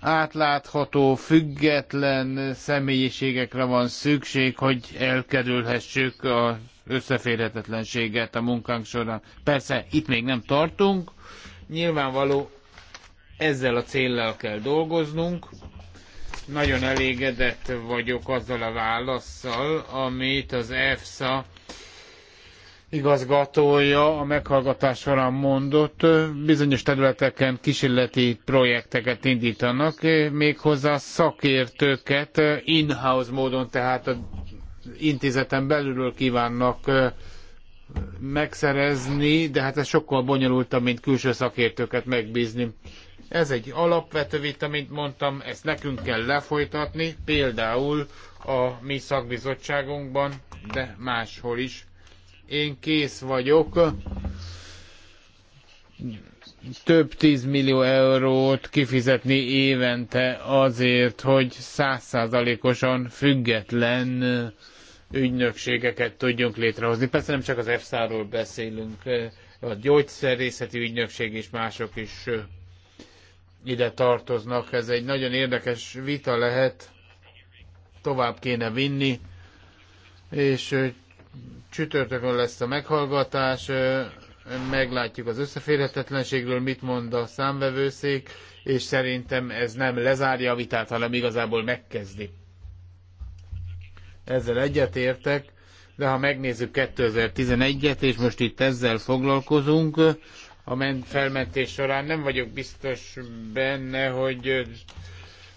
Átlátható, független személyiségekre van szükség, hogy elkerülhessük az összeférhetetlenséget a munkánk során. Persze itt még nem tartunk, nyilvánvaló ezzel a céllal kell dolgoznunk. Nagyon elégedett vagyok azzal a válaszsal, amit az EFSA igazgatója a meghallgatás során mondott, bizonyos területeken kísérleti projekteket indítanak, méghozzá szakértőket in-house módon, tehát az intézeten belülről kívánnak megszerezni, de hát ez sokkal bonyolultabb, mint külső szakértőket megbízni. Ez egy alapvető vita, mint mondtam, ezt nekünk kell lefolytatni, például a mi szakbizottságunkban, de máshol is én kész vagyok több tízmillió eurót kifizetni évente azért, hogy százszázalékosan független ügynökségeket tudjunk létrehozni. Persze nem csak az EFSA-ról beszélünk, a gyógyszerészeti ügynökség és mások is ide tartoznak. Ez egy nagyon érdekes vita lehet, tovább kéne vinni, és Csütörtökön lesz a meghallgatás, meglátjuk az összeférhetetlenségről, mit mond a számvevőszék, és szerintem ez nem lezárja a vitát, hanem igazából megkezdi. Ezzel egyetértek, de ha megnézzük 2011-et, és most itt ezzel foglalkozunk, a felmentés során nem vagyok biztos benne, hogy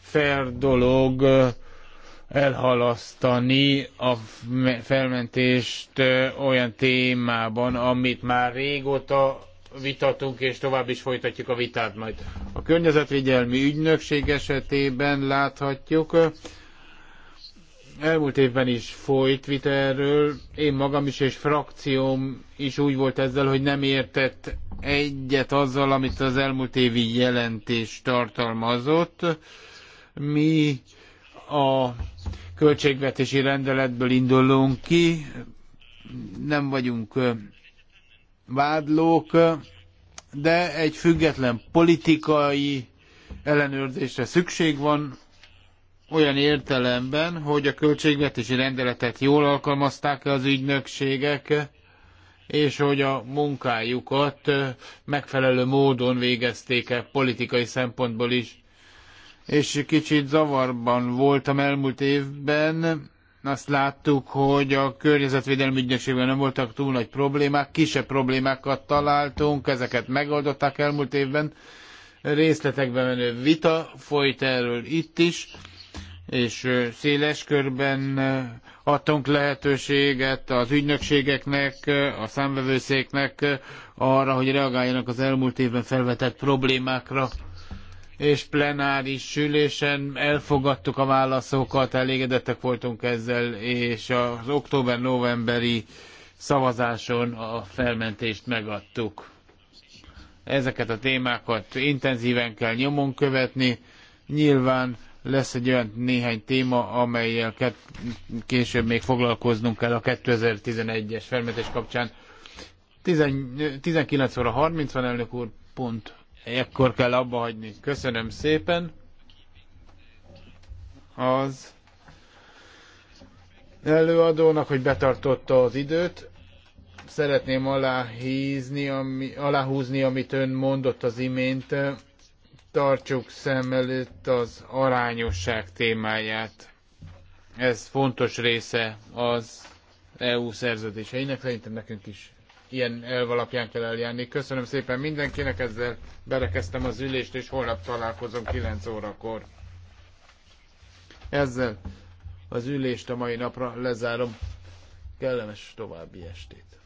fair dolog elhalasztani a felmentést olyan témában, amit már régóta vitatunk, és tovább is folytatjuk a vitát majd. A környezetvédelmi ügynökség esetében láthatjuk, elmúlt évben is folyt vita erről, én magam is és frakcióm is úgy volt ezzel, hogy nem értett egyet azzal, amit az elmúlt évi jelentés tartalmazott. Mi a költségvetési rendeletből indulunk ki, nem vagyunk vádlók, de egy független politikai ellenőrzésre szükség van, olyan értelemben, hogy a költségvetési rendeletet jól alkalmazták-e az ügynökségek, és hogy a munkájukat megfelelő módon végezték-e politikai szempontból is és kicsit zavarban voltam elmúlt évben. Azt láttuk, hogy a környezetvédelmi ügynökségben nem voltak túl nagy problémák, kisebb problémákat találtunk, ezeket megoldották elmúlt évben. részletekben, menő vita folyt erről itt is, és széles körben adtunk lehetőséget az ügynökségeknek, a számvevőszéknek arra, hogy reagáljanak az elmúlt évben felvetett problémákra és plenáris ülésen elfogadtuk a válaszokat, elégedettek voltunk ezzel, és az október-novemberi szavazáson a felmentést megadtuk. Ezeket a témákat intenzíven kell nyomon követni. Nyilván lesz egy olyan néhány téma, amelyel később még foglalkoznunk kell a 2011-es felmentés kapcsán. 19 óra 30 van, elnök úr, pont ekkor kell abba hagyni. Köszönöm szépen. Az előadónak, hogy betartotta az időt. Szeretném aláhízni, ami, aláhúzni, amit ön mondott az imént. Tartsuk szem előtt az arányosság témáját. Ez fontos része az EU szerződéseinek, szerintem nekünk is ilyen elv alapján kell eljárni. Köszönöm szépen mindenkinek, ezzel berekeztem az ülést, és holnap találkozom 9 órakor. Ezzel az ülést a mai napra lezárom. Kellemes további estét!